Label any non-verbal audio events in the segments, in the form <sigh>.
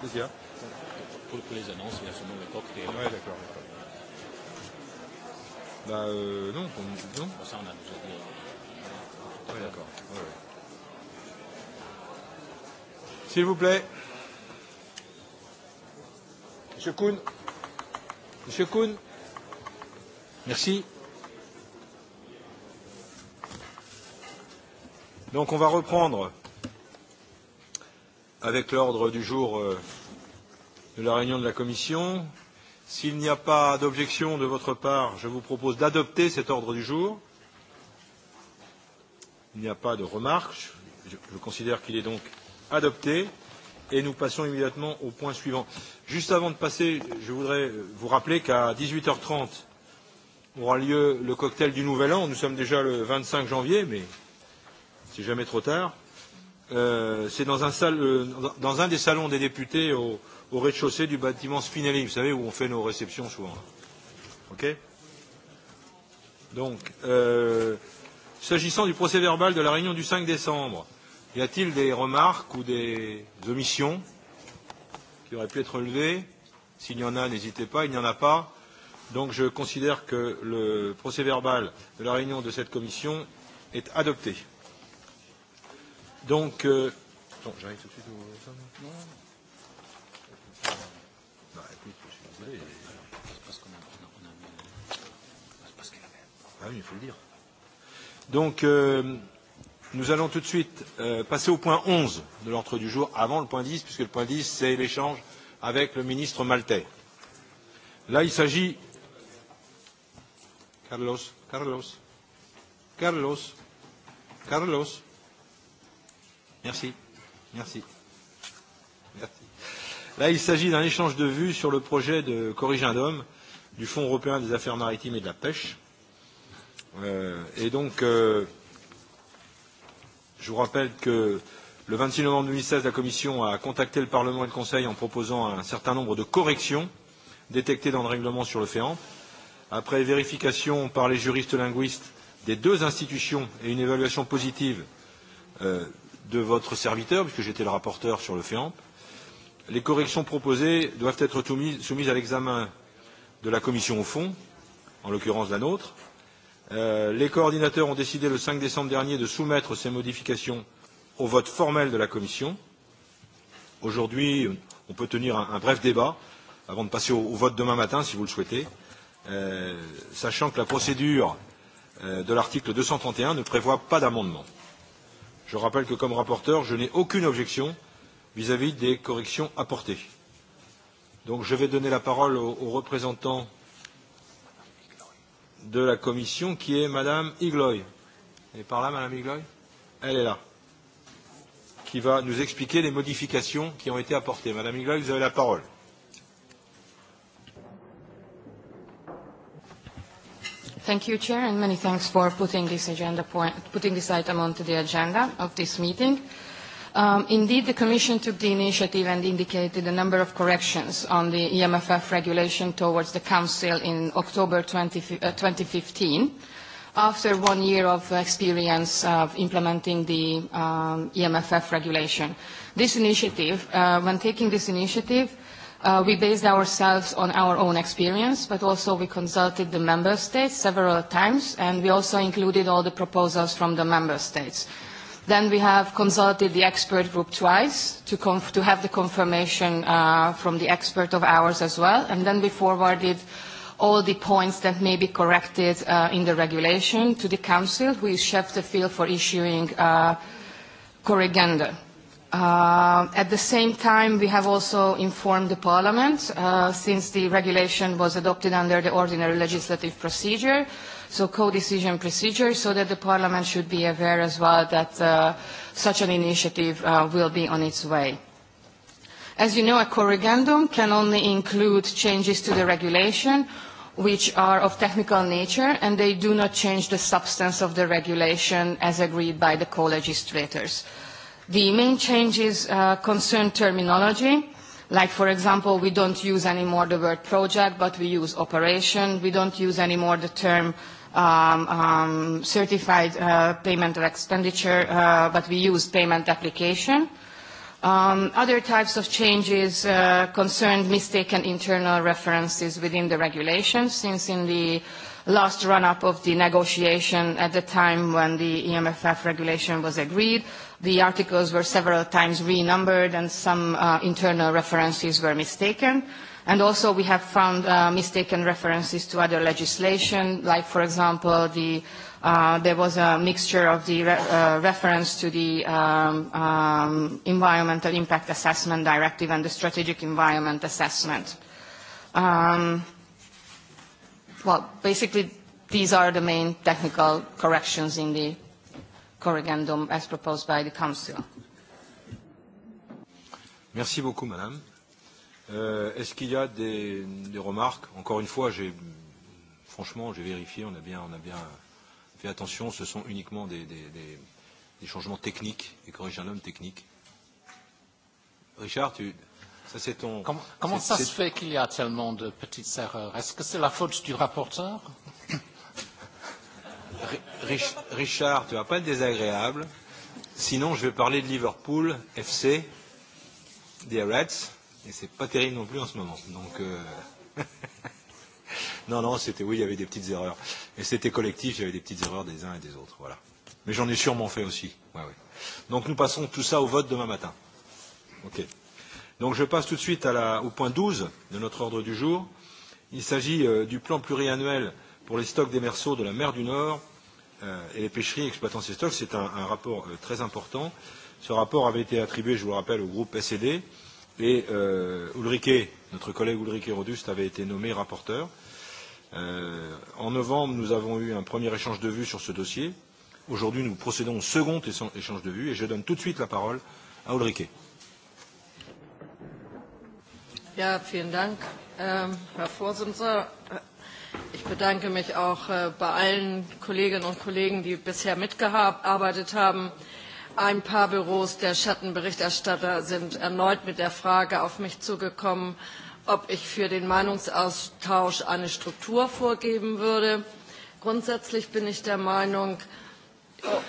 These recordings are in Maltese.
Plaisir. Pour, pour les annonces, il y a seulement le cocktail. Oui, d'accord, d'accord. Bah euh, non, on, non. Bon, ça on a déjà dit. Oui, d'accord. Ouais, ouais. S'il vous plaît. Monsieur Kuhn. Monsieur Kuhn. Merci. Donc on va reprendre avec l'ordre du jour euh, de la réunion de la Commission. S'il n'y a pas d'objection de votre part, je vous propose d'adopter cet ordre du jour. Il n'y a pas de remarques. Je, considère qu'il est donc adopté. Et nous passons immédiatement au point suivant. Juste avant de passer, je voudrais vous rappeler qu'à 18h30 aura lieu le cocktail du Nouvel An. Nous sommes déjà le 25 janvier, mais c'est jamais trop tard. Euh, c'est dans, un salle, euh, dans un des salons des députés au, au rez-de-chaussée du bâtiment Spinelli, vous savez, où on fait nos réceptions souvent. OK Donc, euh, s'agissant du procès verbal de la réunion du 5 décembre, y a-t-il des remarques ou des omissions qui auraient pu être relevées S'il y en a, n'hésitez pas, il n'y en a pas. Donc je considère que le procès verbal de la réunion de cette commission est adopté. Donc, euh, non, j'arrive tout de suite au... Non, non, non. écoute, je suis désolé. C'est c'est parce parce qu'on a, a, a on on mis, qu'il avait. Ah oui, il faut le dire. Donc, euh, nous allons tout de suite euh, passer au point 11 de l'ordre du jour, avant le point 10, puisque le point 10, c'est l'échange avec le ministre maltais. Là, il s'agit... Carlos, Carlos, Carlos, Carlos. Merci. Merci. Merci. Là, il s'agit d'un échange de vues sur le projet de corrigendum du Fonds européen des affaires maritimes et de la pêche. Euh, et donc, euh, je vous rappelle que le 26 novembre 2016, la Commission a contacté le Parlement et le Conseil en proposant un certain nombre de corrections détectées dans le règlement sur le FEAMP. Après vérification par les juristes linguistes des deux institutions et une évaluation positive euh, de votre serviteur, puisque j'étais le rapporteur sur le FEAMP, les corrections proposées doivent être soumises à l'examen de la commission au fond, en l'occurrence la nôtre. Euh, les coordinateurs ont décidé le 5 décembre dernier de soumettre ces modifications au vote formel de la commission. Aujourd'hui, on peut tenir un, un bref débat avant de passer au, au vote demain matin, si vous le souhaitez, euh, sachant que la procédure euh, de l'article 231 ne prévoit pas d'amendement. Je rappelle que comme rapporteur, je n'ai aucune objection vis-à-vis -vis des corrections apportées. Donc je vais donner la parole au, au représentant de la commission qui est Madame Igloy. Elle est par là, Madame Igloy Elle est là. Qui va nous expliquer les modifications qui ont été apportées. Madame Igloy, vous avez la parole. Thank you, Chair, and many thanks for putting this, agenda point, putting this item onto the agenda of this meeting. Um, indeed, the Commission took the initiative and indicated a number of corrections on the EMFF regulation towards the Council in October 20, uh, 2015, after one year of experience of implementing the um, EMFF regulation. This initiative, uh, when taking this initiative, Uh, we based ourselves on our own experience, but also we consulted the member states several times, and we also included all the proposals from the member states. Then we have consulted the expert group twice to, conf to have the confirmation uh, from the expert of ours as well, and then we forwarded all the points that may be corrected uh, in the regulation to the Council, who is chef de file for issuing uh, corrigenda. Uh, at the same time, we have also informed the Parliament, uh, since the regulation was adopted under the ordinary legislative procedure, so co-decision procedure, so that the Parliament should be aware as well that uh, such an initiative uh, will be on its way. As you know, a corrigendum can only include changes to the regulation which are of technical nature and they do not change the substance of the regulation as agreed by the co-legislators. Uh, The main changes uh, concern terminology. Like, for example, we don't use anymore the word project, but we use operation. We don't use anymore the term um, um, certified uh, payment or expenditure, uh, but we use payment application. Um, other types of changes uh, concerned mistaken internal references within the regulation, since in the last run-up of the negotiation at the time when the EMFF regulation was agreed, The articles were several times renumbered and some uh, internal references were mistaken. And also we have found uh, mistaken references to other legislation, like for example, the, uh, there was a mixture of the re uh, reference to the um, um, Environmental Impact Assessment Directive and the Strategic Environment Assessment. Um, well, basically these are the main technical corrections in the corrigendum as proposed by the Council. Merci beaucoup, Madame. Euh, Est-ce qu'il y a des, des remarques Encore une fois, j'ai franchement, j'ai vérifié, on a, bien, on a bien fait attention, ce sont uniquement des, des, des, des changements techniques, et corrige un homme technique. Richard, tu, ça c'est ton... Comment, comment ça se fait qu'il y a tellement de petites erreurs Est-ce que c'est la faute du rapporteur Richard, tu vas pas être désagréable. Sinon, je vais parler de Liverpool, FC, des Reds, et c'est pas terrible non plus en ce moment. Donc, euh... <laughs> non, non, c'était oui, il y avait des petites erreurs. Et c'était collectif, il y avait des petites erreurs des uns et des autres. Voilà. Mais j'en ai sûrement fait aussi. Ouais, ouais. Donc, nous passons tout ça au vote demain matin. Ok. Donc, je passe tout de suite à la, au point 12 de notre ordre du jour. Il s'agit euh, du plan pluriannuel pour les stocks des merceaux de la mer du Nord euh, et les pêcheries exploitant ces stocks, c'est un, un rapport euh, très important. Ce rapport avait été attribué, je vous le rappelle, au groupe SED et euh, Ulrike, notre collègue Ulrike Rodust avait été nommé rapporteur. Euh, en novembre, nous avons eu un premier échange de vues sur ce dossier. Aujourd'hui, nous procédons au second échange de vues et je donne tout de suite la parole à Ulrike. Ja, vielen Dank, ähm, Herr Vorsitzender, Ich bedanke mich auch äh, bei allen Kolleginnen und Kollegen, die bisher mitgearbeitet haben. Ein paar Büros der Schattenberichterstatter sind erneut mit der Frage auf mich zugekommen, ob ich für den Meinungsaustausch eine Struktur vorgeben würde. Grundsätzlich bin ich der Meinung,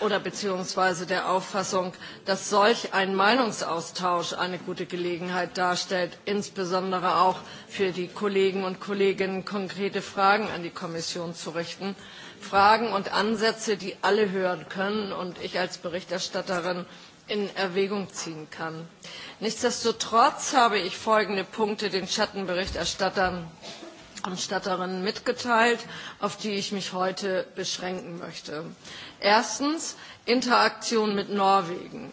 oder beziehungsweise der Auffassung, dass solch ein Meinungsaustausch eine gute Gelegenheit darstellt, insbesondere auch für die Kollegen und Kolleginnen konkrete Fragen an die Kommission zu richten. Fragen und Ansätze, die alle hören können und ich als Berichterstatterin in Erwägung ziehen kann. Nichtsdestotrotz habe ich folgende Punkte den Schattenberichterstattern und mitgeteilt, auf die ich mich heute beschränken möchte. Erstens Interaktion mit Norwegen.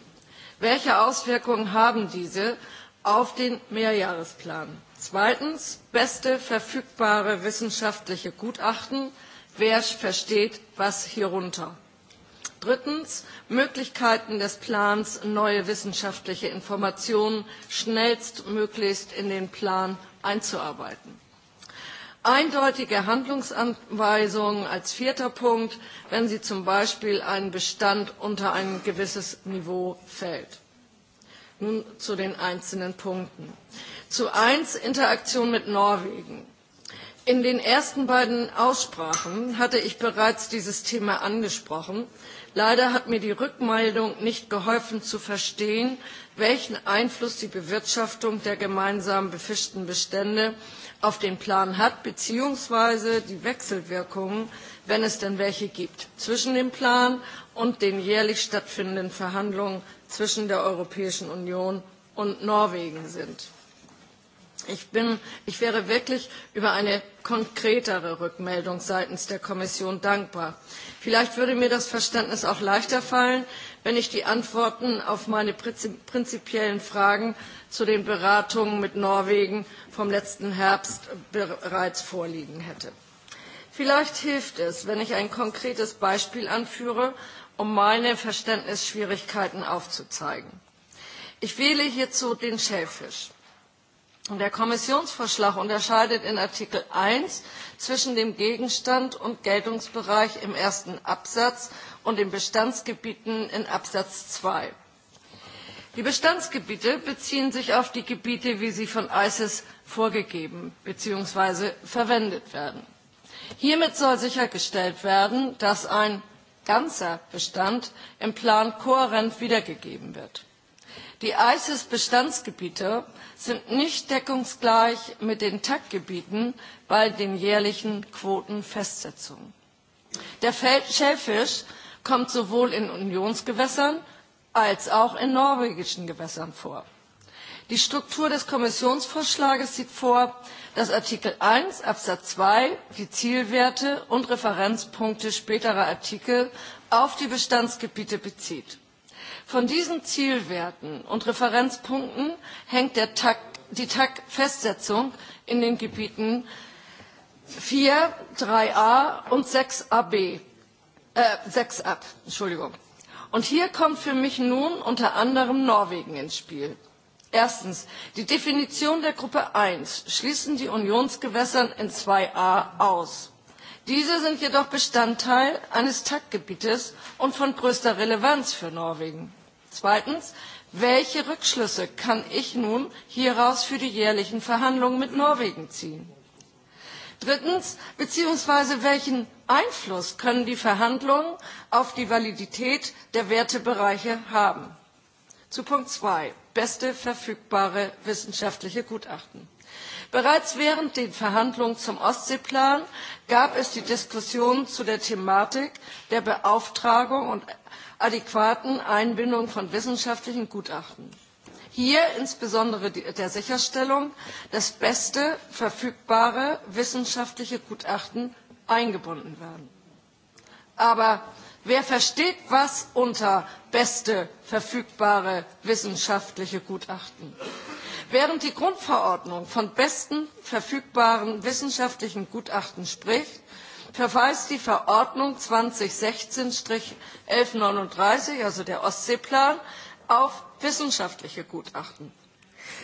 Welche Auswirkungen haben diese auf den Mehrjahresplan? Zweitens beste verfügbare wissenschaftliche Gutachten. Wer versteht was hierunter? Drittens Möglichkeiten des Plans, neue wissenschaftliche Informationen schnellstmöglichst in den Plan einzuarbeiten eindeutige Handlungsanweisungen als vierter Punkt, wenn sie zum Beispiel einen Bestand unter ein gewisses Niveau fällt. Nun zu den einzelnen Punkten. Zu eins Interaktion mit Norwegen. In den ersten beiden Aussprachen hatte ich bereits dieses Thema angesprochen. Leider hat mir die Rückmeldung nicht geholfen zu verstehen, welchen Einfluss die Bewirtschaftung der gemeinsam befischten Bestände auf den Plan hat, beziehungsweise die Wechselwirkungen, wenn es denn welche gibt, zwischen dem Plan und den jährlich stattfindenden Verhandlungen zwischen der Europäischen Union und Norwegen sind. Ich, bin, ich wäre wirklich über eine konkretere Rückmeldung seitens der Kommission dankbar. Vielleicht würde mir das Verständnis auch leichter fallen, wenn ich die Antworten auf meine prinzipiellen Fragen zu den Beratungen mit Norwegen vom letzten Herbst bereits vorliegen hätte. Vielleicht hilft es, wenn ich ein konkretes Beispiel anführe, um meine Verständnisschwierigkeiten aufzuzeigen. Ich wähle hierzu den Schellfisch. Und der Kommissionsvorschlag unterscheidet in Artikel 1 zwischen dem Gegenstand und Geltungsbereich im ersten Absatz und den Bestandsgebieten in Absatz 2. Die Bestandsgebiete beziehen sich auf die Gebiete, wie sie von ISIS vorgegeben bzw. verwendet werden. Hiermit soll sichergestellt werden, dass ein ganzer Bestand im Plan kohärent wiedergegeben wird. Die ISIS-Bestandsgebiete sind nicht deckungsgleich mit den TAC-Gebieten bei den jährlichen Quotenfestsetzungen. Der Schellfisch kommt sowohl in Unionsgewässern als auch in norwegischen Gewässern vor. Die Struktur des Kommissionsvorschlages sieht vor, dass Artikel 1 Absatz 2 die Zielwerte und Referenzpunkte späterer Artikel auf die Bestandsgebiete bezieht. Von diesen Zielwerten und Referenzpunkten hängt der TAC, die TAC-Festsetzung in den Gebieten 4, 3a und 6ab äh, sechs ab, Entschuldigung. Und hier kommt für mich nun unter anderem Norwegen ins Spiel. Erstens, die Definition der Gruppe 1 schließen die Unionsgewässern in 2a aus. Diese sind jedoch Bestandteil eines Taktgebietes und von größter Relevanz für Norwegen. Zweitens, welche Rückschlüsse kann ich nun hieraus für die jährlichen Verhandlungen mit Norwegen ziehen? Drittens, beziehungsweise welchen Einfluss können die Verhandlungen auf die Validität der Wertebereiche haben? Zu Punkt 2, beste verfügbare wissenschaftliche Gutachten. Bereits während den Verhandlungen zum Ostseeplan gab es die Diskussion zu der Thematik der Beauftragung und adäquaten Einbindung von wissenschaftlichen Gutachten. Hier insbesondere die, der Sicherstellung, dass beste verfügbare wissenschaftliche Gutachten eingebunden werden. Aber wer versteht was unter beste verfügbare wissenschaftliche Gutachten? Während die Grundverordnung von besten verfügbaren wissenschaftlichen Gutachten spricht, verweist die Verordnung 2016-1139, also der Ostseeplan, auf wissenschaftliche Gutachten.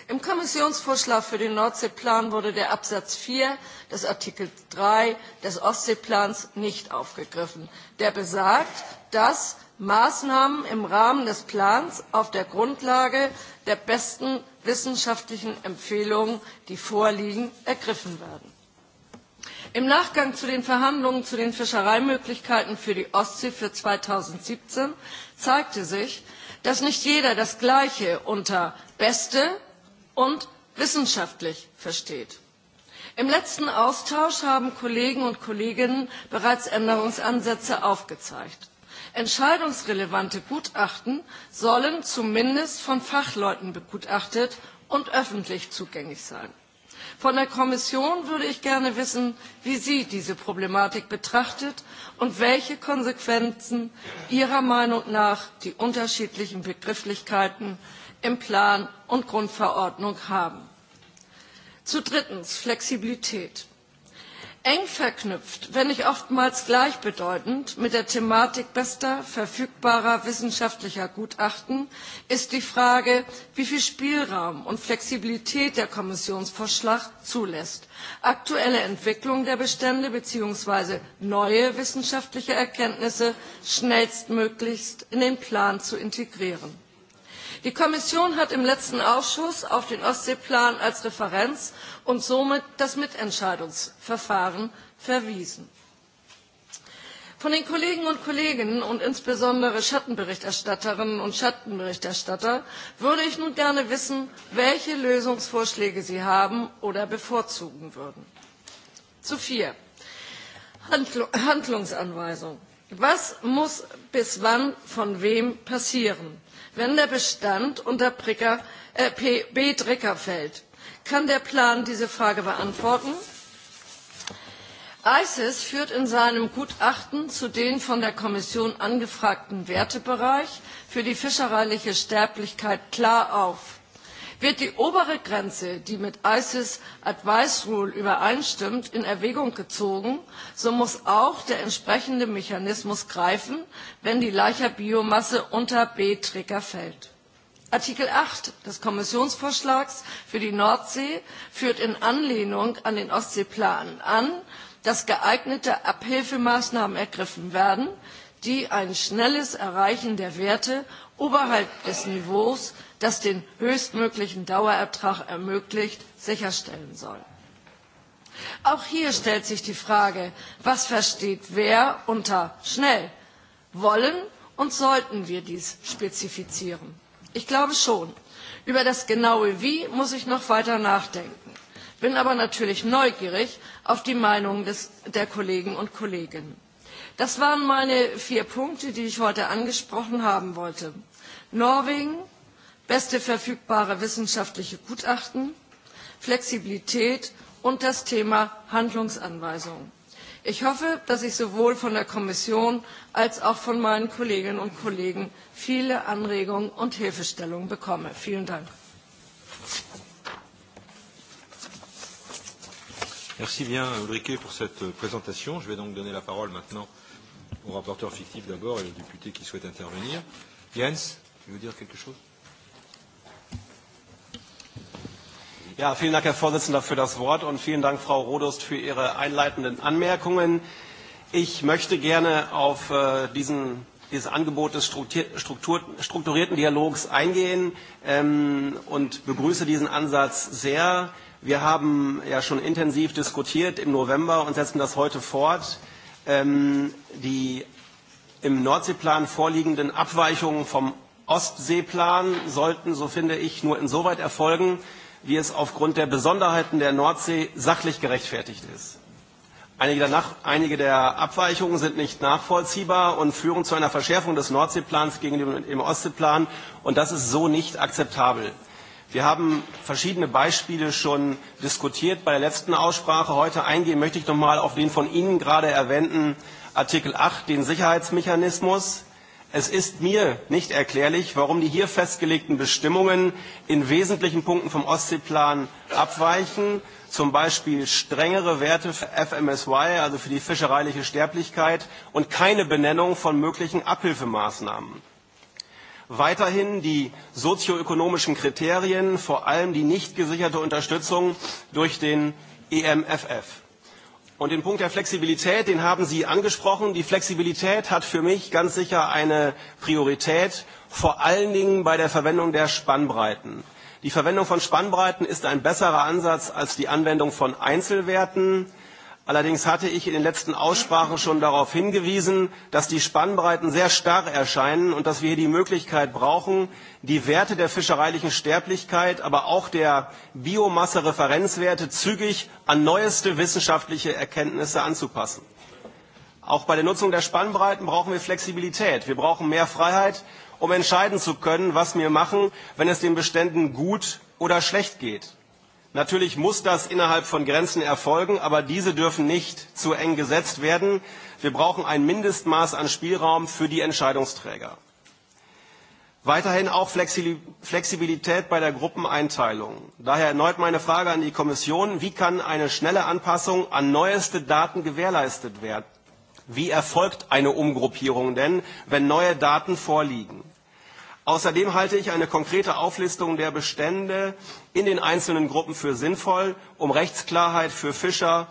Im Kommissionsvorschlag für den Nordseeplan wurde der Absatz 4 des Artikel 3 des Ostseeplans nicht aufgegriffen. Der besagt, dass Maßnahmen im Rahmen des Plans auf der Grundlage der besten wissenschaftlichen Empfehlungen, die vorliegen, ergriffen werden. Im Nachgang zu den Verhandlungen zu den Fischereimöglichkeiten für die Ostsee für 2017 zeigte sich, dass nicht jeder das Gleiche unter Beste und wissenschaftlich versteht. Im letzten Austausch haben Kollegen und Kolleginnen bereits Änderungsansätze aufgezeigt. Entscheidungsrelevante Gutachten sollen zumindest von Fachleuten begutachtet und öffentlich zugänglich sein. Von der Kommission würde ich gerne wissen, wie sie diese Problematik betrachtet und welche Konsequenzen ihrer Meinung nach die unterschiedlichen Begrifflichkeiten im Plan und Grundverordnung haben. Zu drittens Flexibilität eng verknüpft, wenn nicht oftmals gleichbedeutend mit der Thematik bester verfügbarer wissenschaftlicher Gutachten ist die Frage, wie viel Spielraum und Flexibilität der Kommissionsvorschlag zulässt, aktuelle Entwicklung der Bestände bzw. neue wissenschaftliche Erkenntnisse schnellstmöglichst in den Plan zu integrieren. Die Kommission hat im letzten Ausschuss auf den Ostseeplan als Referenz und somit das Mitentscheidungsverfahren verwiesen. Von den Kollegen und Kolleginnen und insbesondere Schattenberichterstatterinnen und Schattenberichterstatter würde ich nun gerne wissen, welche Lösungsvorschläge sie haben oder bevorzugen würden. Zu vier. Handlungsanweisung. Was muss bis wann von wem passieren? Wenn der Bestand unter äh, B Dricker fällt, kann der Plan diese Frage beantworten? ISIS führt in seinem Gutachten zu den von der Kommission angefragten Wertebereich für die fischereiliche Sterblichkeit klar auf wird die obere Grenze, die mit ISIS Advice Rule übereinstimmt, in Erwägung gezogen, so muss auch der entsprechende Mechanismus greifen, wenn die Leicherbiomasse unter B-Trigger fällt. Artikel 8 des Kommissionsvorschlags für die Nordsee führt in Anlehnung an den Ostseeplan an, dass geeignete Abhilfemaßnahmen ergriffen werden, die ein schnelles Erreichen der Werte oberhalb des Niveaus, das den höchstmöglichen Dauerertrag ermöglicht, sicherstellen soll. Auch hier stellt sich die Frage, was versteht wer unter schnell? Wollen und sollten wir dies spezifizieren? Ich glaube schon. Über das genaue Wie muss ich noch weiter nachdenken, bin aber natürlich neugierig auf die Meinung des, der Kollegen und Kolleginnen. Das waren meine vier Punkte, die ich heute angesprochen haben wollte. Norwegen, beste verfügbare wissenschaftliche Gutachten, Flexibilität und das Thema Handlungsanweisungen. Ich hoffe, dass ich sowohl von der Kommission als auch von meinen Kolleginnen und Kollegen viele Anregungen und Hilfestellungen bekomme. Vielen Dank. Merci bien Ulrike pour cette présentation. Je vais donc donner la parole maintenant au rapporteur fictif d'abord et au député qui souhaite intervenir. Jens, tu veux dire quelque chose Ja, vielen Dank, Herr Vorsitzender, für das Wort und vielen Dank, Frau Rodust, für Ihre einleitenden Anmerkungen. Ich möchte gerne auf äh, diesen, dieses Angebot des Struktur, strukturierten Dialogs eingehen ähm, und begrüße diesen Ansatz sehr. Wir haben ja schon intensiv diskutiert im November und setzen das heute fort ähm, die im Nordseeplan vorliegenden Abweichungen vom Ostseeplan sollten, so finde ich, nur insoweit erfolgen, wie es aufgrund der Besonderheiten der Nordsee sachlich gerechtfertigt ist. Einige, nach, einige der Abweichungen sind nicht nachvollziehbar und führen zu einer Verschärfung des Nordseeplans gegenüber dem Ostseeplan, und das ist so nicht akzeptabel. Wir haben verschiedene Beispiele schon diskutiert bei der letzten Aussprache. Heute eingehen möchte ich nochmal auf den von Ihnen gerade erwähnten Artikel 8, den Sicherheitsmechanismus. Es ist mir nicht erklärlich, warum die hier festgelegten Bestimmungen in wesentlichen Punkten vom Ostseeplan abweichen, zum Beispiel strengere Werte für FMSY, also für die fischereiliche Sterblichkeit, und keine Benennung von möglichen Abhilfemaßnahmen. Weiterhin die sozioökonomischen Kriterien, vor allem die nicht gesicherte Unterstützung durch den EMFF. Und den Punkt der Flexibilität, den haben Sie angesprochen. Die Flexibilität hat für mich ganz sicher eine Priorität, vor allen Dingen bei der Verwendung der Spannbreiten. Die Verwendung von Spannbreiten ist ein besserer Ansatz als die Anwendung von Einzelwerten. Allerdings hatte ich in den letzten Aussprachen schon darauf hingewiesen, dass die Spannbreiten sehr starr erscheinen und dass wir hier die Möglichkeit brauchen, die Werte der fischereilichen Sterblichkeit, aber auch der Biomasse-Referenzwerte zügig an neueste wissenschaftliche Erkenntnisse anzupassen. Auch bei der Nutzung der Spannbreiten brauchen wir Flexibilität. Wir brauchen mehr Freiheit, um entscheiden zu können, was wir machen, wenn es den Beständen gut oder schlecht geht. Natürlich muss das innerhalb von Grenzen erfolgen, aber diese dürfen nicht zu eng gesetzt werden. Wir brauchen ein Mindestmaß an Spielraum für die Entscheidungsträger. Weiterhin auch Flexibilität bei der Gruppeneinteilung. Daher erneut meine Frage an die Kommission, wie kann eine schnelle Anpassung an neueste Daten gewährleistet werden? Wie erfolgt eine Umgruppierung denn, wenn neue Daten vorliegen? Außerdem halte ich eine konkrete Auflistung der Bestände in den einzelnen Gruppen für sinnvoll, um Rechtsklarheit für Fischer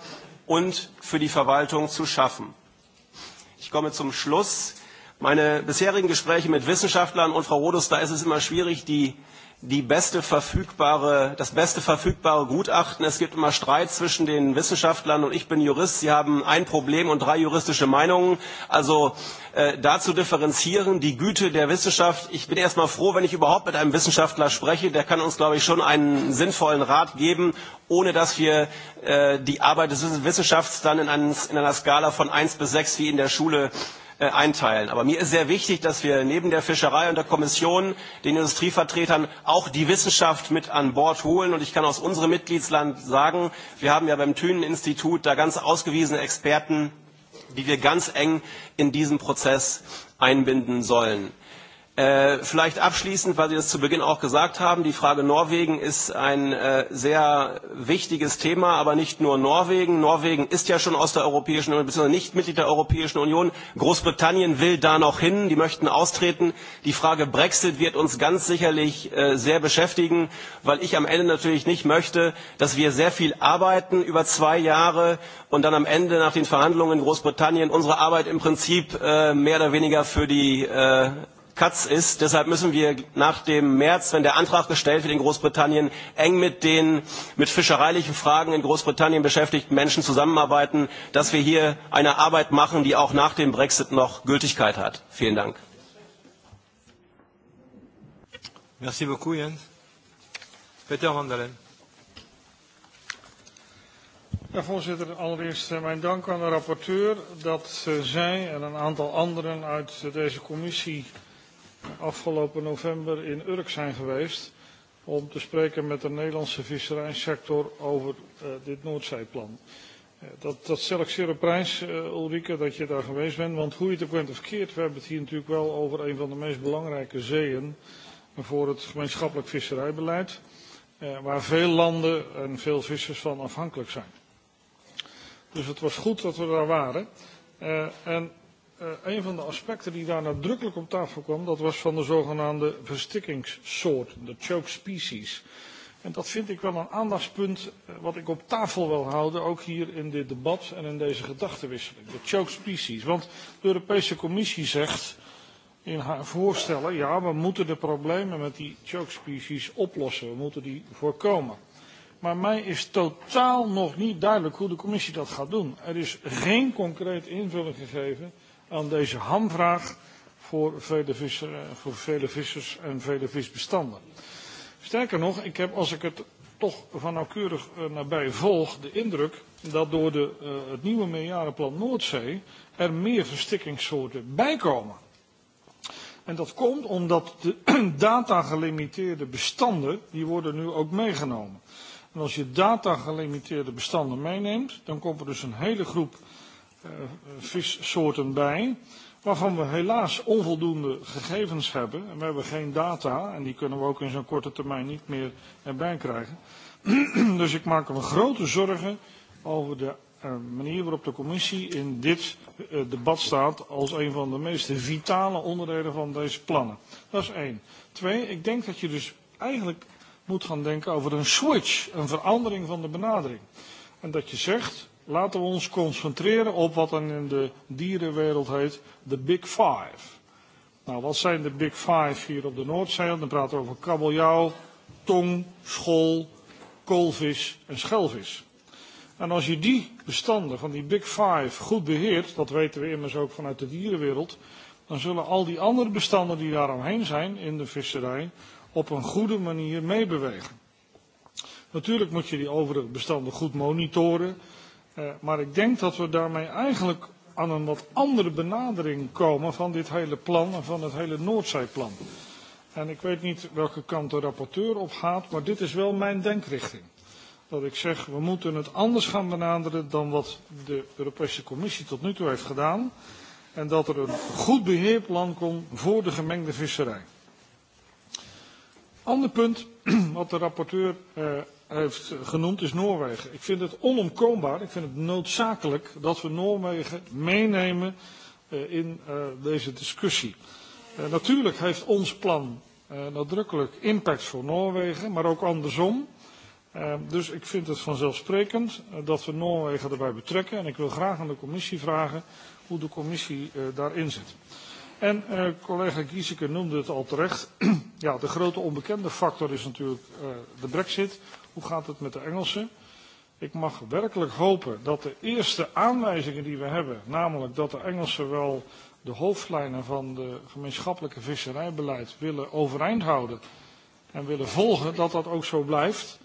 und für die Verwaltung zu schaffen. Ich komme zum Schluss. Meine bisherigen Gespräche mit Wissenschaftlern und Frau Rodus, da ist es immer schwierig, die die beste verfügbare, das beste verfügbare Gutachten. Es gibt immer Streit zwischen den Wissenschaftlern und ich bin Jurist. Sie haben ein Problem und drei juristische Meinungen. Also äh, dazu differenzieren die Güte der Wissenschaft. Ich bin erstmal froh, wenn ich überhaupt mit einem Wissenschaftler spreche. Der kann uns, glaube ich, schon einen sinnvollen Rat geben, ohne dass wir äh, die Arbeit des Wissenschafts dann in, einen, in einer Skala von eins bis sechs wie in der Schule Äh, einteilen. Aber mir ist sehr wichtig, dass wir neben der Fischerei und der Kommission den Industrievertretern auch die Wissenschaft mit an Bord holen. Und ich kann aus unserem Mitgliedsland sagen, wir haben ja beim Thünen-Institut da ganz ausgewiesene Experten, die wir ganz eng in diesen Prozess einbinden sollen. Äh, vielleicht abschließend, weil Sie das zu Beginn auch gesagt haben, die Frage Norwegen ist ein äh, sehr wichtiges Thema, aber nicht nur Norwegen. Norwegen ist ja schon aus der Europäischen Union, beziehungsweise nicht Mitglied der Europäischen Union. Großbritannien will da noch hin, die möchten austreten. Die Frage Brexit wird uns ganz sicherlich äh, sehr beschäftigen, weil ich am Ende natürlich nicht möchte, dass wir sehr viel arbeiten über zwei Jahre und dann am Ende nach den Verhandlungen in Großbritannien unsere Arbeit im Prinzip äh, mehr oder weniger für die äh, Katz ist. Deshalb müssen wir nach dem März, wenn der Antrag gestellt wird in Großbritannien, eng mit den mit fischereilichen Fragen in Großbritannien beschäftigten Menschen zusammenarbeiten, dass wir hier eine Arbeit machen, die auch nach dem Brexit noch Gültigkeit hat. Vielen Dank. Merci beaucoup, Jens. Peter Leyen. Ja, voorzitter, allereerst eh, mijn dank aan de rapporteur dat zij en een aantal anderen uit deze commissie afgelopen november in Urk zijn geweest om te spreken met de Nederlandse visserijsector over uh, dit Noordzeeplan. Uh, dat, dat stel ik zeer op prijs, uh, Ulrike, dat je daar geweest bent. Want hoe je het ook bent of keert, we hebben het hier natuurlijk wel over een van de meest belangrijke zeeën voor het gemeenschappelijk visserijbeleid. Uh, waar veel landen en veel vissers van afhankelijk zijn. Dus het was goed dat we daar waren. Uh, en Eh, een van de aspecten die daar nadrukkelijk op tafel kwam, dat was van de zogenaamde verstikkingssoort, de choke species. En dat vind ik wel een aandachtspunt eh, wat ik op tafel wil houden, ook hier in dit debat en in deze gedachtenwisseling. De choke species. Want de Europese Commissie zegt in haar voorstellen, ja, we moeten de problemen met die choke species oplossen. We moeten die voorkomen. Maar mij is totaal nog niet duidelijk hoe de Commissie dat gaat doen. Er is geen concreet invulling gegeven aan deze hamvraag voor vele, visser, eh, voor vele vissers en vele visbestanden. Sterker nog, ik heb als ik het toch van nauwkeurig eh, nabij volg de indruk dat door de, uh, het nieuwe meerjarenplan Noordzee er meer verstikkingssoorten bijkomen. En dat komt omdat de <clears throat> datagelimiteerde bestanden, die worden nu ook meegenomen. En als je datagelimiteerde bestanden meeneemt, dan komt er dus een hele groep Eh, vissoorten bij, waarvan we helaas onvoldoende gegevens hebben. En we hebben geen data en die kunnen we ook in zo'n korte termijn niet meer erbij krijgen. <clears throat> dus ik maak me grote zorgen over de uh, manier waarop de commissie in dit uh, debat staat als een van de meest vitale onderdelen van deze plannen. Dat is één. Twee, ik denk dat je dus eigenlijk moet gaan denken over een switch, een verandering van de benadering. En dat je zegt, laten we ons concentreren op wat dan er in de dierenwereld heet de Big Five. Nou, wat zijn de Big Five hier op de Noordzee? Dan praten we over kabeljauw, tong, school, koolvis en schelvis. En als je die bestanden van die Big Five goed beheert, dat weten we immers ook vanuit de dierenwereld, dan zullen al die andere bestanden die daaromheen zijn in de visserij op een goede manier meebewegen. Natuurlijk moet je die overige bestanden goed monitoren. Uh, maar ik denk dat we daarmee eigenlijk aan een wat andere benadering komen van dit hele plan en van het hele Noordzeeplan. En ik weet niet welke kant de rapporteur op gaat, maar dit is wel mijn denkrichting. Dat ik zeg, we moeten het anders gaan benaderen dan wat de Europese Commissie tot nu toe heeft gedaan. En dat er een goed beheerplan komt voor de gemengde visserij. Ander punt <clears throat> wat de rapporteur eh, heeft genoemd is Noorwegen. Ik vind het onomkoombaar, ik vind het noodzakelijk dat we Noorwegen meenemen uh, in uh, deze discussie. Uh, natuurlijk heeft ons plan uh, nadrukkelijk impact voor Noorwegen, maar ook andersom. Uh, dus ik vind het vanzelfsprekend uh, dat we Noorwegen erbij betrekken. En ik wil graag aan de commissie vragen hoe de commissie uh, daarin zit. En uh, collega Gieseke noemde het al terecht. <clears throat> ja, de grote onbekende factor is natuurlijk uh, de brexit. Hoe gaat het met de Engelsen? Ik mag werkelijk hopen dat de eerste aanwijzingen die we hebben, namelijk dat de Engelsen wel de hoofdlijnen van de gemeenschappelijke visserijbeleid willen overeind houden en willen volgen, dat dat ook zo blijft.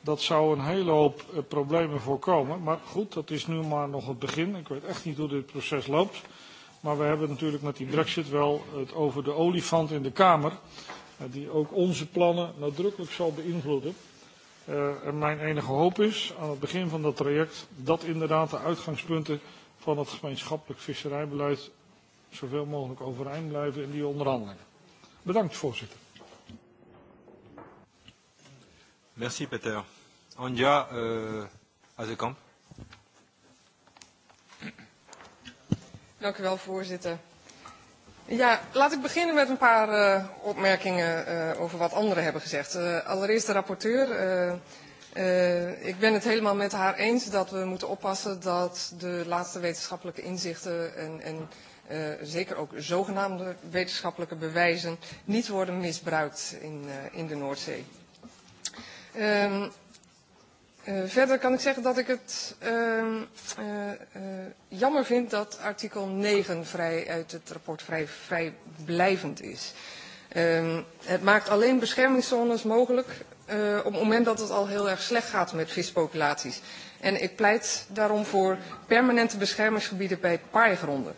Dat zou een hele hoop eh, problemen voorkomen. Maar goed, dat is nu maar nog het begin. Ik weet echt niet hoe dit proces loopt. Maar we hebben natuurlijk met die brexit wel het over de olifant in de Kamer. Eh, die ook onze plannen nadrukkelijk zal beïnvloeden. Uh, mijn enige hoop is aan het begin van dat traject dat inderdaad de uitgangspunten van het gemeenschappelijk visserijbeleid zoveel mogelijk overeind blijven in die onderhandelingen. Bedankt, voorzitter. Merci, Peter. Anja uh, eh, kan. Dank u wel, voorzitter. Ja, laat ik beginnen met een paar uh, opmerkingen uh, over wat anderen hebben gezegd. Uh, allereerst de rapporteur. Uh, uh, ik ben het helemaal met haar eens dat we moeten oppassen dat de laatste wetenschappelijke inzichten en, en uh, zeker ook zogenaamde wetenschappelijke bewijzen niet worden misbruikt in, uh, in de Noordzee. Ehm, Eh, verder kan ik zeggen dat ik het uh, uh, jammer vind dat artikel 9 vrij uit het rapport vrij, vrij blijvend is. Ehm, het maakt alleen beschermingszones mogelijk op het moment dat het al heel erg slecht gaat met vispopulaties. En ik pleit daarom voor permanente beschermingsgebieden bij paaigronden.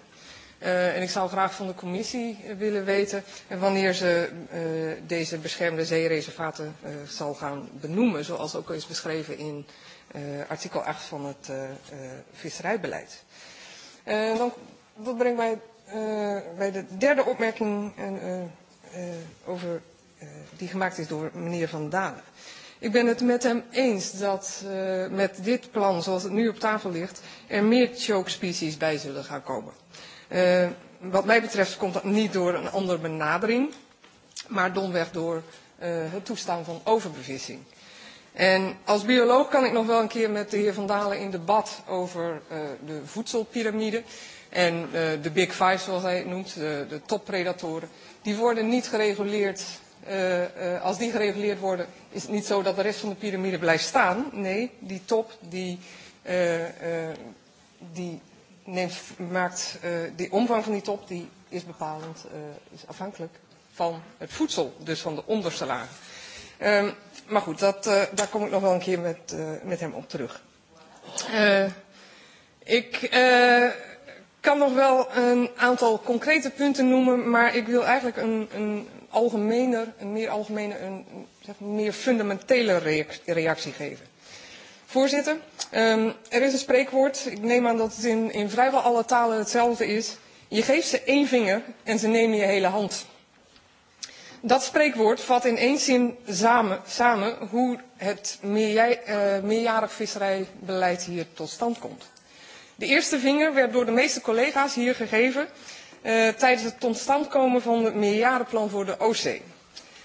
Uh, en ik zou graag van de commissie willen weten wanneer ze uh, deze beschermde zeereservaten uh, zal gaan benoemen, zoals ook is beschreven in uh, artikel 8 van het uh, uh, visserijbeleid. Uh, dan, dat brengt mij uh, bij de derde opmerking uh, uh, over, uh, die gemaakt is door meneer Van Dalen. Ik ben het met hem eens dat uh, met dit plan, zoals het nu op tafel ligt, er meer choke species bij zullen gaan komen. Uh, wat mij betreft komt dat niet door een andere benadering, maar domweg door uh, het toestaan van overbevissing. En als bioloog kan ik nog wel een keer met de heer Van Dalen in debat over uh, de voedselpyramide. En uh, de Big Five, zoals hij het noemt, de, de toppredatoren, die worden niet gereguleerd. Uh, uh, als die gereguleerd worden, is het niet zo dat de rest van de piramide blijft staan. Nee, die top, die, uh, uh, die neemt, maakt uh, de omvang van die top die is bepalend, uh, is afhankelijk van het voedsel, dus van de onderste laag. Um, maar goed, dat, uh, daar kom ik nog wel een keer met, uh, met hem op terug. Uh, ik uh, kan nog wel een aantal concrete punten noemen, maar ik wil eigenlijk een, een algemener, een meer algemene, een, een zeg, meer fundamentele reactie geven. Voorzitter, um, er is een spreekwoord. Ik neem aan dat het in, in vrijwel alle talen hetzelfde is. Je geeft ze één vinger en ze nemen je hele hand. Dat spreekwoord vat in één zin samen, samen hoe het meer, uh, meerjarig visserijbeleid hier tot stand komt. De eerste vinger werd door de meeste collega's hier gegeven uh, tijdens het tot stand komen van het meerjarenplan voor de Oostzee.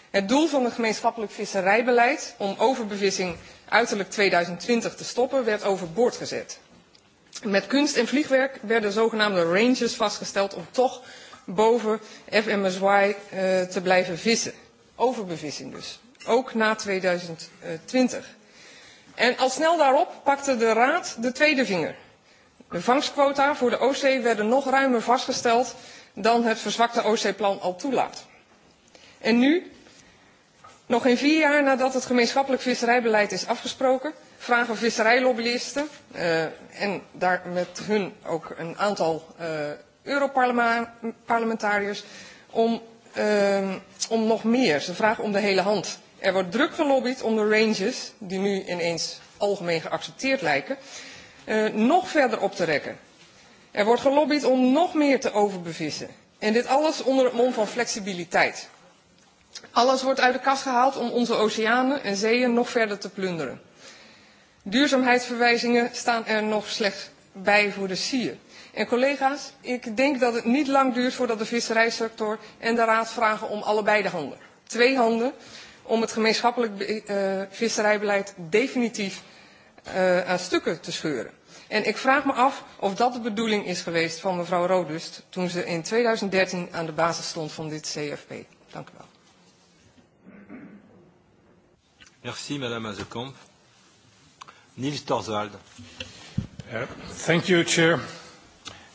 Het doel van het gemeenschappelijk visserijbeleid om overbevissing uiterlijk 2020 te stoppen, werd overboord gezet. Met kunst en vliegwerk werden zogenaamde ranges vastgesteld om toch boven FMSY uh, eh, te blijven vissen. Overbevissing dus. Ook na 2020. En al snel daarop pakte de Raad de tweede vinger. De vangstquota voor de Oostzee werden nog ruimer vastgesteld dan het verzwakte Oostzeeplan al toelaat. En nu, Nog geen vier jaar nadat het gemeenschappelijk visserijbeleid is afgesproken, vragen visserijlobbyisten uh, en daar met hun ook een aantal uh, Europarlementariërs om, uh, om nog meer. Ze vragen om de hele hand. Er wordt druk gelobbyd om de ranges, die nu ineens algemeen geaccepteerd lijken, uh, nog verder op te rekken. Er wordt gelobbyd om nog meer te overbevissen. En dit alles onder het mond van flexibiliteit. Alles wordt uit de kast gehaald om onze oceanen en zeeën nog verder te plunderen. Duurzaamheidsverwijzingen staan er nog slechts bij voor de sier. En collega's, ik denk dat het niet lang duurt voordat de visserijsector en de raad vragen om allebei de handen. Twee handen om het gemeenschappelijk uh, visserijbeleid definitief uh, aan stukken te scheuren. En ik vraag me af of dat de bedoeling is geweest van mevrouw Rodust toen ze in 2013 aan de basis stond van dit CFP. Dank u wel. Merci, Madame Azekamp. Nils Torzald. Uh, thank you, Chair.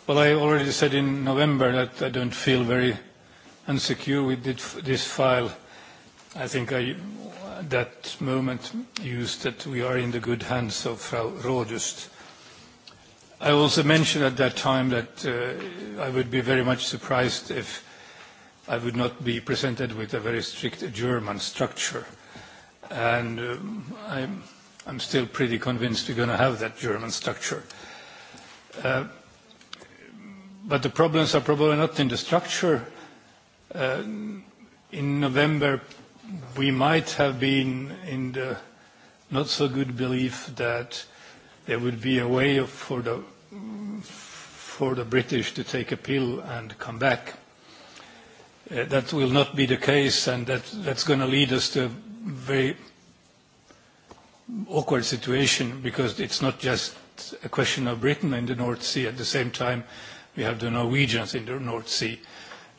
Well, I already said in November that I don't feel very insecure with this file. I think I, at that moment, used that we are in the good hands of Frau Rodust. I also mentioned at that time that uh, I would be very much surprised if I would not be presented with a very strict German structure. And uh, I'm, I'm still pretty convinced we're going to have that German structure. Uh, but the problems are probably not in the structure. Uh, in November, we might have been in the not so good belief that there would be a way of, for, the, for the British to take a pill and come back. Uh, that will not be the case, and that, that's going to lead us to very awkward situation because it's not just a question of Britain in the North Sea. At the same time, we have the Norwegians in the North Sea.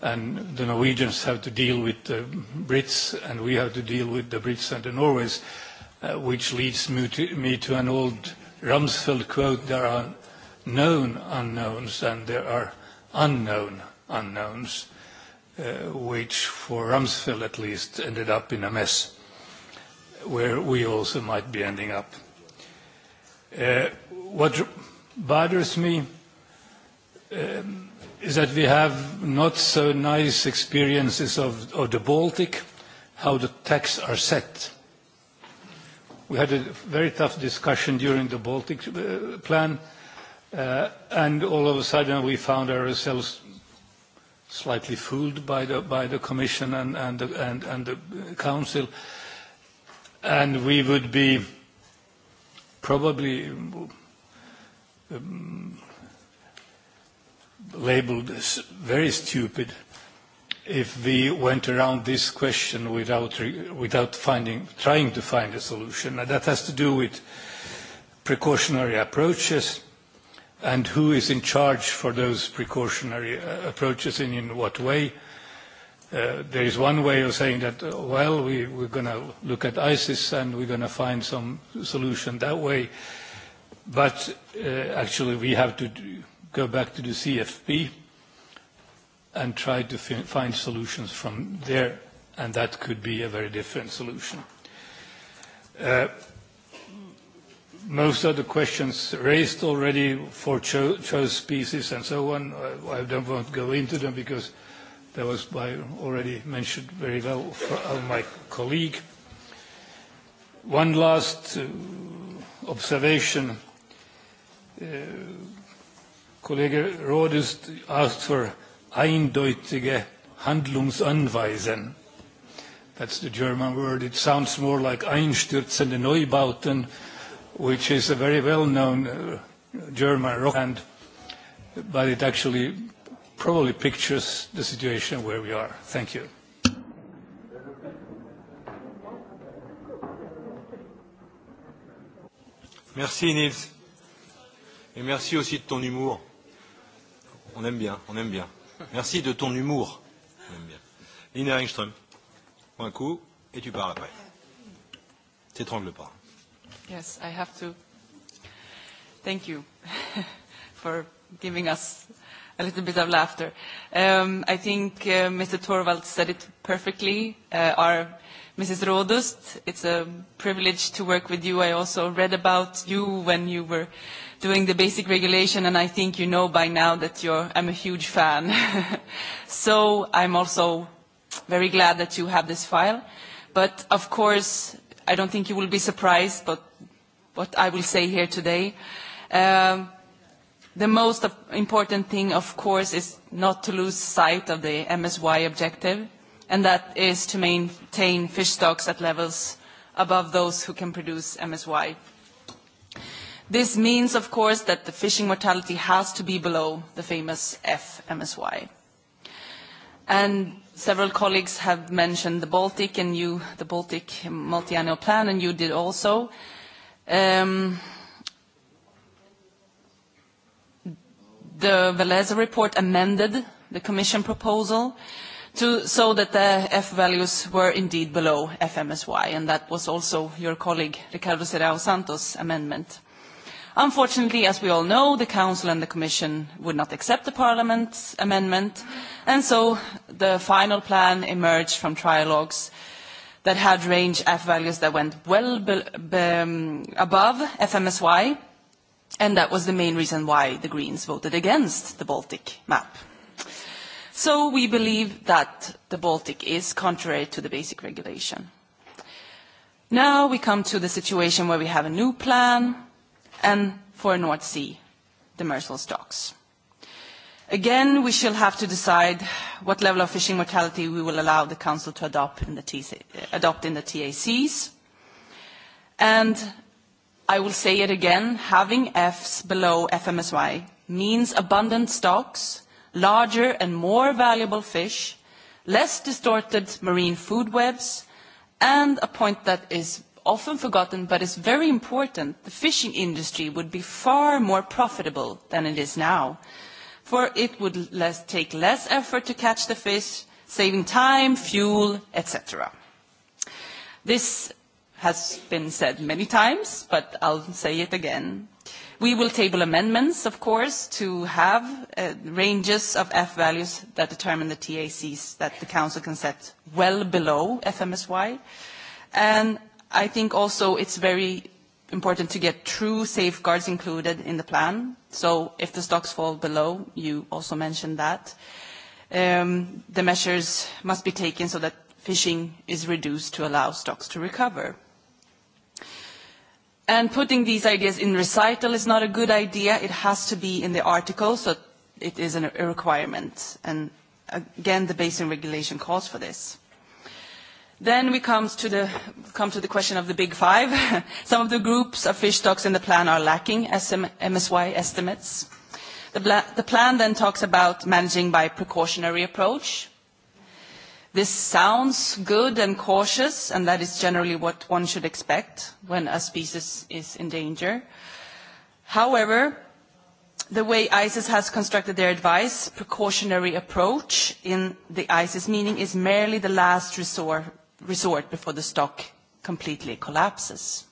And the Norwegians have to deal with the Brits, and we have to deal with the Brits and the Norways, uh, which leads me to, me to an old Rumsfeld quote, there are known unknowns and there are unknown unknowns, uh, which for Rumsfeld at least ended up in a mess where we also might be ending up. Uh, what bothers me um, is that we have not so nice experiences of, of the Baltic, how the tax are set. We had a very tough discussion during the Baltic uh, plan, uh, and all of a sudden we found ourselves slightly fooled by the, by the Commission and, and, the, and, and the Council. Uh, and we would be probably um, um, labeled as very stupid if we went around this question without, without finding, trying to find a solution. And that has to do with precautionary approaches and who is in charge for those precautionary uh, approaches and in what way Uh, there is one way of saying that, uh, well, we, we're going to look at ISIS and we're going to find some solution that way. But uh, actually, we have to do, go back to the CFP and try to find solutions from there, and that could be a very different solution. Uh, most of the questions raised already for cho chose species and so on, I, I don't want to go into them because – that was by already mentioned very well for uh, my colleague. One last uh, observation. Uh, Kollege Rodist asked for eindeutige Handlungsanweisen. That's the German word. It sounds more like einstürzende Neubauten, which is a very well-known uh, German rock band, but it actually probably pictures the situation where we are. Thank you. Merci Nils. Et merci aussi de ton humour. On aime bien, on aime bien. Merci de ton humour. On aime bien. Lina Engström, un coup et tu pars après. T'étrangle pas. Yes, I have to. Thank you <laughs> for giving us a little bit of laughter. Um, I think uh, Mr. Torvald said it perfectly. Uh, our Mrs. Rodust, it's a privilege to work with you. I also read about you when you were doing the basic regulation, and I think you know by now that you're, I'm a huge fan. <laughs> so I'm also very glad that you have this file. But of course, I don't think you will be surprised but what I will say here today. Um, the most uh, important thing, of course, is not to lose sight of the MSY objective, and that is to maintain fish stocks at levels above those who can produce MSY. This means, of course, that the fishing mortality has to be below the famous FMSY. And several colleagues have mentioned the Baltic and you, the Baltic multi-annual plan, and you did also. Um, the Velez report amended the Commission proposal to, so that the F values were indeed below FMSY, and that was also your colleague Ricardo Serrao Santos' amendment. Unfortunately, as we all know, the Council and the Commission would not accept the Parliament's amendment, and so the final plan emerged from trialogues that had range F values that went well be, be, um, above FMSY, And that was the main reason why the Greens voted against the Baltic map. So we believe that the Baltic is contrary to the basic regulation. Now we come to the situation where we have a new plan and for North Sea demersal stocks. Again, we shall have to decide what level of fishing mortality we will allow the Council to adopt in the, TAC, adopt in the TACs. And I will say it again, having Fs below FMSY means abundant stocks, larger and more valuable fish, less distorted marine food webs, and a point that is often forgotten but is very important, the fishing industry would be far more profitable than it is now, for it would less, take less effort to catch the fish, saving time, fuel, etc. This has been said many times, but I'll say it again. We will table amendments, of course, to have uh, ranges of F values that determine the TACs that the Council can set well below FMSY. And I think also it's very important to get true safeguards included in the plan. So if the stocks fall below, you also mentioned that. Um, the measures must be taken so that fishing is reduced to allow stocks to recover. And putting these ideas in recital is not a good idea. It has to be in the article, so it is an, a requirement. And again, the basin regulation calls for this. Then we come to the, come to the question of the big five. <laughs> Some of the groups of fish stocks in the plan are lacking SM, MSY estimates. The, the plan then talks about managing by precautionary approach, This sounds good and cautious, and that is generally what one should expect when a species is in danger. However, the way ISIS has constructed their advice, precautionary approach in the ISIS meaning is merely the last resort, resort before the stock completely collapses.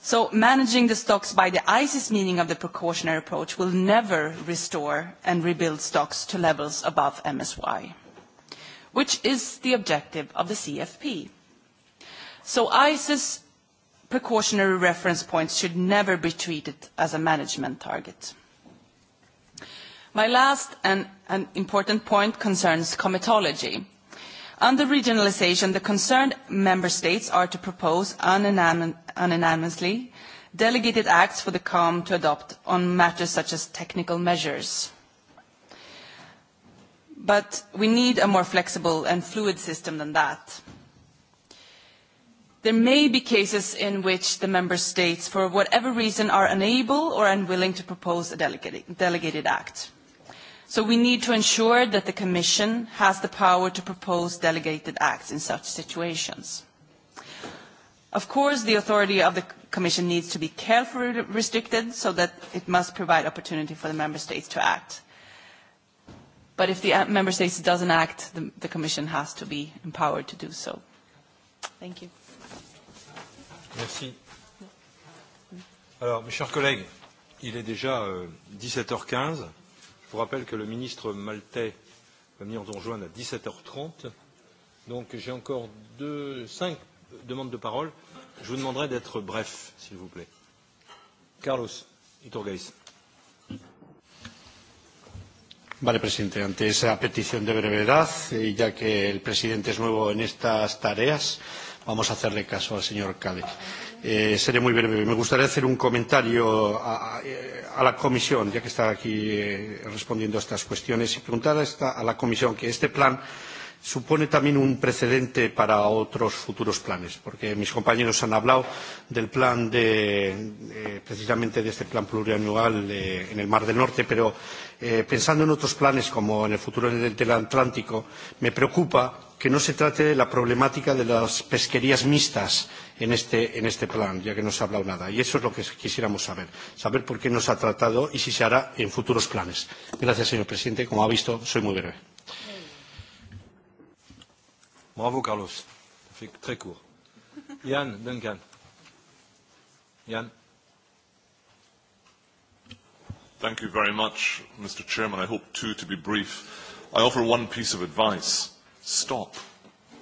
So managing the stocks by the ISIS meaning of the precautionary approach will never restore and rebuild stocks to levels above MSY which is the objective of the CFP. So ISIS precautionary reference points should never be treated as a management target. My last and an important point concerns comitology. Under regionalisation, the concerned member states are to propose unanimously delegated acts for the COM to adopt on matters such as technical measures. But we need a more flexible and fluid system than that. There may be cases in which the member states, for whatever reason, are unable or unwilling to propose a delegated act. So we need to ensure that the Commission has the power to propose delegated acts in such situations. Of course, the authority of the Commission needs to be carefully restricted so that it must provide opportunity for the Member States to act. But if the uh, Member States doesn't act, the, the Commission has to be empowered to do so. Thank you. Merci. Alors, mes chers collègues, il est déjà euh, 17h15. Je vous rappelle que le ministre maltais va venir nous rejoindre à 17h30. Donc, j'ai encore deux, cinq demandes de parole. Je vous demanderai d'être bref, s'il vous plaît. Carlos Iturgais. Vale, presidente. Ante esa petición de brevedad, y eh, ya que el presidente es nuevo en estas tareas, vamos a hacerle caso al señor Cádiz. Eh, seré muy breve. Me gustaría hacer un comentario a, a eh, la comisión, ya que está aquí eh, respondiendo a estas cuestiones, y preguntar a, esta, a la comisión que este plan supone también un precedente para otros futuros planes, porque mis compañeros han hablado del plan de, eh, precisamente de este plan plurianual eh, en el Mar del Norte, pero eh, pensando en otros planes como en el futuro del Atlántico, me preocupa que no se trate de la problemática de las pesquerías mixtas en este, en este plan, ya que no se ha hablado nada. Y eso es lo que quisiéramos saber, saber por qué no se ha tratado y si se hará en futuros planes. Gracias, señor presidente. Como ha visto, soy muy breve. Bravo, Carlos. Ça fait très court. Yann, Duncan. Yann. Thank you very much, Mr. Chairman. I hope, too, to be brief. I offer one piece of advice. Stop.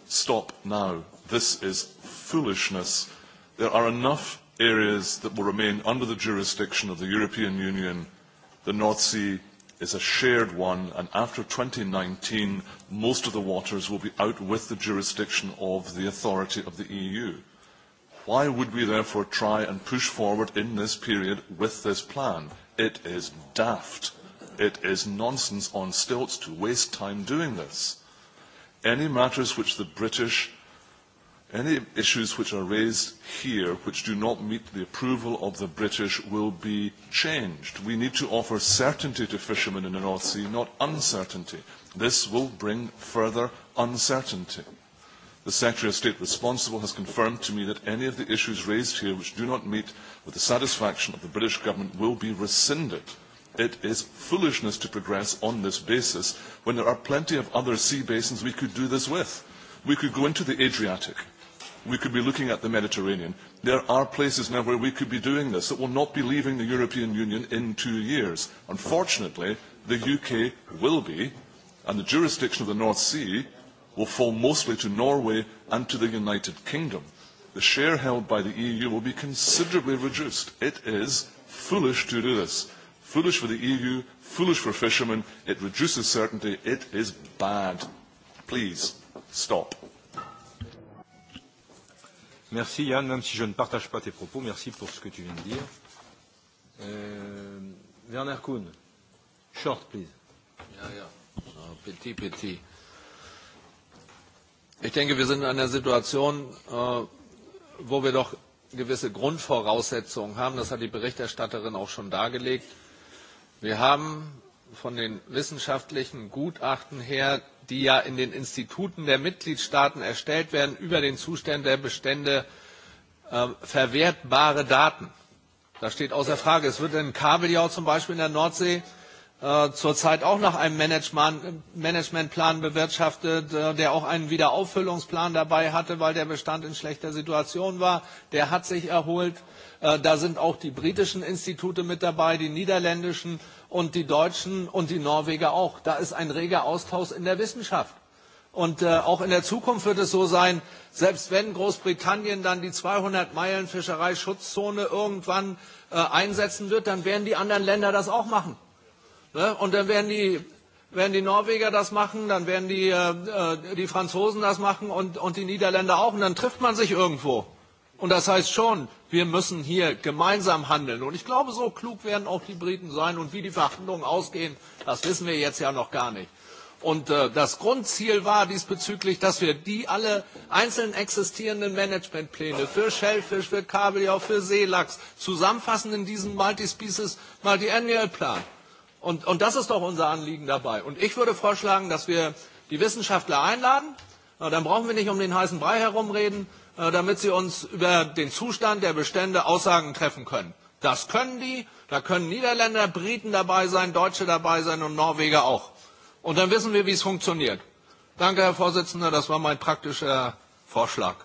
Stop now. This is foolishness. There are enough areas that will remain under the jurisdiction of the European Union, the North Sea, is a shared one, and after 2019, most of the waters will be out with the jurisdiction of the authority of the EU. Why would we therefore try and push forward in this period with this plan? It is daft. It is nonsense on stilts to waste time doing this. Any matters which the British Any issues which are raised here which do not meet the approval of the British will be changed. We need to offer certainty to fishermen in the North Sea, not uncertainty. This will bring further uncertainty. The Secretary of State responsible has confirmed to me that any of the issues raised here which do not meet with the satisfaction of the British government will be rescinded. It is foolishness to progress on this basis when there are plenty of other sea basins we could do this with. We could go into the Adriatic we could be looking at the Mediterranean. There are places now where we could be doing this that will not be leaving the European Union in two years. Unfortunately, the UK will be, and the jurisdiction of the North Sea will fall mostly to Norway and to the United Kingdom. The share held by the EU will be considerably reduced. It is foolish to do this. Foolish for the EU, foolish for fishermen. It reduces certainty. It is bad. Please, stop. Merci Yann, même si je ne partage pas tes propos, merci pour ce que tu viens de dire. Euh, Werner Kuhn, short please. Yeah, yeah. ja, petit, petit. Ich denke, wir sind in einer Situation, äh, wo wir doch gewisse Grundvoraussetzungen haben. Das hat die Berichterstatterin auch schon dargelegt. Wir haben von den wissenschaftlichen Gutachten her die ja in den Instituten der Mitgliedstaaten erstellt werden, über den Zustand der Bestände äh, verwertbare Daten. Da steht außer Frage, es wird in Kabeljau zum Beispiel in der Nordsee äh, zurzeit auch nach einem Management, Managementplan bewirtschaftet, äh, der auch einen Wiederauffüllungsplan dabei hatte, weil der Bestand in schlechter Situation war. Der hat sich erholt. Äh, da sind auch die britischen Institute mit dabei, die niederländischen. Äh, und die Deutschen und die Norweger auch. Da ist ein reger Austausch in der Wissenschaft. Und äh, auch in der Zukunft wird es so sein, selbst wenn Großbritannien dann die 200 Meilen Fischereischutzzone irgendwann äh, einsetzen wird, dann werden die anderen Länder das auch machen. Ne? Und dann werden die, werden die Norweger das machen, dann werden die, äh, äh die Franzosen das machen und, und die Niederländer auch. Und dann trifft man sich irgendwo. Und das heißt schon, wir müssen hier gemeinsam handeln. Und ich glaube, so klug werden auch die Briten sein. Und wie die Verhandlungen ausgehen, das wissen wir jetzt ja noch gar nicht. Und äh, das Grundziel war diesbezüglich, dass wir die alle einzeln existierenden Managementpläne für Schellfisch, für Kabeljau, für Seelachs zusammenfassen in diesem Multispecies, Multi-Annual-Plan. Und, und das ist doch unser Anliegen dabei. Und ich würde vorschlagen, dass wir die Wissenschaftler einladen. Na, dann brauchen wir nicht um den heißen Brei herumreden. Äh, damit sie uns über den Zustand der Bestände Aussagen treffen können. Das können die, da können Niederländer, Briten dabei sein, Deutsche dabei sein und Norweger auch. Und dann wissen wir, wie es funktioniert. Danke, Herr Vorsitzender, das war mein praktischer Vorschlag.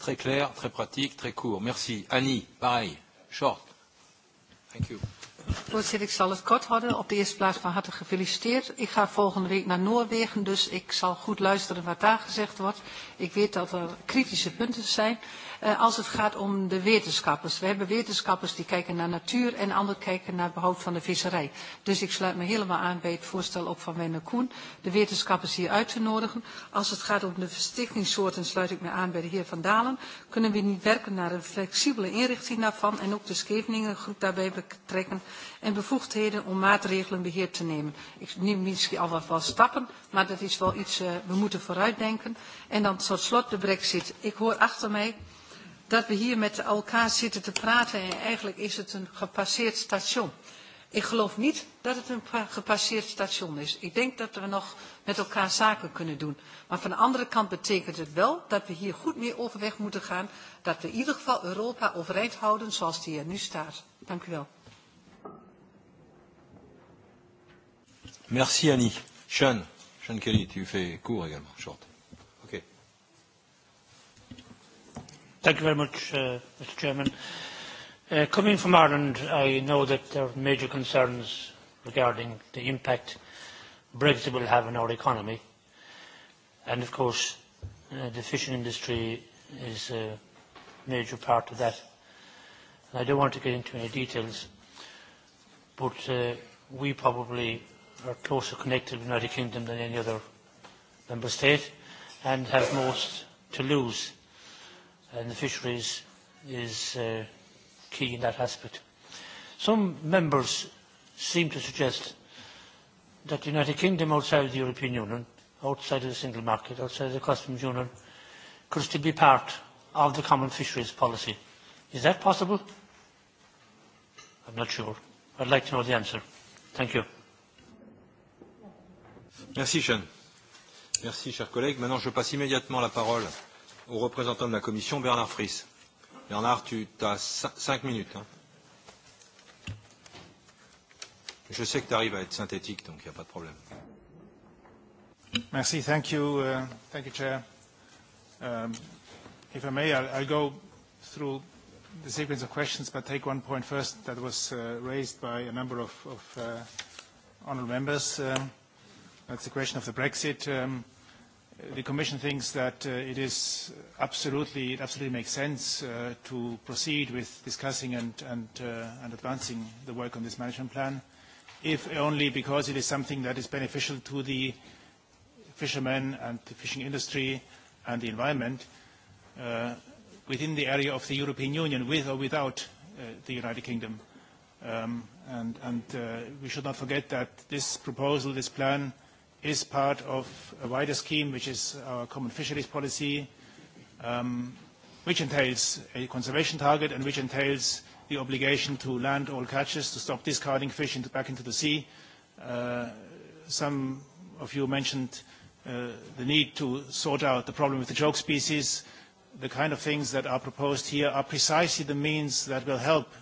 Très clair, très pratique, très court. Merci. Annie, pareil, short. Thank you. Voorzitter, ik zal het kort houden. Op de eerste plaats van harte gefeliciteerd. Ik ga volgende week naar Noorwegen, dus ik zal goed luisteren wat daar gezegd wordt. Ik weet dat er kritische punten zijn. Uh, als het gaat om de wetenschappers. We hebben wetenschappers die kijken naar natuur en anderen kijken naar behoud van de visserij. Dus ik sluit me helemaal aan bij het voorstel op van Wenne Koen, de wetenschappers hier uit te nodigen. Als het gaat om de verstikkingssoorten sluit ik me aan bij de heer Van Dalen. Kunnen we niet werken naar een flexibele inrichting daarvan en ook de Scheveningen groep daarbij betrekken en bevoegdheden om maatregelen beheer te nemen. Ik neem misschien al wat, wat stappen, maar dat is wel iets, uh, we moeten vooruitdenken. En dan tot slot de brexit. Ik hoor achter mij dat we hier met elkaar zitten te praten en eigenlijk is het een gepasseerd station. Ik geloof niet dat het een gepasseerd station is. Ik denk dat we nog met elkaar zaken kunnen doen. Maar van de andere kant betekent het wel dat we hier goed mee overweg moeten gaan. Dat we in ieder geval Europa overeind houden zoals die er nu staat. Dank u wel. Merci Annie. Sean, Sean Kelly, tu fais court également, short. OK. Thank you very much, uh, Mr. Chairman. Uh, coming from Ireland, I know that there are major concerns regarding the impact Brexit will have on our economy. And of course, uh, the fishing industry is a major part of that. And I don't want to get into any details, but uh, we probably are closer connected with the United Kingdom than any other member state and have most to lose. And the fisheries is uh, key in that aspect. Some members seem to suggest that the United Kingdom outside of the European Union, outside of the single market, outside of the customs union, could still be part of the common fisheries policy. Is that possible? I'm not sure. I'd like to know the answer. Thank you. Merci, Sean. Merci, chers collègues. Maintenant, je passe immédiatement la parole au représentant de la Commission, Bernard Fries. Bernard, tu as cinq minutes. Hein. Je sais que tu arrives à être synthétique, donc il n'y a pas de problème. Merci, thank you, uh, thank you, Chair. Um, if I may, I'll, I'll go through the sequence of questions, but take one point first that was uh, raised by a number of, of uh, honourable members. Um, That's the question of the Brexit. Um, the Commission thinks that uh, it is absolutely, it absolutely makes sense uh, to proceed with discussing and, and, uh, and advancing the work on this management plan, if only because it is something that is beneficial to the fishermen and the fishing industry and the environment uh, within the area of the European Union, with or without uh, the United Kingdom. Um, and and uh, we should not forget that this proposal, this plan, uh, is part of a wider scheme, which is our common fisheries policy, um, which entails a conservation target and which entails the obligation to land all catches, to stop discarding fish into, back into the sea. Uh, some of you mentioned uh, the need to sort out the problem with the choke species. The kind of things that are proposed here are precisely the means that will help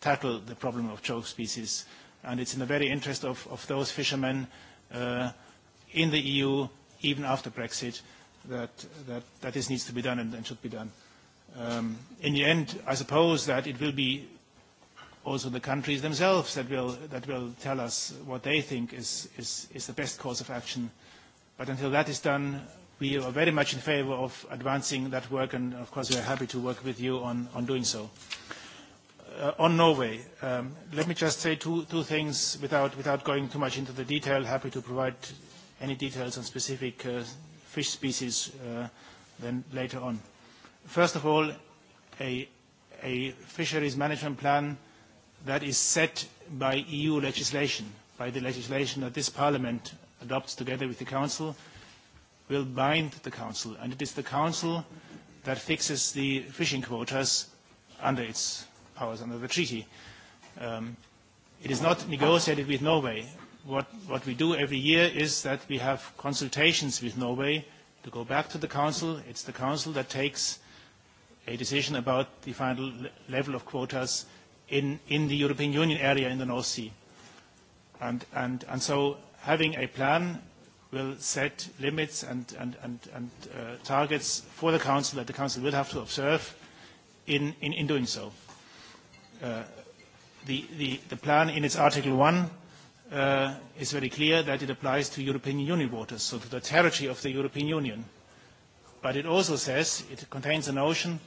tackle the problem of choke species. And it's in the very interest of, of those fishermen uh, in the EU, even after Brexit, that, that, that this needs to be done and, and should be done. Um, in the end, I suppose that it will be also the countries themselves that will, that will tell us what they think is, is, is the best course of action. But until that is done, we are very much in favor of advancing that work, and of course we are happy to work with you on, on doing so. Uh, on Norway, um, let me just say two, two things without, without going too much into the detail. Happy to provide any details on specific uh, fish species uh, then later on. First of all, a, a fisheries management plan that is set by EU legislation, by the legislation that this Parliament adopts together with the Council, will bind the Council. And it is the Council that fixes the fishing quotas under its powers, under the treaty. Um, it is not negotiated with Norway what, what we do every year is that we have consultations with Norway to go back to the Council. It's the Council that takes a decision about the final level of quotas in, in the European Union area in the North Sea. And, and, and so having a plan will set limits and, and, and, and uh, targets for the Council that the Council will have to observe in, in, in doing so. Uh, the, the, the plan in its Article 1 uh, is very clear that it applies to European Union waters, so to the territory of the European Union. But it also says, it contains a notion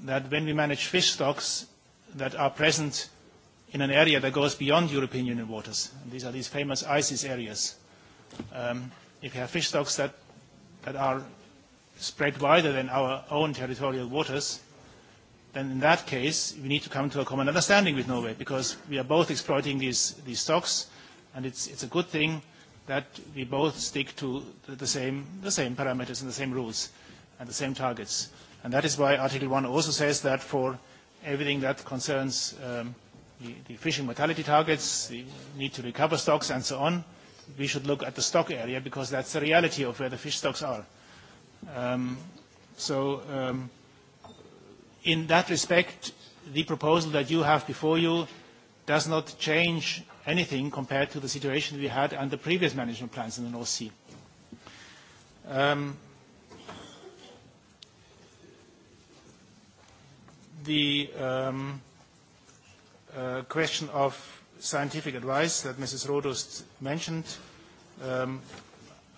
that when we manage fish stocks that are present in an area that goes beyond European Union waters, these are these famous ISIS areas, um, if you have fish stocks that, that are spread wider than our own territorial waters, then in that case, we need to come to a common understanding with Norway because we are both exploiting these, these stocks And it's, it's a good thing that we both stick to the same, the same parameters and the same rules and the same targets. And that is why Article 1 also says that for everything that concerns um, the, the fishing mortality targets, the need to recover stocks and so on, we should look at the stock area because that's the reality of where the fish stocks are. Um, so um, in that respect, the proposal that you have before you does not change anything compared to the situation we had under previous management plans in the North Sea. Um, the um, uh, question of scientific advice that Mrs. Rodost mentioned, um,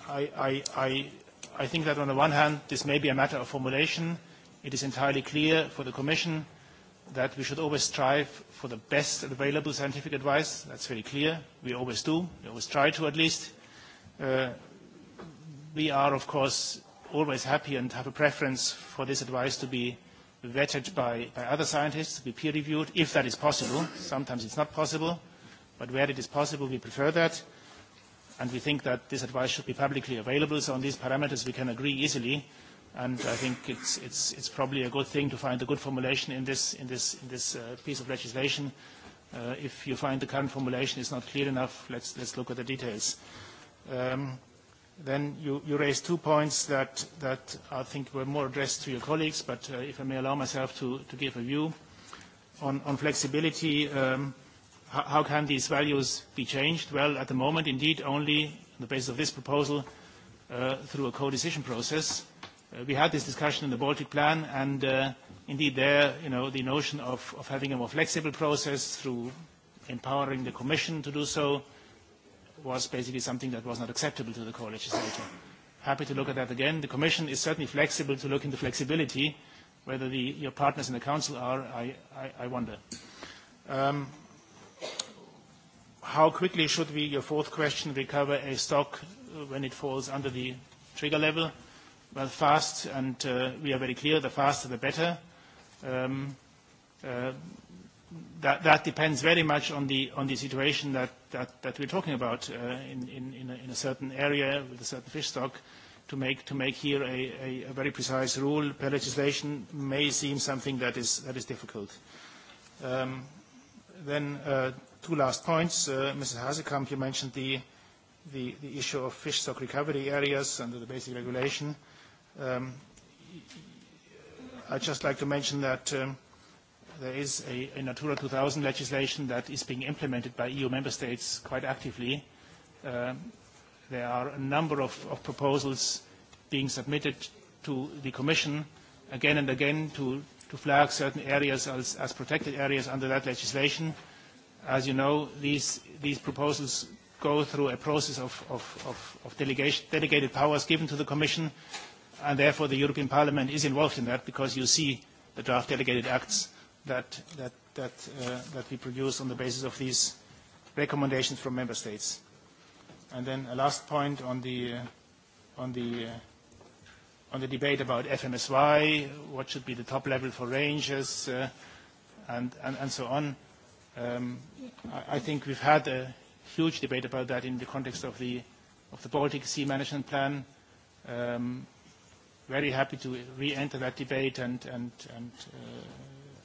I, I, I, I think that on the one hand, this may be a matter of formulation. It is entirely clear for the Commission that we should always strive for the best available scientific advice. That's very clear. We always do. We always try to, at least. Uh, we are, of course, always happy and have a preference for this advice to be vetted by, by other scientists, to be peer-reviewed, if that is possible. Sometimes it's not possible, but where it is possible, we prefer that. And we think that this advice should be publicly available, so on these parameters we can agree easily. And I think it's, it's, it's probably a good thing to find a good formulation in this, in this, in this uh, piece of legislation. Uh, if you find the current formulation is not clear enough, let's, let's look at the details. Um, then you, you raised two points that, that I think were more addressed to your colleagues, but uh, if I may allow myself to, to give a view. On, on flexibility, um, how, how can these values be changed? Well, at the moment, indeed, only on the basis of this proposal uh, through a co-decision process Uh, we had this discussion in the Baltic Plan, and uh, indeed there, you know, the notion of, of having a more flexible process through empowering the Commission to do so was basically something that was not acceptable to the co-legislator. Happy to look at that again. The Commission is certainly flexible to look into flexibility. Whether the, your partners in the Council are, I, I, I wonder. Um, how quickly should we, your fourth question, recover a stock when it falls under the trigger level? well, fast, and uh, we are very clear, the faster the better. Um, uh, that, that depends very much on the, on the situation that, that, that we're talking about uh, in, in, in, a, in a certain area with a certain fish stock. To make, to make here a, a, a very precise rule per legislation may seem something that is, that is difficult. Um, then uh, two last points. Uh, Mrs. Hasekamp, you mentioned the, the, the issue of fish stock recovery areas under the basic regulation. Uh, Um, I'd just like to mention that um, there is a, a Natura 2000 legislation that is being implemented by EU member states quite actively. Um, there are a number of, of proposals being submitted to the Commission again and again to, to flag certain areas as, as protected areas under that legislation. As you know, these, these proposals go through a process of, of, of, of delegation, delegated powers given to the Commission and therefore the European Parliament is involved in that because you see the draft delegated acts that, that, that, uh, that we produce on the basis of these recommendations from member states. And then a last point on the, uh, on the, uh, on the debate about FMSY, what should be the top level for ranges, uh, and, and, and so on. Um, I, I think we've had a huge debate about that in the context of the, of the Baltic Sea Management Plan. Um, very happy to re-enter that debate and, and, and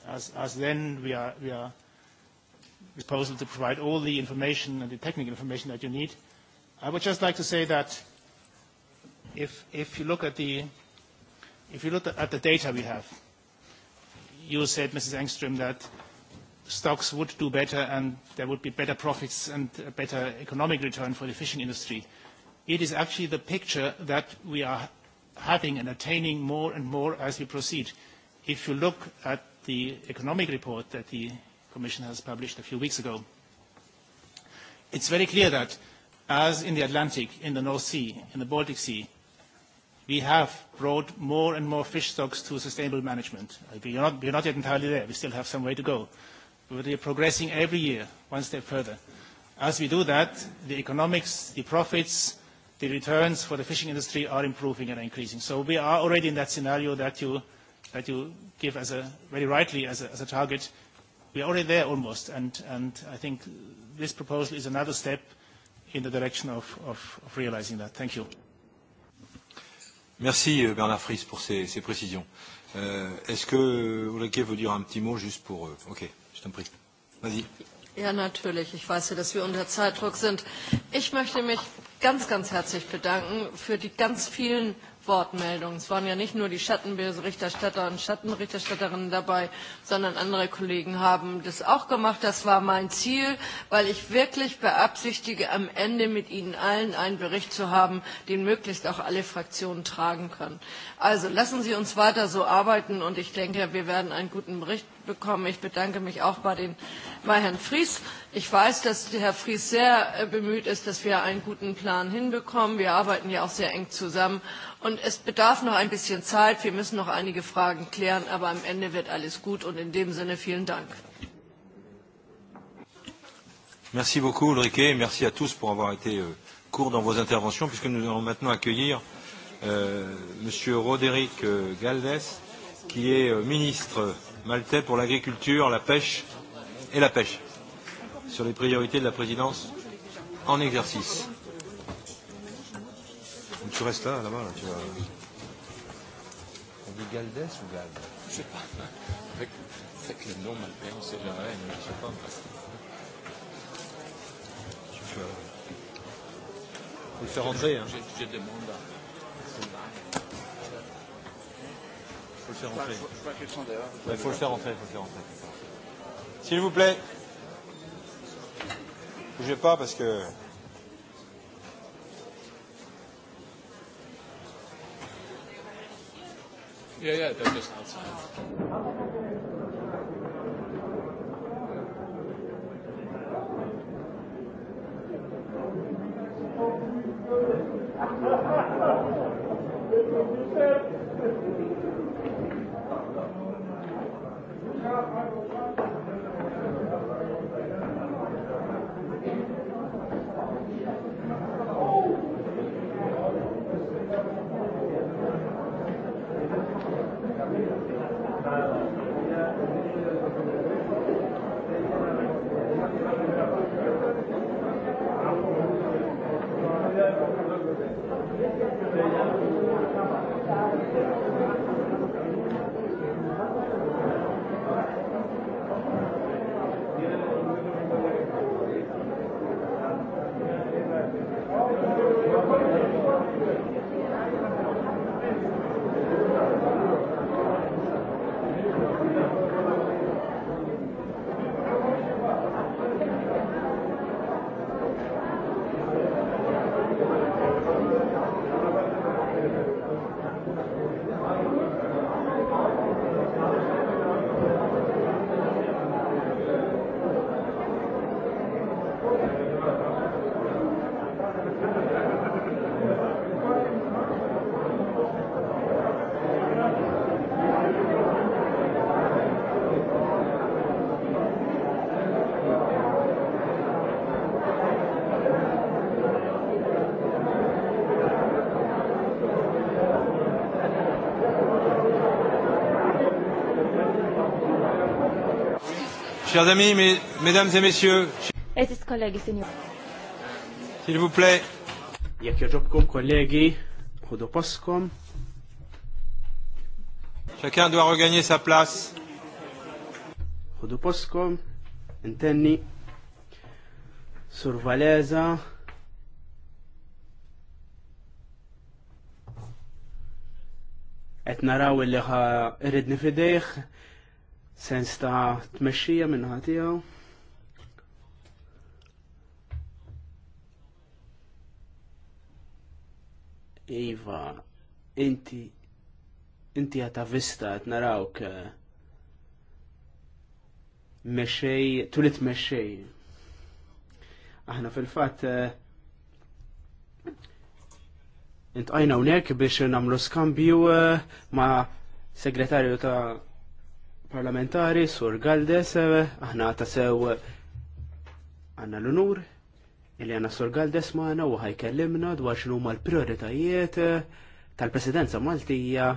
uh, as, as then we are, we are disposal to provide all the information and the technical information that you need. I would just like to say that if, if you look at the if you look at the data we have, you said, Mrs. Engström, that stocks would do better and there would be better profits and a better economic return for the fishing industry. It is actually the picture that we are having and attaining more and more as we proceed. If you look at the economic report that the Commission has published a few weeks ago, it's very clear that as in the Atlantic, in the North Sea, in the Baltic Sea, we have brought more and more fish stocks to sustainable management. Uh, we are not, we are not yet entirely there. We still have some way to go. But we are progressing every year, one step further. As we do that, the economics, the profits, the returns for the fishing industry are improving and increasing. So we are already in that scenario that you, that you give as a, very rightly as a, as a target. We are already there almost, and, and I think this proposal is another step in the direction of, of, of realizing that. Thank you. Merci euh, Bernard Fries pour ces, ces précisions. Euh, Est-ce que Ulrike veut dire un petit mot juste pour... Euh, ok, je t'en prie. Vas-y. Ja, natürlich. Ich weiß ja, dass wir unter Zeitdruck sind. Ich möchte mich ganz, ganz herzlich bedanken für die ganz vielen Wortmeldungen. Es waren ja nicht nur die Schattenberichterstatter und Schattenberichterstatterinnen dabei, sondern andere Kollegen haben das auch gemacht. Das war mein Ziel, weil ich wirklich beabsichtige, am Ende mit Ihnen allen einen Bericht zu haben, den möglichst auch alle Fraktionen tragen können. Also lassen Sie uns weiter so arbeiten und ich denke, wir werden einen guten Bericht bekommen. Ich bedanke mich auch bei, den, bei Herrn Fries. Ich weiß, dass Herr Fries sehr äh, bemüht ist, dass wir einen guten Plan hinbekommen. Wir arbeiten ja auch sehr eng zusammen. Und es bedarf noch ein bisschen Zeit. Wir müssen noch einige Fragen klären, aber am Ende wird alles gut. Und in dem Sinne vielen Dank. Merci beaucoup Ulrike, merci à tous pour avoir été euh, court dans vos interventions, puisque nous allons maintenant accueillir euh, M. Roderick euh, Galdes, qui est euh, ministre maltais pour l'agriculture, la pêche et la pêche, sur les priorités de la présidence en exercice. Tu restes là, là-bas, là, tu vas. On dit Je sais pas. Avec, le nom malpais, on sait jamais, mais je sais pas. Tu fais. Il fait rentrer, hein Je, je demande. Il faut le faire rentrer. Il faut le faire rentrer, il faut le faire rentrer. S'il vous plaît. Bougez pas parce que. Yeah, yeah, they're just outside. my <laughs> God. Chers amis, mes, mesdames et messieurs. Et ses collègues, signor. S'il vous plaît. Jekk joġobkom kollegi, ħodu poskom. Chacun doit regagner sa place. Ħodu poskom, intenni, survaleza, et naraw li ħa irridni fidejħ, sens ta' tmexxija minn ħatijaw. Iva, inti inti għata vista għat narawk meċej, tulit meċej. Aħna fil-fat eh, intqajna unek biex namlu skambju eh, ma segretarju ta' parlamentari, Sur Galdes, aħna ta' sew għanna l-unur, il għanna Sur Galdes maħna u ħajkellimna dwar xinu ma l-prioritajiet tal-presidenza Maltija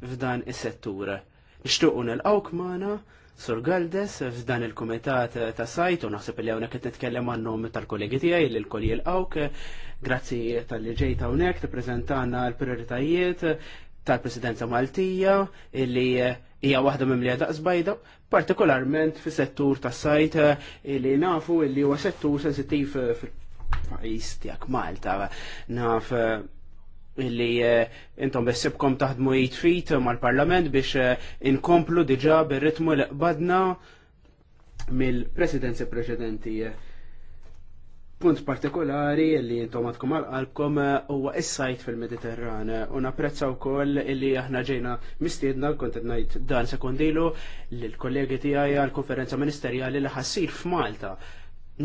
f'dan is-settur. Nishtuqu nil awk maħna, Sur Galdes, f'dan il-komitat ta' sajt, u naħseb li għonek t-netkellem għannom tal-kollegi tijaj, li l-kolli l-qawk, grazzi tal liġej ta' unek t-prezentana l-prioritajiet, tal-Presidenza Maltija illi eh, hija waħda minn li zbajda, partikolarment fis settur tas sajt eh, illi nafu illi huwa settur sensittiv eh, fil-pajis tiegħek Malta. Naf illi intom bessibkom taħdmu jitfit mal-Parlament biex inkomplu diġa bil ritmu li qbadna mill-presidenzi preċedenti punt partikolari li jintom għal-qalbkom eh, huwa is-sajt fil-Mediterran eh, u napprezzaw wkoll li aħna ġejna mistiedna kont qed ngħid dan sekondilu lill-kollegi tiegħi għall-konferenza ministerjali li ħassir f'Malta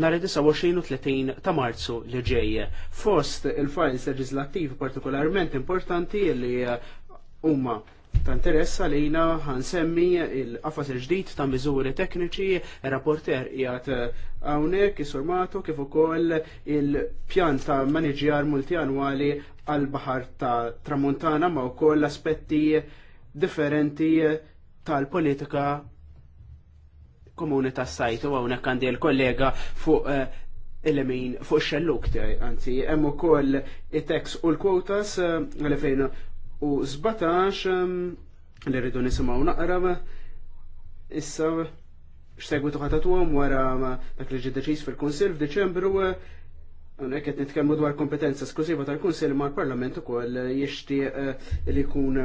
nhar 29 u 30 ta' Marzu li ġej. Fost il-files leġislattivi partikolarment importanti li eh, huma ta' interess għalina ħansemmi il-qafas il-ġdid ta' miżuri tekniċi, rapporter jgħat eh, għawnek, isurmatu kif ukoll il-pjan ta' maniġjar multianwali għal-bahar ta' tramuntana ma' ukoll aspetti differenti tal-politika komuni ta' sajtu għawnek għandi l-kollega fuq eh, il-lemin fuq xelluk, għanzi, hemm ukoll it-tex u l-kwotas eh, għalfejn u 17 li rridu nisimgħu naqra issa x'segwitu ħatatuhom wara dak li ġie deċiż fil-Kunsill f'Diċembru Għonek qed nitkellmu dwar kompetenza esklusiva tal kunsill ma l-Parlament u koll jishtiq eh, li kun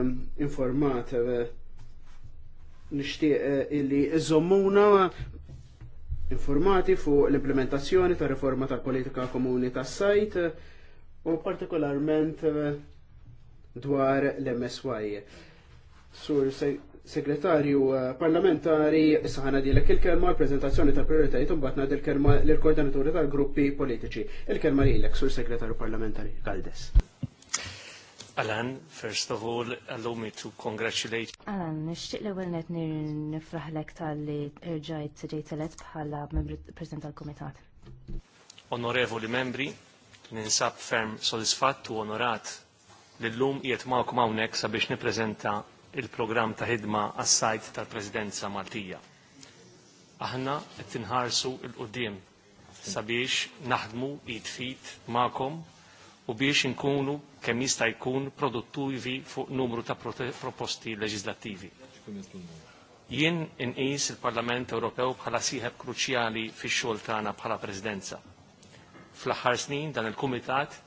informat eh, nishtiq eh, li zommuna informati fu l-implementazzjoni ta' riforma tal-politika komuni tas sajt u partikolarment dwar l-MSY. Sur segretarju eh, parlamentari, saħna dilek il-kelma l-prezentazzjoni tal prioritajiet un batna del kelma l-koordinaturi tal-gruppi politiċi. Il-kelma li l sur segretarju parlamentari, Galdes. Alan, first of all, allow me to congratulate. Alan, nishtiq li għelnet nifraħlek tal-li irġajt t-let bħala membri prezident tal-komitat. Onorevoli membri, ninsab ferm soddisfattu onorat Lillum l-lum jiet ma'kum hawnhekk sabiex nippreżenta il-programm ta' ħidma għas-sajt tal-Presidenza Maltija. Aħna qed tinħarsu l-qudiem sabiex naħdmu jitfit ma'kom u biex inkunu kemm jista' jkun produttivi fuq numru ta' proposti leġislattivi. Jien inqis il-Parlament Ewropew bħala sieħeb kruċjali fix-xogħol tagħna bħala Presidenza. Fl-aħħar snin dan il-Kumitat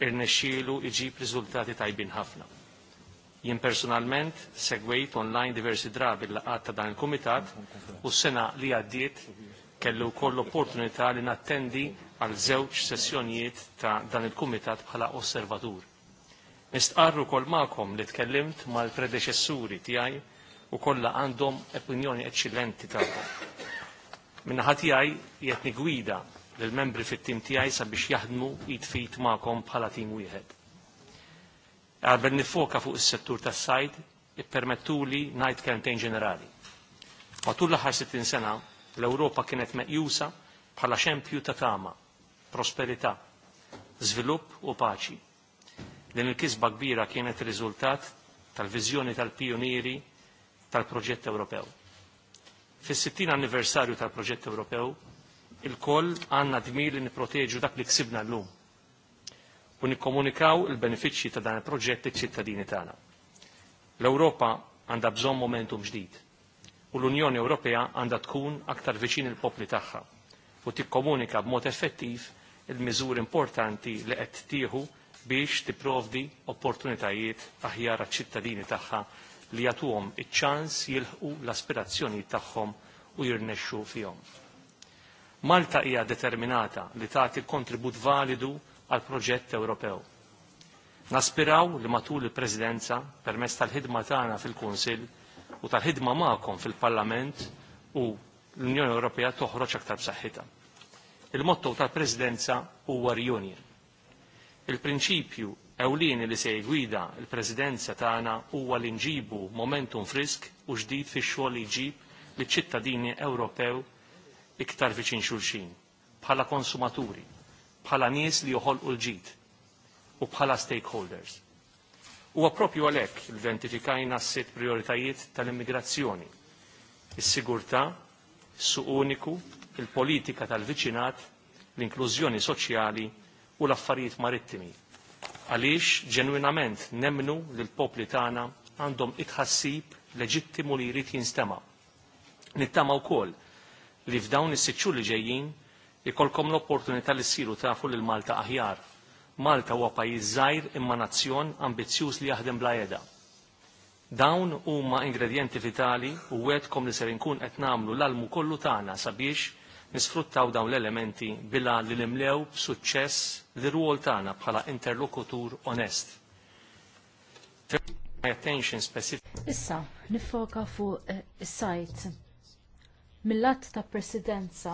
irnexxielu iġib riżultati tajbin ħafna. Jien personalment segwejt online diversi drabi l-laqat ta' dan il-Kumitat u s-sena li għaddiet kellu koll opportunità li nattendi għal żewġ sessjonijiet ta' dan il-Kumitat bħala osservatur. Nistqarru kol ma'kom li tkellimt mal-predeċessuri tiegħi u kollha għandhom opinjoni eċċellenti tagħhom. Minna ħati għaj jett gwida l-membri fit-tim tiegħi sabiex jaħdmu jitfit magħkom bħala tim wieħed. Qabel nifoka fuq is-settur tas-sajd, ippermettuli ngħid kemmtejn ġenerali. Matul l-aħħar 60 sena, l-Ewropa kienet meqjusa bħala xempju ta' tama, prosperità, żvilupp u paċi. Din il-kisba kbira kienet riżultat tal-viżjoni tal-pionieri tal-proġett Ewropew. Fis-60 anniversarju tal-proġett Ewropew, il-koll għanna dmir li niproteġu dak li ksibna l-lum u nikkomunikaw il-benefiċċji ta' dan il-proġett iċ-ċittadini tagħna. L-Ewropa għandha bżonn momentum ġdid u l-Unjoni Ewropea għandha tkun aktar viċin il-popli tagħha u tikkomunika b'mod effettiv il-miżur importanti li qed tieħu biex tipprovdi opportunitajiet aħjar għaċ-ċittadini tagħha li jagħtuhom iċ-ċans jilħqu l-aspirazzjonijiet tagħhom u jirnexxu fihom. Malta hija determinata li tagħti kontribut validu għal proġett Ewropew. Naspiraw li matul il-Presidenza permezz tal-ħidma tagħna fil-Kunsill u tal-ħidma magħkom fil-Parlament u l-Unjoni Ewropea toħroġ aktar b'saħħitha. Il-motto tal-Presidenza huwa reunion. Il-prinċipju ewlieni li se jgwida il-Presidenza tagħna huwa li nġibu momentum frisk u ġdid fix-xogħol li jġib li ċittadini Ewropew iktar viċin xulxin, bħala konsumaturi, bħala nies li joħolqu l-ġid u bħala stakeholders. U għapropju għalek identifikajna s sit prioritajiet tal-immigrazzjoni, il sigurtà s-suq uniku, il-politika tal-viċinat, l-inklużjoni soċjali u l-affarijiet marittimi. Għaliex ġenwinament nemnu li l-popli tagħna għandhom itħassib leġittimu li jrid jinstema' nittama u koll li f'dawn is-sitxu li ġejjin ikolkom l-opportunità li ssiru tafu lil Malta aħjar. Malta huwa pajjiż żgħir imma nazzjon ambizzjuż li jaħdem bla jeda. Dawn huma ingredjenti vitali u wedkom li ser inkun qed nagħmlu l-almu kollu tagħna sabiex nisfruttaw dawn l-elementi bilha li nimlew b'suċċess li ruol tagħna bħala interlokutur onest. Issa, nifoka fuq eh, is-sajt Mill-att ta' presidenza,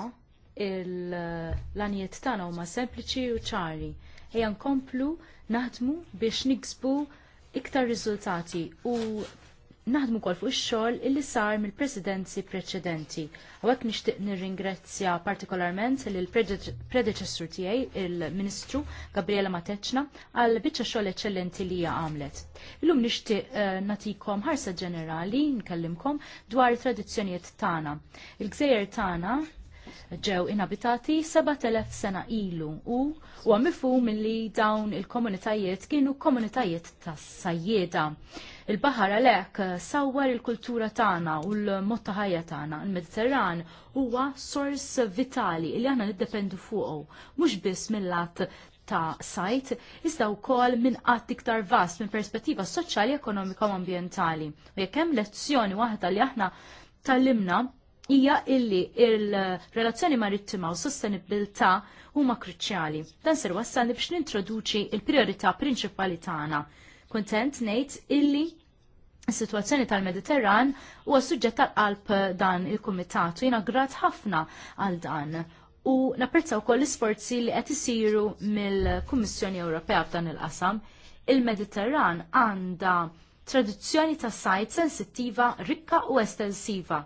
l-anijiet tagħna huma sempliċi u ċari. Ejja nkomplu naħdmu biex niksbu iktar riżultati u naħdmu kol fuq ix-xogħol illi sar mill-presidenzi preċedenti. Għawek nixtieq nirringrazzja partikolarment lill predeċessur tiegħi il-Ministru Gabriela Mateċna għal biċċa xogħol eċċellenti li hija għamlet. Illum nixtieq eh, natikom ħarsa ġenerali nkellimkom dwar it-tradizzjonijiet tagħna. Il-gżejjer tagħna ġew inabitati 7000 sena ilu u huwa mifhum li dawn il-komunitajiet kienu komunitajiet ta' sajjeda. Il-baħar għalhekk sawwar il-kultura tagħna u l-mod ta' ħajja tagħna. Il-Mediterran huwa sors vitali li aħna niddependu fuqu, mhux biss mill-att ta' sajt, iżda wkoll minn qatt iktar vast minn perspettiva soċjali, ekonomika u ambjentali. U jekk hemm lezzjoni waħda li aħna tallimna hija illi il-relazzjoni marittima u sostenibilità huma kruċjali. Dan ser wassalni biex nintroduċi il-priorità prinċipali tagħna. Kontent ngħid illi Is-sitwazzjoni tal-Mediterran huwa suġġett tal-qalb dan il-Kumitat u jiena grat ħafna għal dan u napprezzaw kol l-isforzi li qed isiru mill-Kummissjoni Ewropea f'dan il-qasam. Il-Mediterran għandha tradizzjoni ta' sajt sensittiva rikka u estensiva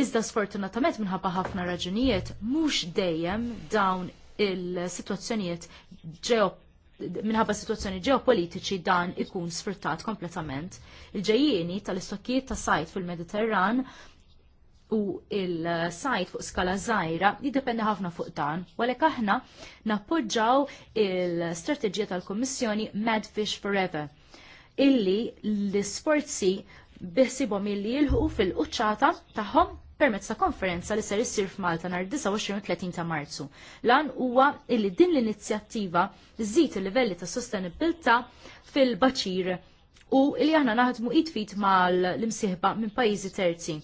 Iżda sfortunatament minħabba ħafna raġunijiet mhux dejjem dawn il-sitwazzjonijiet minħabba situazzjoni ġeopolitiċi dan ikun sfruttat kompletament. Il-ġejjieni tal-istokkijiet ta' sajt fil-Mediterran u il-sajt fuq skala zaħira jiddependi ħafna fuq dan, għalhekk aħna nappoġġaw il-strategija tal-Kommissjoni Madfish Forever, illi l-sforzi biħsibom illi jilħu fil-qċata taħħom permezz ta' konferenza li ser issir f'Malta nhar 29-30 ta' Marzu. Lan huwa illi din l-inizjattiva żżid il-livelli ta' sostenibilità fil-baċir u li aħna naħdmu jitfit fit mal-imsieħba minn pajjiżi terzi.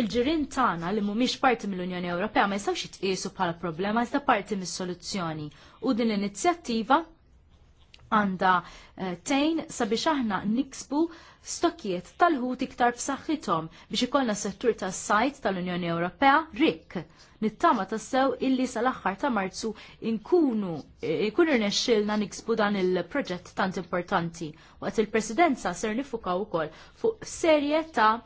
Il-ġirin tagħna li mhumiex parti mill-Unjoni Ewropea ma jistgħux jitqiesu bħala problema iżda parti mis-soluzzjoni u din l-inizjattiva għanda eh, tejn sabiex aħna niksbu stokkiet tal-ħut iktar b'saħħithom biex ikollna settur tas-sajt tal-Unjoni Ewropea rik. Nittama tassew illi sal-aħħar ta' Marzu inkunu eh, ikun irnexxilna niksbu dan il-proġett tant importanti. Waqt il-Presidenza ser nifukaw ukoll fuq serje ta'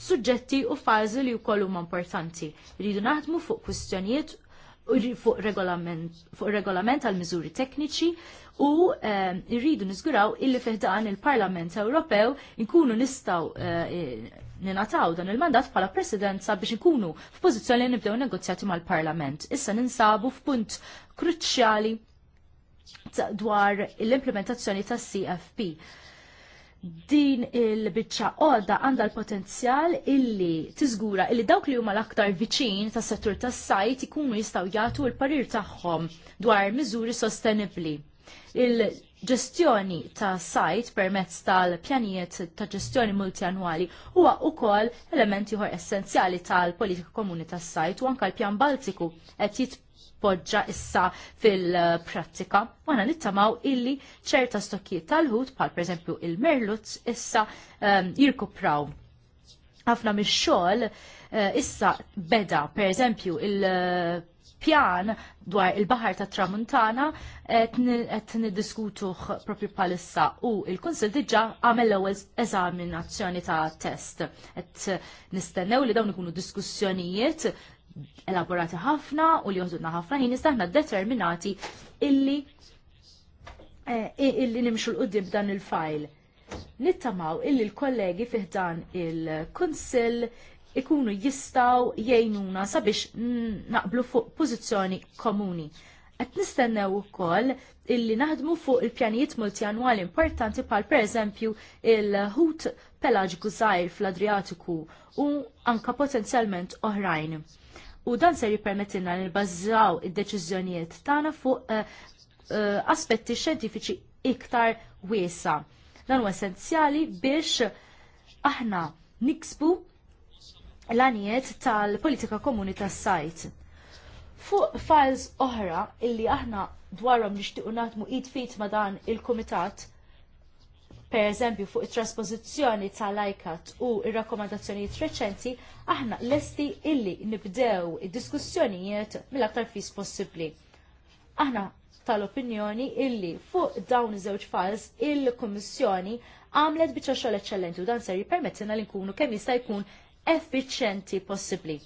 suġġetti u fażi li wkoll huma importanti. Rridu naħdmu fuq kwistjonijiet fuq regolament, fuq regolament għal miżuri tekniċi u ehm, irridu niżguraw illi fiħdan il-Parlament Ewropew inkunu nistaw eh, ninataw dan il-mandat bħala presidenza biex inkunu f'pożizzjoni li nibdew negozjati mal-Parlament. Issa ninsabu f'punt kruċjali dwar l-implementazzjoni tas CFP. Din il-bicċa għodda għandha l-potenzjal illi tiżgura illi dawk li huma l-aktar viċin tas settur tas-sajt ikunu jistgħu jagħtu l-parir tagħhom dwar miżuri sostenibbli. Il-ġestjoni ta' sajt permezz tal-pjanijiet ta' ġestjoni multianwali huwa wkoll element ieħor essenzjali tal-politika komuni tas sajt u anke l-pjan Baltiku qed jitpoġġa issa fil-prattika. Wana nittamaw illi ċerta stokkijiet tal-ħut bħal pereżempju il-merluz issa um, jirkupraw ħafna mix-xogħol uh, issa beda, per eżempju, il- pjan dwar il-Bahar ta' Tramuntana qed niddiskutuh propju palissa u il-Kunsil diġà għamel l-ewwel eżaminazzjoni ta' test. Qed nistennew li dawn ikunu diskussjonijiet elaborati ħafna u li joħdulna ħafna ħin istaħna determinati illi eh, illi nimxu l-qoddim b'dan il-fajl. Nittamaw illi l-kollegi fiħdan il-Kunsil ikunu jistaw jgħinuna sabiex naqblu fuq pożizzjoni komuni. Qed nistennew ukoll illi naħdmu fuq il-pjanijiet multjanwali importanti pal pereżempju il-ħut pelagiku żgħir fl-Adriatiku u anka potenzjalment oħrajn. U dan se jippermettilna li nbażżaw id-deċiżjonijiet tagħna fuq eh, eh, aspetti xjentifiċi iktar wiesa. Dan huwa essenzjali biex aħna niksbu l-għaniet tal-politika komuni tas-sajt. Fuq files oħra illi aħna dwarhom nixtiequ naħdmu id fit ma dan il-kumitat, per eżempju fuq it-trasposizzjoni tal-ICAT u r rakkomandazzjonijiet reċenti, aħna lesti illi nibdew id-diskussjonijiet mill-aktar fis possibbli. Aħna tal-opinjoni illi fuq dawn iż-żewġ files il-Kummissjoni għamlet biċċa xogħol eċċellenti u dan ser jippermettina li nkunu kemm jista' jkun efficienti possibbli.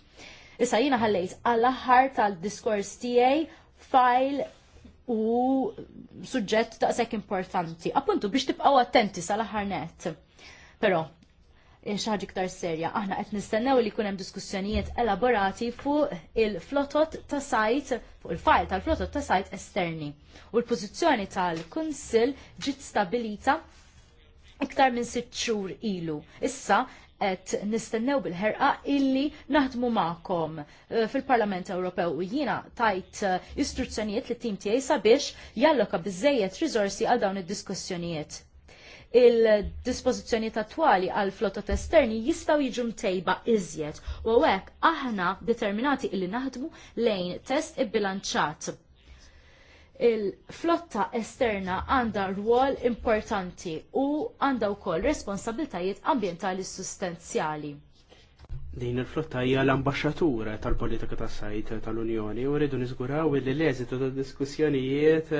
Issa jina ħallejt għall-aħħar tal-diskors tiegħi file u suġġett daqshekk importanti. Appuntu biex tibqgħu attenti sal-aħħar net. Però ħaġa ktar serja. Aħna qed nistennew li kunem diskussjonijiet elaborati fuq il-flotot ta' sajt, fuq il-fajl tal-flotot ta' sajt esterni. U l-pożizzjoni tal-Kunsil ġiet stabilita iktar minn sitt xhur ilu. Issa qed nistennew bil-ħerqa illi naħdmu magħkom uh, fil-Parlament Ewropew u jiena tajt uh, istruzzjonijiet li tim tiegħi sabiex jalloka biżejjed riżorsi għal dawn id-diskussjonijiet. Il-dispożizzjonijiet attwali għal flotta esterni jistgħu jiġu mtejba iżjed u hekk aħna determinati illi naħdmu lejn test ibbilanċat il-flotta esterna għandha rwol importanti u għandha wkoll responsabiltajiet ambjentali sustenzjali. Din il-flotta hija l-ambasċatura tal-politika tas-sajt tal-Unjoni u rridu niżguraw li l-eżitu tad diskussjonijiet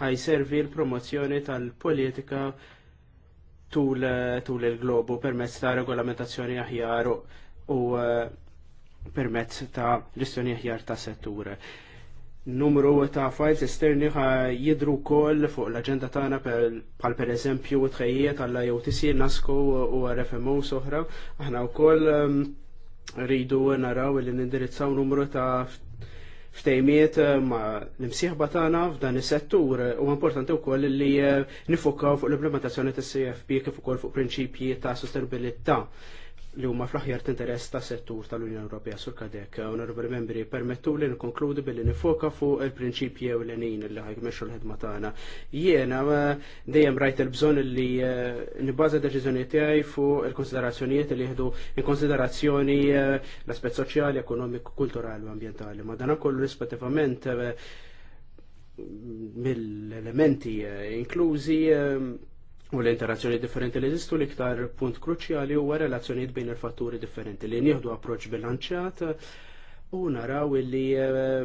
ħajservi l-promozzjoni tal-politika tul il-globu permezz ta' regolamentazzjoni aħjar u eh, permezz ta' ġestjoni aħjar ta' settur numru ta' files esterni ħa jidru kol fuq l-agenda tagħna bħal per eżempju tħejjiet għall IOTC, NASCO u RFMO soħra. Aħna wkoll ehm, rridu naraw li nindirizzaw numru ta' ftejmiet eh, ma' l-imsieħba tagħna f'dan is-settur u importanti wkoll li eh, nifokaw fuq l-implementazzjoni tas-CFP kif ukoll fuq prinċipji ta' sostenibilità li huma fl-aħjar interess ta' settur tal-Unjoni Ewropea sur kadek. Onorable membri, permettu li nkonkludi billi nifoka fuq il-prinċipji u l-enin li l ħedma tagħna. Jiena eh, dejjem rajt il-bżonn li eh, nibbaża deċiżjoni tiegħi fuq il-konsiderazzjonijiet li jieħdu in konsiderazzjoni eh, l-aspett soċjali, ekonomiku, kulturali u ambjentali. Ma dan ukoll rispettivament mill-elementi inklużi U l-interazzjoni differenti li jistu liktar punt kruċjali huwa relazzjonijiet bejn il-fatturi differenti li nieħdu approċ bilanċjat u naraw li eh,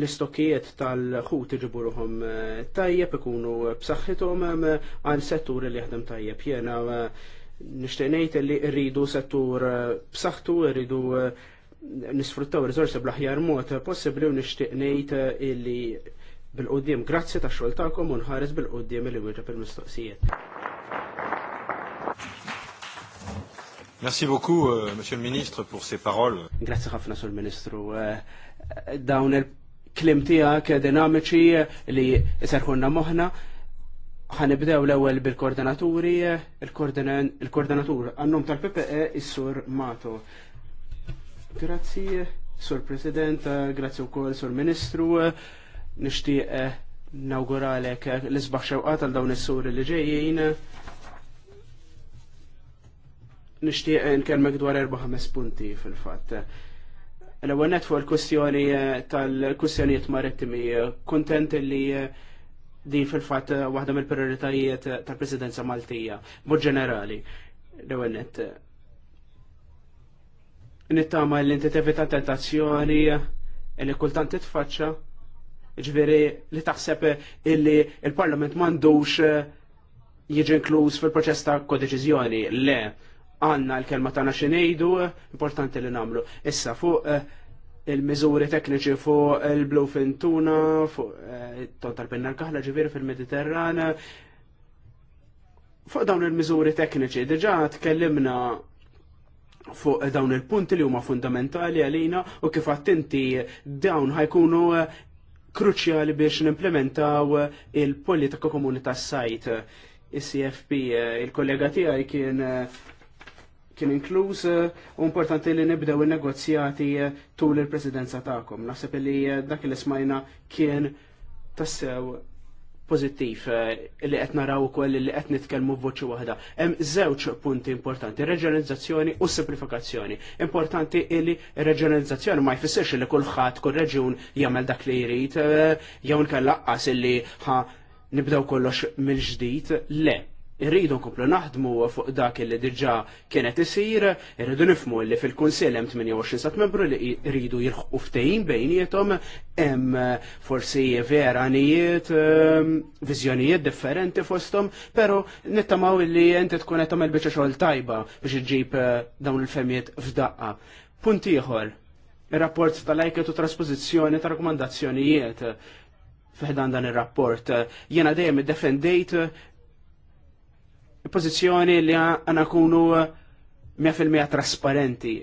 l-istokkijiet tal-ħut iġiburuhom eh, tajjeb ikunu b'saħħithom għal settur li jaħdem tajjeb. Jena eh, nixtieq li rridu settur b'saħħtu, rridu nisfruttaw rizorsi bl-aħjar mod possibbli u nixtieq ngħid bil-qoddim. Grazzi ta' xogħol tagħkom u nħares bil-qoddim li wieġeb il-mistoqsijiet. Merci beaucoup, uh, Monsieur le Ministre, pour ces paroles. Grazie ħafna Sur Ministru. Eh, dawn il-klim tiegħek dinamiċi li iserħunna moħħna. Ħanibdew l-ewwel bil-koordinaturi, il-koordinatur għannum tal-PPE is-Sur Mato. Grazzi, Sur President, u eh, wkoll Sur Ministru nixtieq eh, nawguralek eh, l-isbaħ xewqa tal dawn is-suri li ġejjin. Nixtieq eh, nkellmek dwar 4-5 punti fil-fatt. L-ewwel net fuq il-kwistjoni tal-kwistjonijiet marittimi, kuntent li din fil-fatt waħda mill-prioritajiet tal-Presidenza Maltija, mod ġenerali, l-ewwel net. Nittama l intitivi tevita tentazzjoni li kultant titfaċċa Ġveri li taħseb illi il-Parlament mandux eh, jiġi inkluż fil-proċess ta' kodeċizjoni. Le, għanna l-kelma tagħna xi ngħidu, importanti li nagħmlu. Issa fuq eh, il-miżuri tekniċi fuq il-bluefin tuna, fuq eh, ton tal-penna l kahla ġifieri fil-Mediterran, fuq dawn il-miżuri tekniċi, diġa' tkellimna fuq dawn il-punti li huma fundamentali għalina u kif inti dawn ħajkunu kruċjali biex nimplementaw il-politika komuni tas-sajt. Is-CFP, eh, il-kollega tiegħi kien eh, kien inkluż eh, u importanti li nibdew il negozjati tul il-presidenza ta'kom. Naħseb li dak il-ismajna kien tassew pozittiv eh, li qed naraw ukoll li qed nitkellmu voċi waħda. Hemm żewġ punti importanti, reġjonalizzazzjoni u simplifikazzjoni. Importanti li reġjonalizzazzjoni ma jfissirx li kulħadd kull reġjun jagħmel dak li jrid eh, jew nkella laqqas illi ħa nibdew kollox mill-ġdid. Le, irridu nkomplu naħdmu fuq dak li diġà kienet isir, irridu nifmu li fil kunsel hemm 28 sat membru li rridu jirħu ftehim bejniethom hemm forsi vera nijiet ehm, viżjonijiet differenti fosthom, però nittamaw li inti tkun qed tagħmel biċċa xogħol tajba biex iġib eh, dawn il-femijiet f'daqqa. Punt ieħor, ir-rapport tal-ajket u trasposizzjoni ta' rakkomandazzjonijiet fiħdan dan il-rapport. Jena dejjem defendejt pozizjoni li għana kunu 100% eh, trasparenti.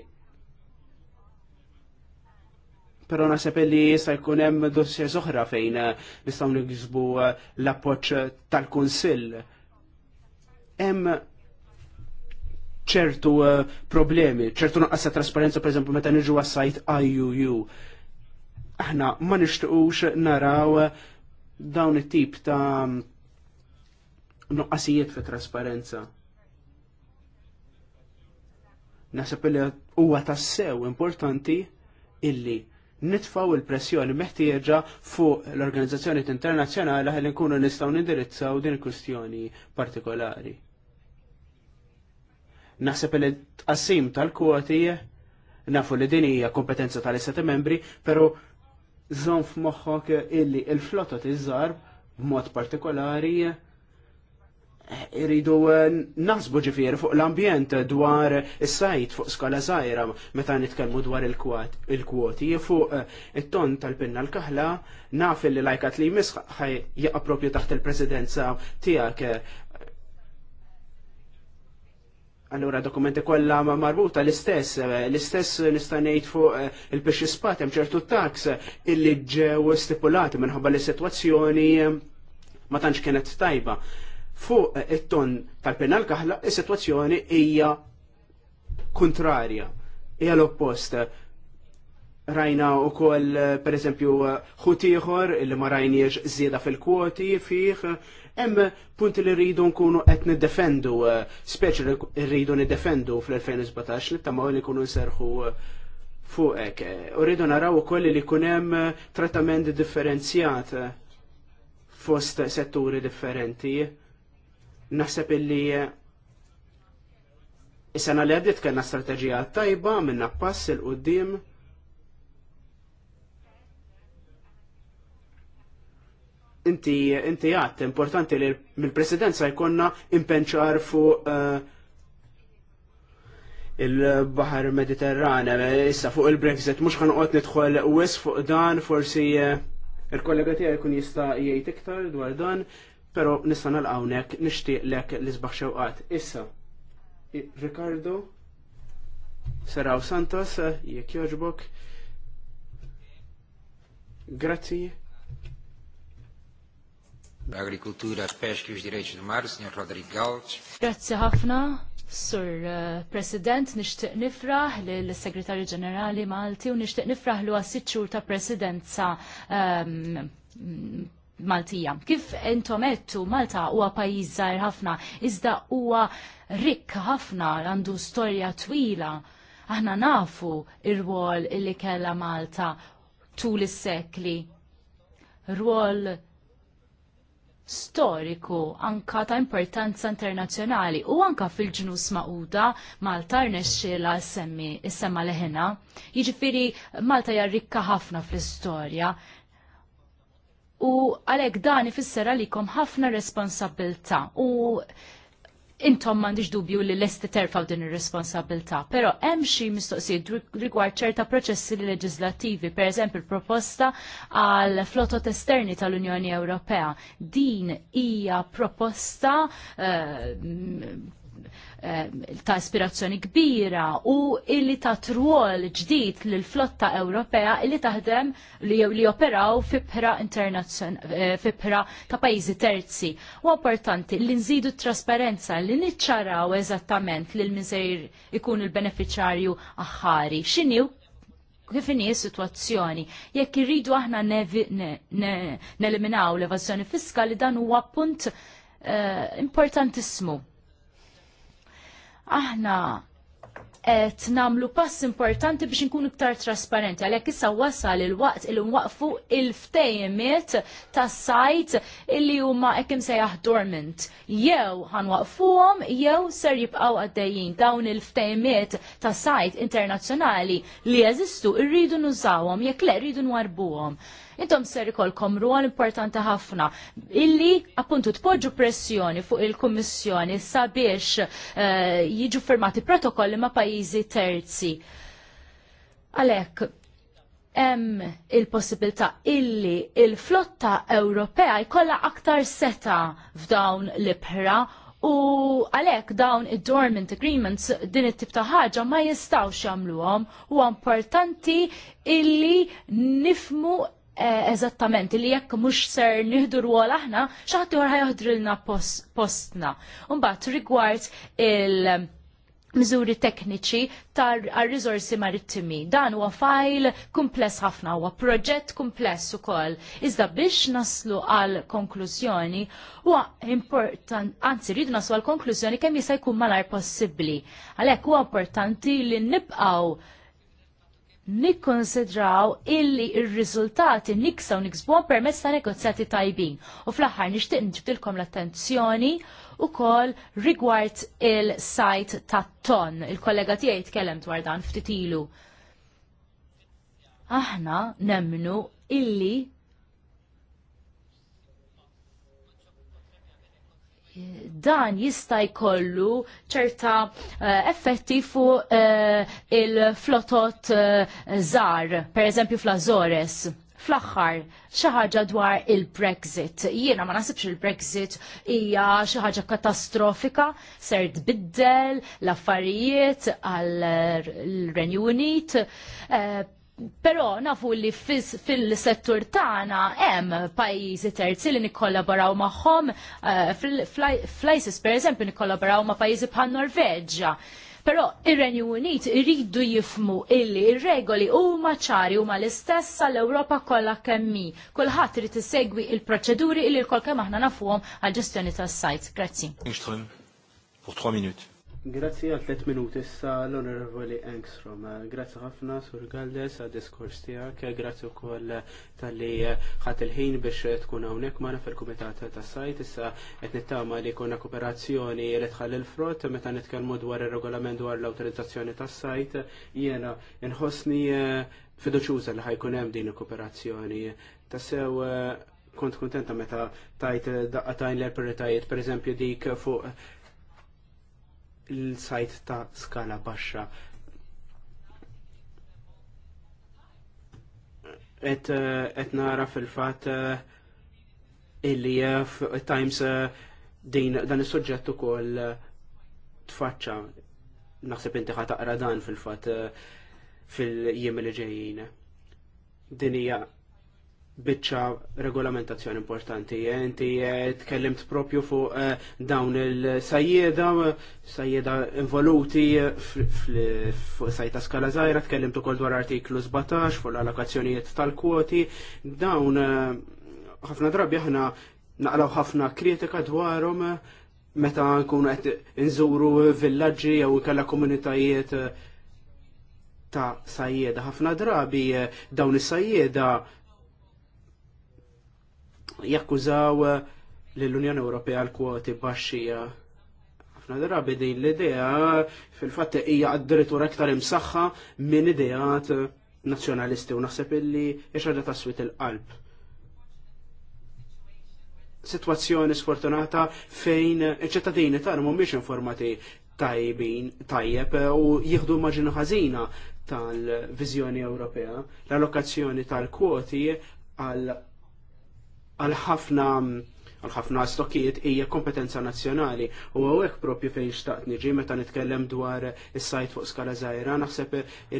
Pero nasib li sa jkun hemm dossier oħra fejn eh, nistgħu nikisbu eh, l-appoġġ tal-Kunsill. Hemm ċertu problemi, ċertu naqqas ta' trasparenza pereżempju meta niġu għas-sajt IUU. Aħna ma nixtiequx naraw dawn it-tip ta' nuqqasijiet fi trasparenza. Nasab li huwa tassew importanti illi nitfaw il-pressjoni meħtieġa fuq l-organizzazzjoni internazzjonali ħalli nkunu nistgħu nindirizzaw din il-kwistjoni partikolari. Naħseb li tqassim tal-kwoti nafu li din hija kompetenza tal-istati membri, però żomm f'moħħok illi il-flotta tiżżarb b'mod partikolari Iridu eh, nasbu ġifir fuq l-ambjent dwar is-sajt fuq skala zaħira meta nitkellmu dwar il-kwoti fuq eh, it-ton tal-pinna l kahla naf li lajkat li jmiss ħaj jaqa' propju taħt il-presidenza tiegħek. Eh, Allura dokumenti kollha marbuta l-istess, l-istess nista' ngħid fuq il pixxi spat hemm ċertu tax illi ġew stipulati minħabba l-sitwazzjoni ma tantx kienet tajba fuq it-ton tal-penal kaħla is-sitwazzjoni hija kontrarja, hija l-oppost. Rajna u koll, per eżempju, ħutiħor li ma rajniex zieda fil-kwoti fiħ, hemm punti li rridu nkunu qed niddefendu, speċi li rridu niddefendu fl-2017 nittamaw li nkunu nserħu fuqek. U rridu naraw ukoll li kunem hemm trattament differenzjat fost setturi differenti Naħseb illi eh, Is-sena li għaddit kellna strateġija tajba minna pass il qudiem Inti inti għadt importanti li mill-presidenza jkollna impenċar fuq eh, il-Bahar Mediterrana, issa fuq il-Brexit, mhux ħanqot nidħol wis fuq dan, forsi eh, il-kollega tiegħi jkun jista' jgħid iktar dwar dan, pero nista' għawnek nishtiq lek li sbaħ xewqat. Issa, Ricardo, Saraw Santos, jekk joġbok, grazzi. Agrikultura, Pesca u e Direitos do Mar, Sr. Rodrigo Galtz. Grazzi ħafna, Sur eh, President, nixtieq nifraħ lill segretarju Ġenerali Malti u nixtieq nifraħ l ta' Presidenza um, Maltija. Kif intom għettu Malta huwa pajjiż żgħir ħafna, iżda huwa rikk ħafna għandu storja twila. Aħna nafu ir-rwol li kellha Malta tul is-sekli. Rwol storiku anka ta' importanza internazzjonali u anka fil-ġnus maquda Malta rnexxiela semmi is-semma leħina. Jiġifieri Malta hija rikka ħafna fl-istorja u għalek dan li għalikom ħafna responsabilta u intom mandiġ dubju li l-esti terfaw din ir-responsabilta, pero hemm xi mistoqsijiet rigward ċerta proċessi leġislativi, per eżempju proposta għal flotot esterni tal-Unjoni Ewropea. Din hija proposta uh, Eh, ta' ispirazzjoni kbira u illi ta' trwol ġdid l flotta Ewropea illi taħdem li jew li operaw fibra eh, fibra ta' pajjiżi terzi. U importanti li nżidu t trasparenza li niċċaraw eżattament li l-miżejr ikun il-beneficjarju aħħari. X'inhu kif inhi situazzjoni jekk irridu aħna neliminaw l-evazzjoni fiskali dan huwa punt eh, importantissimu aħna qed namlu pass importanti biex nkunu iktar trasparenti għalhekk issa wasal il-waqt il nwaqfu il-ftejmiet tas sajt illi huma hekk imsejjaħ dormant. Jew ħanwaqfuhom jew ser jibqgħu għaddejjin dawn il-ftejmiet tas sajt internazzjonali li jeżistu rridu nużawhom jekk le rridu nwarbuhom intom ser ikolkom rwol importanti ħafna illi appuntu tpoġġu pressjoni fuq il-Kummissjoni sabiex eh, jiġu firmati protokolli ma' pajjiżi terzi. Għalek, hemm il-possibilità illi il-flotta Ewropea jkollha aktar seta f'dawn l-ibħra u għalhekk dawn id-dormant agreements din it-tip ta' ħaġa ma jistgħux jagħmluhom u importanti illi nifmu Eh, eżattament li jekk mhux ser nieħdu rwol aħna, xi ħadd ieħor postna. Imbagħad rigward il- um, miżuri tekniċi tar rizorsi marittimi. Dan huwa fajl kumpless ħafna, huwa proġett kumpless ukoll. Iżda biex naslu għal konklużjoni huwa important, anzi rridu naslu għal konklużjoni kemm jista' jkun malar possibbli. Għalhekk huwa importanti li nibqgħu nikkonsidraw illi il-riżultati niksaw niksbuhom permezz ta' negozjati tajbin. U fl-aħħar nixtieq nġibdilkom l-attenzjoni kol rigward il-sajt ta' ton. Il-kollega tiegħi jitkellem dwar dan ftit ilu. Aħna nemmnu illi dan jista' jkollu ċerta uh, effetti fuq uh, il-flotot eh, żgħar, pereżempju fl-Azores. Fl-aħħar, xi ħaġa dwar il-Brexit. Jiena ma nasibx il-Brexit hija xi ħaġa katastrofika ser tbiddel l-affarijiet għal renju Unit, Pero nafu li fil-settur tagħna hemm pajjiżi terzi li nikkollaboraw magħhom, eh, fl-ISIS pereżempju nikkollaboraw ma' pajjiżi bħal Norveġġa. Però ir-Renju Unit iridu jifmu illi ir-regoli huma ċari huma l-istess għall-Ewropa kollha kemm hi. Kulħadd irid isegwi il-proċeduri illi l-kol kemm aħna nafuhom għall-ġestjoni tas-sajt. Grazzi. 3 Grazzi għal 3 minuti issa l-Onorevoli Engstrom. Grazzi ħafna sur Galdes għad diskors tijak. Grazzi u koll tal-li ħat il-ħin biex tkun għawnek mana fil komitat ta' sajt. Issa għet nittama li kuna kooperazzjoni li tħall il-frott meta nitkelmu dwar il-regolament dwar l-autorizzazzjoni ta' sajt. Jena nħosni eh, fiduċuża li ħajkun hemm din il-kooperazzjoni. Tassew eh, kont kontenta meta tajt tajn l-prioritajiet, per eżempju dik fuq il sajt ta' skala baxxa. Et, eh, et nara fil-fat eh, illi eh, times din dan is-suġġett ukoll tfaċċa naħseb inti taqra dan fil-fat fil-jiem li ġejjin. Din hija biċċa regolamentazzjoni importanti. Enti eh, tkellimt propju fuq eh, dawn il-sajjeda, sajjeda involuti eh, fuq sajta skala zaħira, tkellimt ukoll dwar artiklu 17 fuq l-allokazzjonijiet tal-kwoti. Dawn ħafna drabi aħna naqlaw ħafna kritika dwarhom meta nkunu qed inżuru villaġġi jew ikella komunitajiet ta' sajjeda. Ħafna drabi dawn is-sajjeda jakkużaw eh, l-Unjoni Ewropea l-kwoti baxxija. Ħafna drabi din l-idea fil-fatt hija addirittura iktar imsaħħa minn ideat nazzjonalisti u naħseb illi ixħaġa taswit il-qalb. Situazzjoni sfortunata fejn iċ-ċittadini tagħna mhumiex informati tajbin, tajjeb u jieħdu maġinu ħażina tal-viżjoni Ewropea. L-allokazzjoni tal-kwoti għal għal ħafna għal ħafna stokkiet hija kompetenza nazzjonali u hawnhekk propju fejn xtaqt niġi meta nitkellem dwar is-sajt fuq skala żgħira naħseb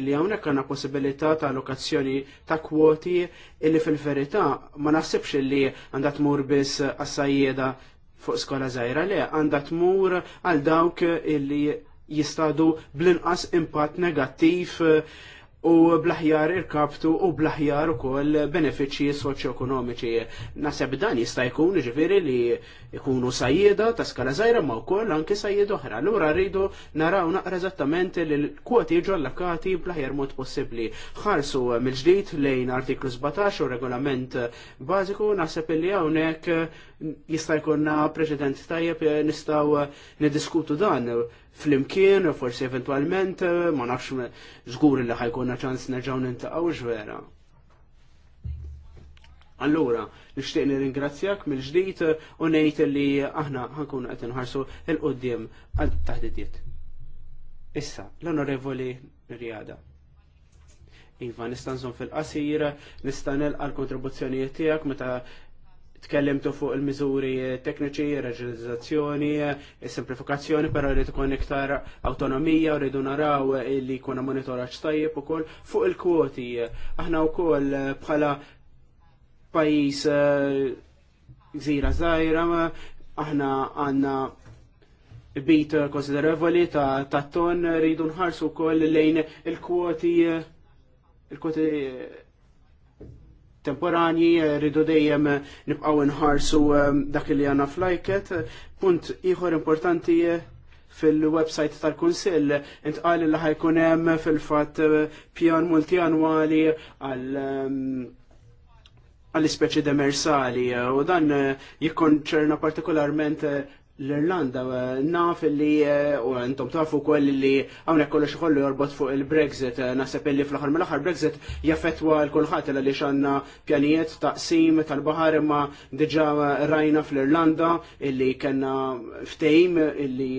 li hawnhekk għandna possibilità ta' allokazzjoni ta' kwoti illi fil-verità ma naħsibx li għandha tmur biss għas-sajjeda fuq skola żgħira le għandha tmur għal dawk illi jistadu bl-inqas impatt negattiv u blaħjar ir-kaptu u blaħjar u koll benefiċi ekonomiċi Nasab dan jista' jkun ġifiri li ikunu sajjeda ta' skala zaħira ma' wkoll anke sajjed oħra. Allura rridu naraw naqra eżattament li l-kwoti ġu allakati bl-aħjar mod possibbli. Ħarsu mill-ġdid lejn artiklu 17 u regolament bażiku naħseb li hawnhekk jista' jkollna preċedent tajjeb nistgħu niddiskutu dan fl-imkien, forsi eventualment, ma nafx żgur li ħajkunna ċans nerġgħu nintaqgħu ġvera. Allura, Nixtieq li ringrazzjak mill-ġdid eh, u ngħid li aħna ħankun qed nħarsu l-qudiem għal taħdidiet. Issa, l-Onorevoli Riada. Iva, nista' nżomm fil-qasir, nista' għal kontribuzzjonijiet tiegħek meta tkellimtu fuq il-miżuri tekniċi, reġalizzazzjoni, simplifikazzjoni, però rrid ikun iktar autonomija, rridu naraw li jkun monitoraġġ tajjeb ukoll fuq il-kwoti. Aħna wkoll bħala pajis eh, gżira zaħira, aħna għanna bit konsiderevoli ta' tatton ton rridu nħarsu koll lejn il-kwoti eh, il-kwoti eh, temporani rridu dejjem nibqaw nħarsu dak li għanna flajket. Punt iħor importanti fil-websajt tal-Kunsill intqal li ħajkun hemm fil fat pjan multianwali għal għall-ispeċi demersali eh, u dan eh, jikkonċerna partikolarment eh, l-Irlanda naf li u intom tafu kol li għawnek kollox xħollu jorbot fuq il-Brexit nasab li fl ħar mill ħar Brexit jaffetwa l-kulħat li xanna pjanijiet taqsim tal-bahar imma diġa rajna fl-Irlanda illi kena ftejm illi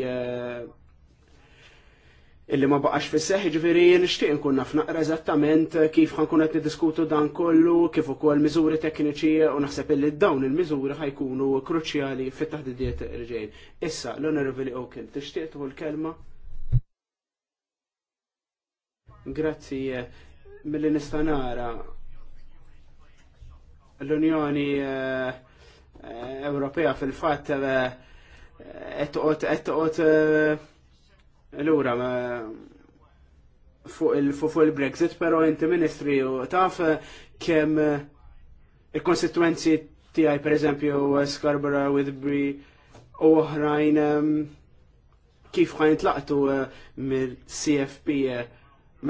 illi ma baqax seħ ġifiri nishtiq nkun naf naqra eżattament eh, kif ħan qed niddiskutu dan kollu, kif ukoll miżuri tekniċi u naħseb illi dawn il-miżuri ħajkunu kruċjali fit-taħdidiet irġejn. Issa, l-Honorable Oken, tixtieq tuħu l-kelma? Grazzi, eh, mill-li nistanara l-Unjoni eh, Ewropea fil-fatt et toqgħod Allura, fuq il-Brexit, pero inti ministri u taf eh, kem eh, il-konsekwenzi tiegħi per eżempju Scarborough, Withbury u oħrajn kif ħajn tlaqtu eh, mill-CFP.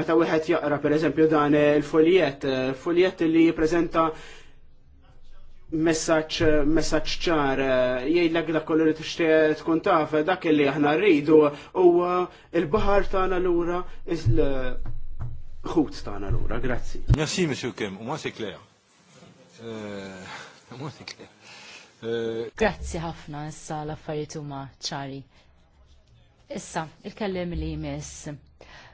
Meta wieħed jaqra per eżempju dan il-foljet, foljet li jippreżenta messaċ messaċ ċar eh, jgħidlek dak kollu li tixtieq tkun taf dak li aħna rridu huwa l-baħar tagħna lura il-ħut tagħna lura. Grazzi. Merci Monsieur Kim, u ma c'est euh, euh, Grazzi ħafna issa l-affarijiet huma ċari. Issa, il-kellem li jmiss.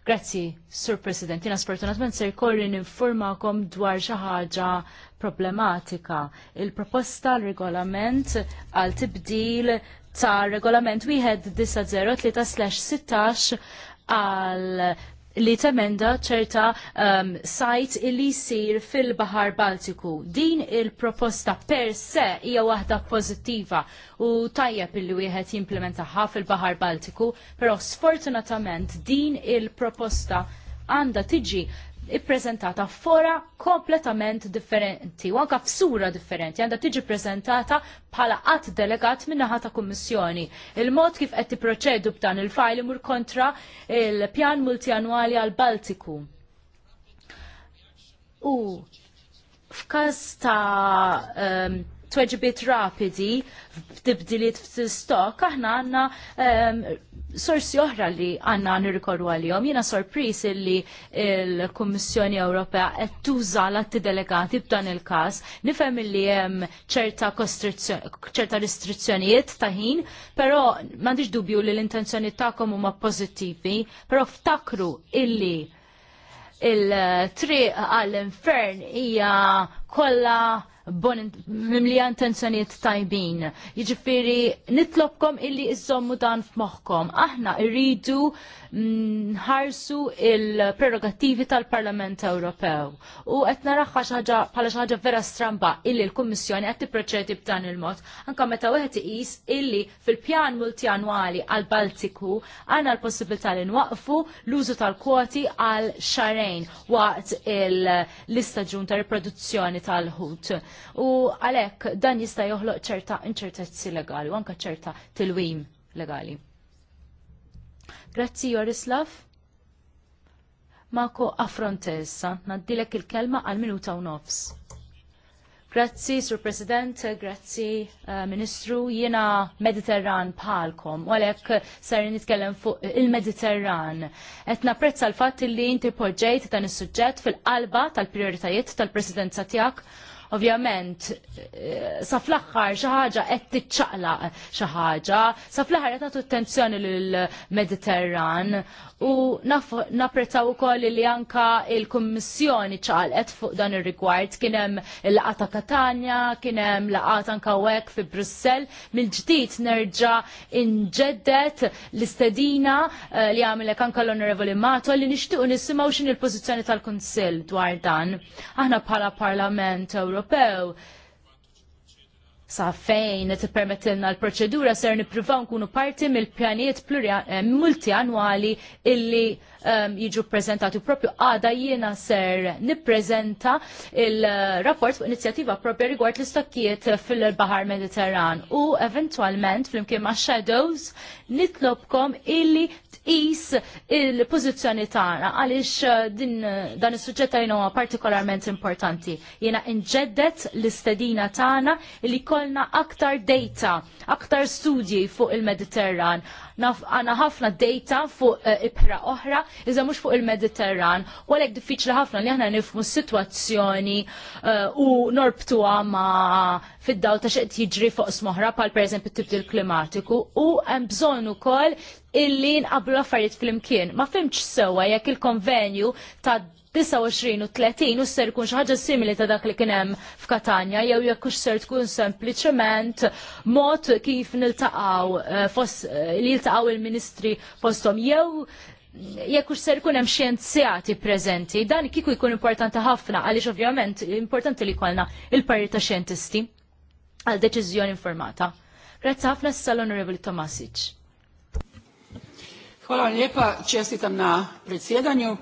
Grazzi, Sur President. Jina sfortunatament se jkolli ninformakom dwar xi ħaġa problematika. Il-proposta l-regolament għal tibdil ta' regolament wieħed 19036 għal li temenda ċerta um, sajt li jsir fil-Bahar Baltiku. Din il-proposta per se hija waħda pożittiva u tajjeb li wieħed jimplementaħħa fil-Bahar Baltiku, però sfortunatament din il-proposta għanda tiġi ippreżentata fora kompletament differenti, u anka f'sura differenti, għandha tiġi prezentata bħala qatt delegat min-naħa ta' kummissjoni. Il-mod kif qed tipproċedu b'dan il-fajl imur kontra il-pjan multianwali għal Baltiku. U f'każ ta' um, tweġbit rapidi f'tibdiliet f'stok, aħna għanna um, sorsi oħra li għanna għal-jom, Jiena sorpris li l-Kummissjoni Ewropea qed tuża l-atti delegati b'dan il-każ. Nifhem li hemm ċerta ċerta restrizzjonijiet ta' ħin, però m'għandix dubju li l-intenzjoni tagħkom huma pożittivi, però ftakru illi il-triq għall-infern hija kollha bon mimlija intenzjoniet tajbin. Jiġifieri nitlobkom illi iżommu dan f'moħħkom. Aħna rridu mm, nħarsu il-prerogativi tal-Parlament Ewropew. U qed naraħħa bħala xi ħaġa vera stramba illi l-Kummissjoni qed tipproċedi b'dan il-mod. Anke meta wieħed iqis illi fil-pjan multjanwali għal-Baltiku għandna l-possibilità li nwaqfu l-użu tal-kwoti għal xarejn waqt il-istaġun ta' riproduzzjoni tal-ħut u għalhekk dan jista' joħloq ċerta inċertezzi legali u anke ċerta tilwim legali. Grazzi Jorislav. Mako Affrontessa, naddilek il-kelma għal minuta u nofs. Grazzi, Sur President, grazzi, uh, Ministru, jiena Mediterran bħalkom, u għalek ser nitkellem fuq il-Mediterran. Etna prezza l-fat li inti poġġejt dan is-suġġett fil-qalba tal-prioritajiet tal-Presidenza tijak Ovvjament, eh, sa fl-aħħar xi ħaġa qed tiċċaqlaq xi ħaġa, sa fl-aħħar qed nagħtu attenzjoni lill-Mediterran u napprezzaw ukoll li anka il-Kummissjoni ċaqalqet fuq dan ir-rigward kien hemm il-laqgħa ta' Katanja, kien hemm laqgħat anka hekk fi Brussell, mill-ġdid nerġa' inġeddet l-istedina eh, li għamilek anka l-Onorevoli Mato li nixtiequ nisimgħu x'in il-pożizzjoni tal-Kunsill dwar dan. Aħna bħala Parlament Ewropew Ewropew sa fejn tippermettilna l-proċedura ser nippruvaw nkunu parti mill-pjanijiet eh, multianwali illi um, jiġu prezentati propju għada jiena ser nippreżenta il-rapport fuq inizjattiva propja rigward l-istokkijiet fil-Bahar Mediterran u eventualment fl-imkien ma' Shadows nitlobkom illi tqis il-pożizzjoni tagħna għaliex eh, din eh, dan is-suġġett huwa partikolarment importanti. Jiena inġeddet l-istedina tagħna illi ikollna aktar data, aktar studji fuq il-Mediterran. Għana ħafna data fuq eh, ibra oħra, iżda mhux fuq il-Mediterran, u għalhekk diffiċli ħafna li aħna nifmu s-sitwazzjoni eh, u norbtu' għama fid-daw ta' xeqt jiġri fuq smoħra pal eżempju t-tibdil klimatiku u hemm bżonn ukoll illi nqablu affarijiet fl-imkien. Ma fimx sewwa jekk il-konvenju ta' 29 u 30 u ser kun ħaġa simili ta' dak li kien hemm f'Katanja jew jekk u ser tkun sempliċement mod kif niltaqgħu eh, eh, li jiltaqgħu il-ministri postom. jew jekk ux ser kunem xienzjati prezenti, dan kiku jkun importanti ħafna, għaliex ovvjament importanti li kolna il-parri ta' xientisti għal deċiżjoni informata. Grazzi ħafna s-sal-Onorevoli Tomasic. Hvala lijepa, čestitam na predsjedanju.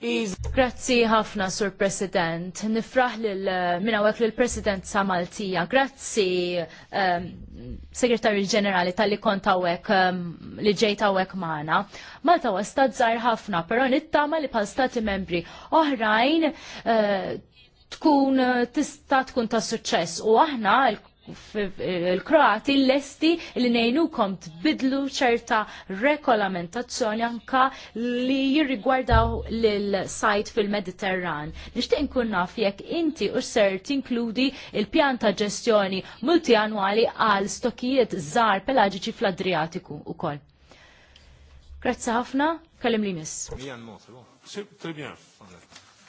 Grazzi ħafna, Sur President. Nifraħ lil eh, minn hawnhekk lil President sa Maltija. Grazzi um, Segretarju Ġenerali tal-li kont għawek, um, ehm, li ġejt għawek maħna. Malta għu stat zaħr ħafna, però nittama li bħal stati membri oħrajn uh, tkun tista tkun ta' suċċess u aħna il-Kroati l-esti li kom tbidlu ċerta regolamentazzjoni anka li jirrigwardaw l-sajt fil-Mediterran. Nishtiq nkun naf jekk inti u ser tinkludi il-pjan ta' ġestjoni multianwali għal stokijiet żgħar pelagiċi fl-Adriatiku ukoll. Grazzi ħafna, kellim li miss. Très bien.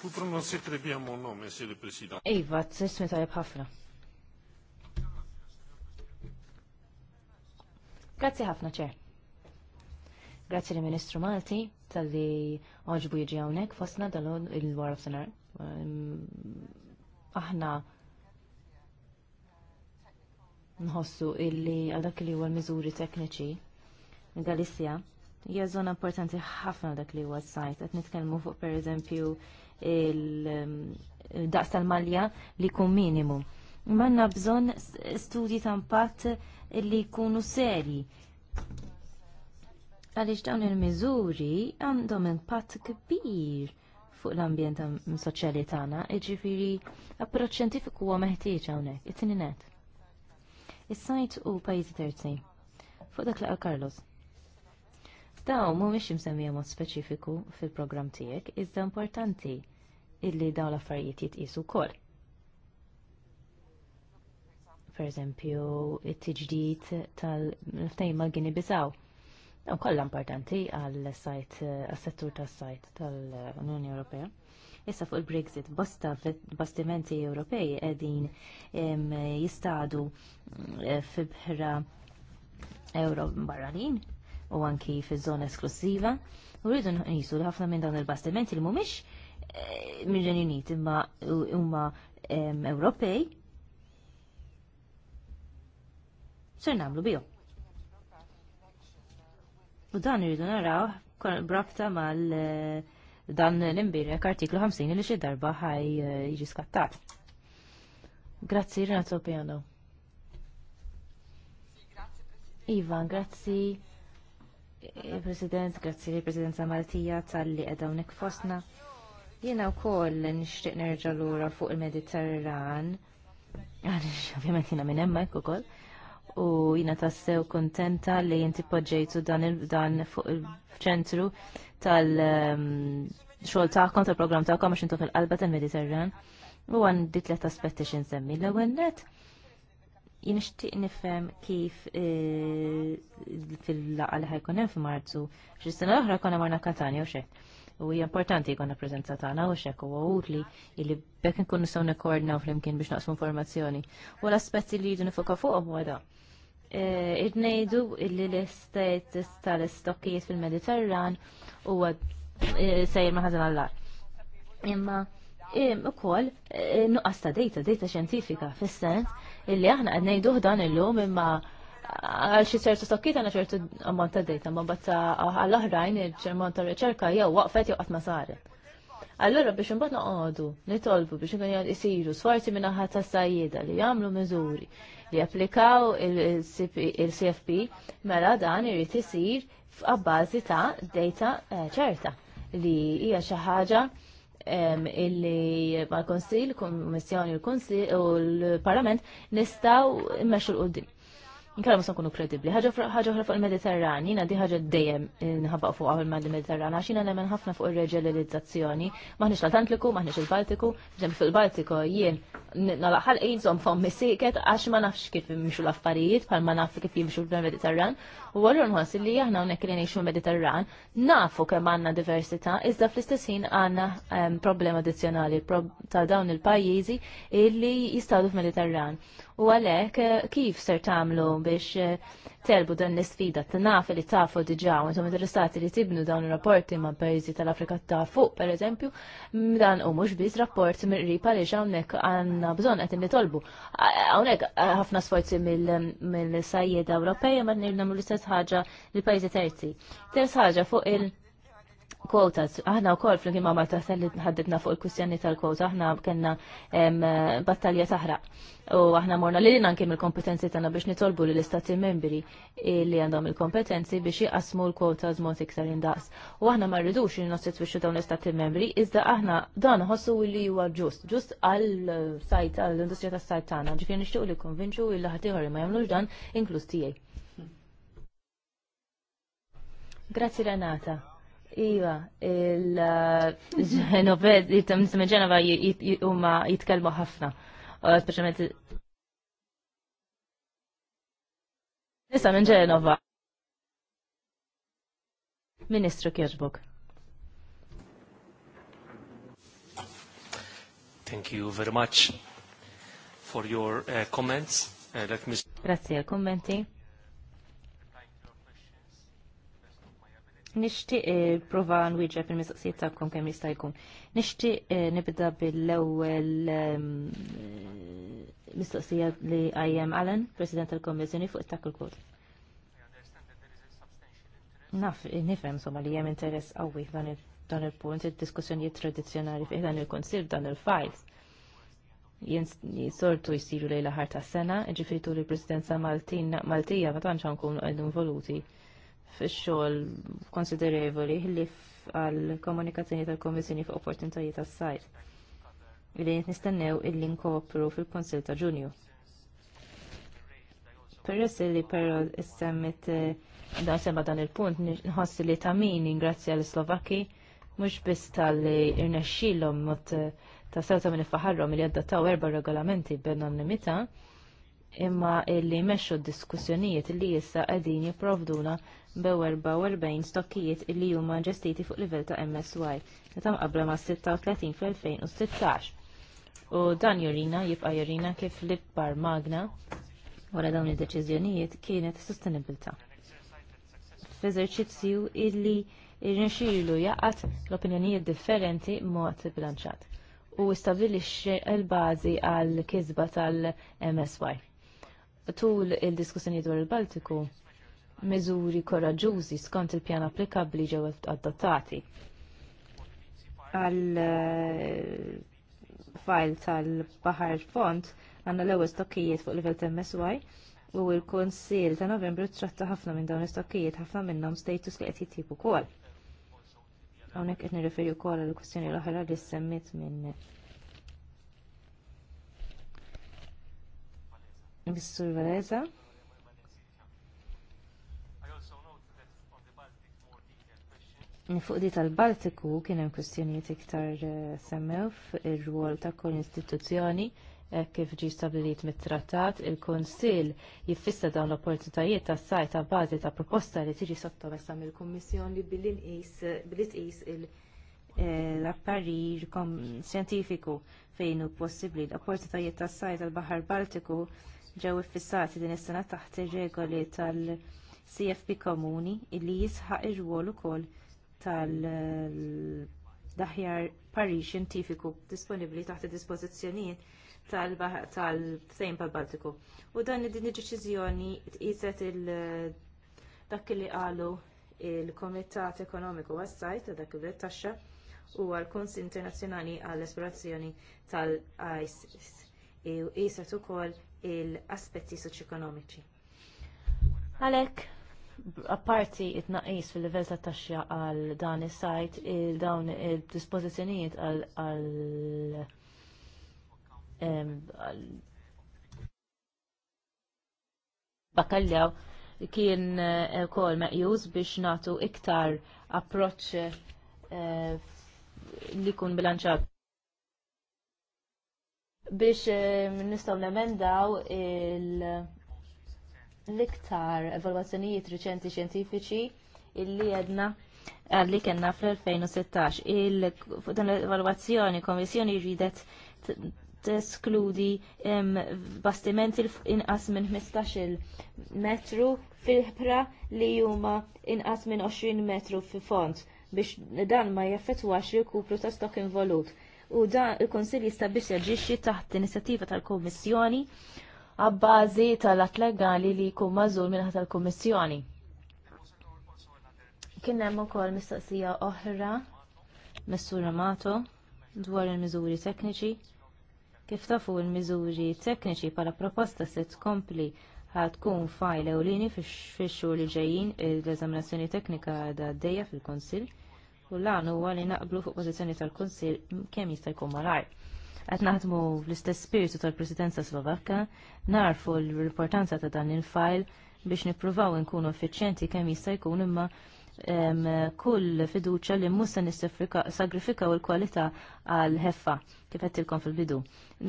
Vous prononcez très bien mon nom, Monsieur le Président. Iva, t-sismi tajab ħafna. Grazzi ħafna ċer. Grazzi li Ministru Malti tal-li oġbu jġi għawnek fosna dal-għod il-War of Senar. Um, aħna nħossu illi għal dak li huwa l-miżuri tekniċi Galissja hija żona importanti ħafna dak li huwa s-sajt. Qed nitkellmu fuq pereżempju um, il-daqs tal-malja li jkun minimu manna bżonn studji ta' impatt li jkunu serji. Għaliex dawn il-miżuri għandhom impatt kbir fuq l-ambjent soċjali tagħna, jiġifieri approċċ xjentifiku huwa meħtieġ hawnhekk, it-tieni Is-sajt u pajjiżi terzi. Fuq dak laqgħa Carlos. Daw mhumiex imsemmija mod speċifiku fil-programm tiegħek, iżda importanti illi dawn l-affarijiet jitqisu wkoll pereżempju it tġdid tal-ftejn mal-Gini Bisaw. U kollha importanti għall-sajt għas-settur tas-sajt tal-Unjoni Ewropea. Issa fuq il-Brexit bosta bastimenti Ewropej qegħdin jistadu eh, fil-bħra euro barranin u anki fiż zona esklusiva u rridu nqisu ħafna minn dawn il-bastimenti li mhumiex eh, minn Unit imma huma Ewropej ser nagħmlu bihom. U dan irridu naraw brabta mal eh, dan l-imbirek artiklu 50 li xi darba ħaj eh, jiġi skattat. Grazzi Renato Piano. Ivan, grazzi. Eh, President, grazzi li Presidenza Maltija tal-li edawnek fosna. Jena u koll nishtiq nerġa l-ura fuq il-Mediterran. Għan, ovvijament jena minn emma, u koll u jina tassew kontenta li jinti poġġejtu dan il-dan fuq il-ċentru tal-xol ehm, taħkom, tal-program taħkom, għax jintu fil-qalba tal-Mediterran. U għandi tlet aspetti xin semmi. L-ewel net, jinixtiq nifhem kif e, fil laqqa li ħajkun hemm f'Marzu, xi sena l-oħra konna marna Katania u xejn. U hija importanti jkollna preżenza tagħna u xek huwa utli li bekk nkunu sew nikkoordinaw flimkien biex naqsmu informazzjoni. U l-aspetti li jridu nifoka fuqhom huwa da' Eh, irnejdu illi l-istatus tal-istokkijiet fil-Mediterran u eh, sejjer maħazin għallar. Imma ukoll eh, nuqqas ta' dejta, dejta xjentifika, fis-sens illi aħna qed ngħiduh dan illum imma għal xi ċertu stokkiet għandna ċertu ammont ta' dejta ma bazza għall-oħrajn il-ċermont ta' riċerka jew waqfet jew qatt ma saret. Allora biex imbagħad noqogħdu nitolbu biex ikun isiru sforzi minn aħħar tas-sajjieda li jagħmlu miżuri li applikaw il-CFP mela dan irrid isir f'abbażi ta' data eh, ċerta li hija xi ħaġa illi mal-Konsil, Kommissjoni u l-Parlament nistaw immexxu l qudiem Nkalla ma nkunu kredibbli. Ħaġa oħra fuq il-Mediterran, jiena di ħaġa dejjem nħabaq fuq għal il-Mediterran, għax jiena nemmen ħafna fuq ir-reġelizzazzjoni. Maħniex l-Atlantiku, maħniex il-Baltiku, ġem fil-Baltiku jien nalaħal ejnżom fom misiket għax ma nafx kif jimxu l-affarijiet pal ma nafx kif jimxu l-Mediterran u għallu nħos li jahna unek li nejxu l-Mediterran nafu kem għanna diversita iżda fl-istessin għanna ehm, problem addizjonali ta' dawn il-pajizi illi jistadu f-Mediterran u għalek eh, kif ser tamlu biex eh, telbu dan l-sfida t-naf li tafu diġa u intom interessati li tibnu dawn il-rapporti ma' pajizi tal-Afrika ta' fuq per eżempju dan u mux biz rapport mir-ripa li ġawnek għan għanna bżon għet nitolbu. Għonek ħafna sforzi mill sajjed Ewropeja ma nirna l-istess ħaġa l-pajzi terzi. Terz ħaġa fuq il- quotas. Aħna u kol fl ma' marta sell ħaddidna fuq il-kwistjoni tal kwota aħna kena battalja taħraq. U aħna morna li lina nkim il-kompetenzi tagħna biex nitolbu li l-istati membri li għandhom il-kompetenzi biex jqasmu l-quotas mod iktar indaqs. U aħna ma rridux li biex dawn l-istati membri, iżda aħna dan ħossu li huwa ġust, ġust għal-sajt, għall-industrija tas-sajt tagħna. ġifjen nixtieq li konvinċu il li ma jagħmlux dan inklus tiegħi. Hmm. Grazzi Renata. Iva, il-ġenoved, uh, jitem ġenova huma jitkelmu ħafna, uh, Speċament. Nisa minn ġenova. Ministru Kirchbuk. Thank you very much for your uh, comments. Uh, let me... Grazie għal kommenti. Nixtieq eh, prova nwieġeb il-mistoqsijiet tagħkom kemm jista' jkun. Nixtieq eh, nibda bil-ewwel ehm, mistoqsija li IM Allen, President tal-Kommissjoni fuq it-tackle code. Naf, nifhem somma li hemm interess qawwi dan il-punt, id-diskussjonijiet tradizzjonali fih dan il-konsil dan il-files. Jinsortu jisiru lejla ħar sena, ġifiri tul il-presidenza Maltija ma tantx nkunu qegħdin involuti fix-xogħol konsiderevoli li għal komunikazzjoni tal-Komissjoni fuq opportunitajiet tas-sajt. Illi nistennew illi nkopru fil-Konsil ta' Ġunju. Peress li però issemmet eh, dan semma dan il-punt nħoss li ta' min ingrazzja għal slovakki mhux biss tal-li irnexxilom mot eh, ta' sewta minn ifaħarhom li għaddattaw erba' regolamenti b'anonimità imma illi meċu d-diskussjonijiet li issa qegħdin jipprovduna b-44 stokkijiet illi huma ġestiti fuq livell ta' MSY meta mqabbra ma' 36 fl-2016. U dan jurina jibqa' jurina kif l-ikbar magna wara dawn id-deċiżjonijiet kienet sostenibilità. F'eżerċizzju illi irnexxielu jaqat l-opinjonijiet differenti mod bilanċat u stabilixxi l-bażi għal kisba tal-MSY. Tul il-diskussjoni dwar il-Baltiku, miżuri koraġużi skont il-pjan applikabbli ġew adottati għal eh, file tal-Bahar Font għandna l-ewwel stokkijiet fuq livell MSY u l-Kunsil ta' Novembru tratta ħafna minn dawn l-istokkijiet ħafna minnhom status li qed jittiebu wkoll. Hawnhekk qed nirreferi wkoll għal kwistjoni l-oħra li semmit minn Mr. Valeza. Fuq di tal-Baltiku kien hemm kwistjonijiet iktar eh, semmew ir-rwol ta' kull istituzzjoni eh, kif ġi stabilit mit-trattat, il-Konsil jiffissa dawn l-opportunitajiet ta' sajt ta' bażi ta' proposta li tiġi sottomessa mill-Kummissjoni billi eh, tqis l-apparir xjentifiku fejn hu possibbli l-opportunitajiet ta' sajt tal-Baħar Baltiku ġew iffissati din is-sena taħt ir-regoli tal-CFP komuni illi jisħaq ir-rwol ukoll tal-daħjar Paris xintifiku disponibbli taħt id-dispożizzjonijiet tal sejn pal-Baltiku. U dan id din id-deċiżjoni tqiset il dak li qalu il-Komitat Ekonomiku għas-sajt ta' dak il-taxxa u għal-Kons Internazzjonali għall-Esplorazzjoni tal-ISIS u qiset ukoll l aspetti soċ-ekonomiċi. Għalhekk, apparti it-naqis fil-level ta' taxxa għal dan is-sajt il-dawn il-dispożizzjonijiet għal bakaljaw kien eh, kol meqjuż biex natu iktar approċċ eh, li kun bilanċat biex eh, nistaw nemendaw il- l-iktar evalwazzjonijiet riċenti xjentifiċi illi għedna għalli kena fl-2016. Dan l-evalwazzjoni komissjoni ridet teskludi bastimenti inqas minn 15 metru fil-ħbra li huma inqas minn 20 metru fi font biex dan ma jaffetwax rikupru ta' stok involut. U dan il-Konsil jista' biex jaġixxi taħt inizjattiva tal-Kommissjoni għabbażi tal-att legali li jkun mażul minn tal-Kummissjoni. Kien hemm ukoll mistaqsija oħra Messur Amato dwar il-miżuri tekniċi. Kif tafu il-miżuri tekniċi bħala proposta se tkompli ħatkun fajl ewlieni fix-xhur li ġejjin l-eżaminazzjoni teknika d għaddejja fil konsil u l għanu huwa li naqblu fuq pożizzjoni tal-Konsil kemm jista' jkun malajr. Qed naħdmu fl-istess spiritu tal-Presidenza Slovakka, narfu l-importanza ta' dan il-fajl biex nippruvaw nkunu effiċjenti kemm jista' jkun imma kull fiduċa li musa u il-kwalità għal ħeffa kif għettilkom fil-bidu.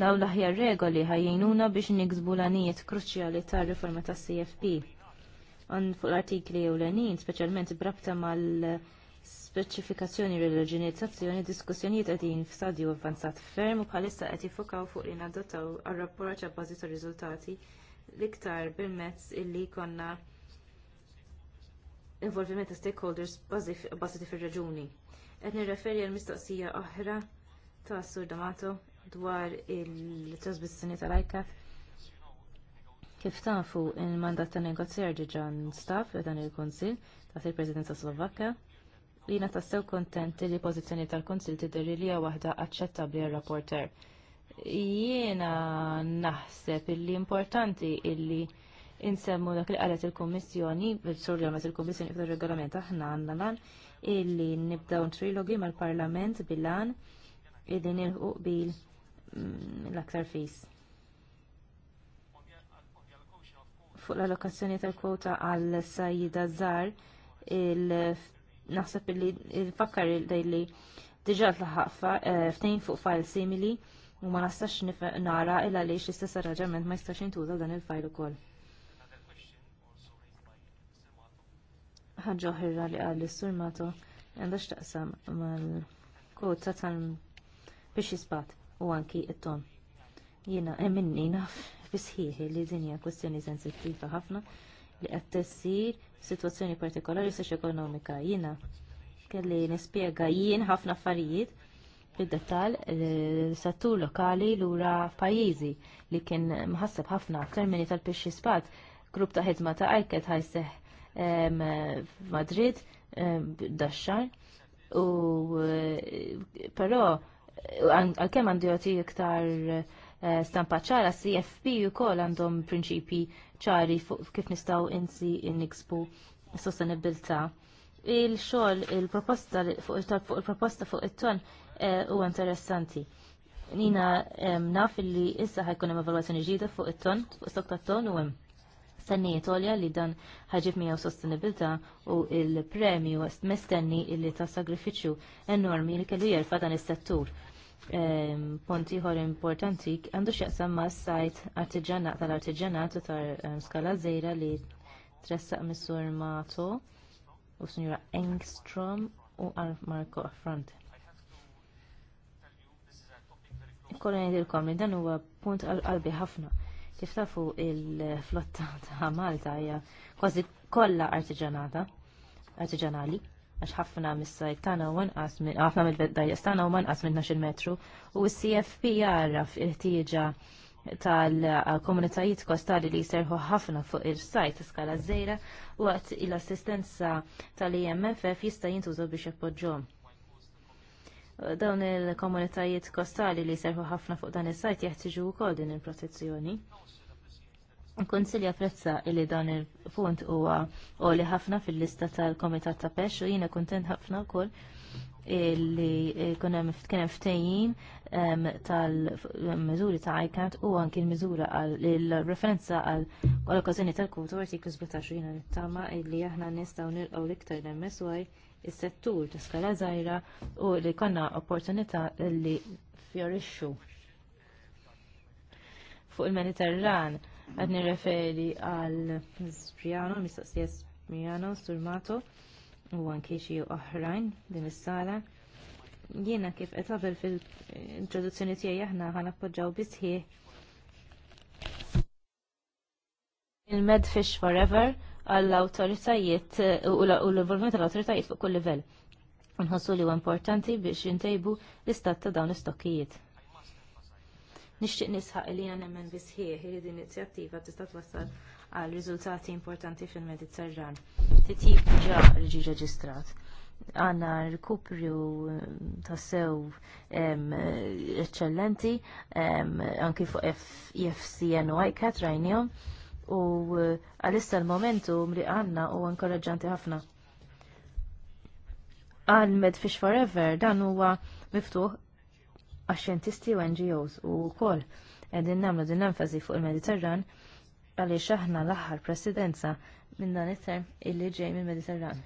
Law l-aħjar regoli ħajjinuna biex niksbu l-anijiet kruċjali tar riforma tas CFP. On fuq l-artikli u l-anin, specialment brabta mal- speċifikazzjoni religjonizzazzjoni diskussjonijiet qegħdin f'stadju avvanzat ferm u bħalissa qed jiffokaw fuq li nadottaw għar-rapport bażi tar riżultati l-iktar bil-mezz illi jkollna involviment ta' stakeholders bażiti fir-reġuni. Qed nirreferi għal mistoqsija oħra ta' Sur Damato dwar il-trasmissjoni tal-ajka. Kif tafu il-mandat ta' negozjar ġiġan staff dan il-Konsil ta' il-Presidenza Slovakka Lina tassew kontent li pożizzjoni tal-Konsil tidri li hija waħda aċċettabbli għar-rapporter. Jiena naħseb illi importanti illi insemmu dak li qalet il-Kommissjoni, bil-sur li għamet il-Kommissjoni fil regolament aħna għandna lan, illi nibdaw trilogi mal-Parlament bil-lan illi nilħu bil mm, l-aktar fis. Fuq l-allokazzjoni tal-kwota għal sajjida żar il naħseb li nfakkar li diġà tlaħħaq ftejn eh, fuq file simili u ma nistax nara illa għaliex l-istess raġament ma jistax jintuża dan il-file ukoll. Ħaġa ħirra li qal is-sur Mato għandha x'taqsam mal ta' tal biex jisbat u anki it-ton. Jiena minni naf bisħiħi li dinja kwestjoni sensittiva ħafna li qed situazzjoni partikolari soċ-ekonomika. Jina kelli nispjega jien ħafna affarijiet fid-detal l-settur eh, lokali lura f'pajjiżi li kien mħassab ħafna termini tal-pixxi spat grupp ta' ħidma ta' ajket ħajseħ Madrid daċċar u eh, però għalkemm għandu jagħti iktar eh, stampa ċara CFP ukoll għandhom prinċipi ċari fuq kif nistgħu insi niksbu sostenibilità. il xol il-proposta fuq il-proposta fuq it-ton huwa eh, interessanti. Nina naf li issa ħajkun hemm evalwazzjoni ġdida fuq it-ton, fuq stok tat-ton u hemm stennijiet għolja li dan ħaġib miegħu sostenibilità u il-premju mistenni illi ta' sagrifiċċju enormi li kellu jerfa' dan is-settur ponti ħor importanti għandu xieqsam ma' sajt artiġanat tal-artiġanat u tar skala żejra li tressaq Missur Mato u Sinjura Engstrom u għal Marco Affront. Kollu ngħidilkom li dan huwa punt qalbi ħafna. Kif tafu il-flotta ta' Malta hija kważi kollha artiġanata, artiġanali għax ħafna mis-sajt tagħna u nqas minn ħafna mill-dajjes tagħna huwa nqas minn 12 metru u s-CFP jaraf il-ħtieġa tal-komunitajiet kostali li jserħu ħafna fuq il-sajt skala żejra waqt l-assistenza tal-IMFF jista' jintużu biex ippoġġhom. Dawn il-komunitajiet kostali li jserħu ħafna fuq dan is-sajt jeħtieġu wkoll din il-protezzjoni. Konsilja prezza li dan il-punt huwa oli ħafna fil-lista tal-Komitat ta' Pesh u jiena kuntent ħafna wkoll li kunem kienem ftejjin tal-mizuri ta' Icant u anki l-mizura għal-referenza għal-okkazjoni tal kultur artiklu 17 jiena nittama li aħna nistgħu nilqgħu l-iktar l-MSY is-settur ta' skala żgħira u li konna opportunità li fjorixxu fuq il-Mediterran għad nirreferi għal Spriano, mistaqsija Spriano, Surmato, u anki xi oħrajn din is-sala. Jiena kif qed qabel fil-introduzzjoni tiegħi aħna ħan appoġġaw bisħi il-Medfish Forever għall-awtoritajiet u l involviment tal-awtoritajiet fuq kull livell. Nħossu li huwa importanti biex jintejbu l-istat ta' dawn l-istokkijiet. Nixtieq nisħaq li għan nemmen bisħieħ li din inizjattiva tista' twassal għal riżultati importanti fil-Mediterran. Titjib ġa li ġi reġistrat għanna rikupru ehm, tassew ehm, eccellenti ehm, anki fuq FCN e u ICAT rajnijom u għalissa l-momentum li għanna u inkoraġġanti ħafna. Għal Medfish Forever dan huwa miftuħ għax-xjentisti u NGOs u wkoll qegħdin nagħmlu din enfasi fuq il-Mediterran għaliex aħna l-aħħar presidenza minn dan it-term illi ġej mill-Mediterran.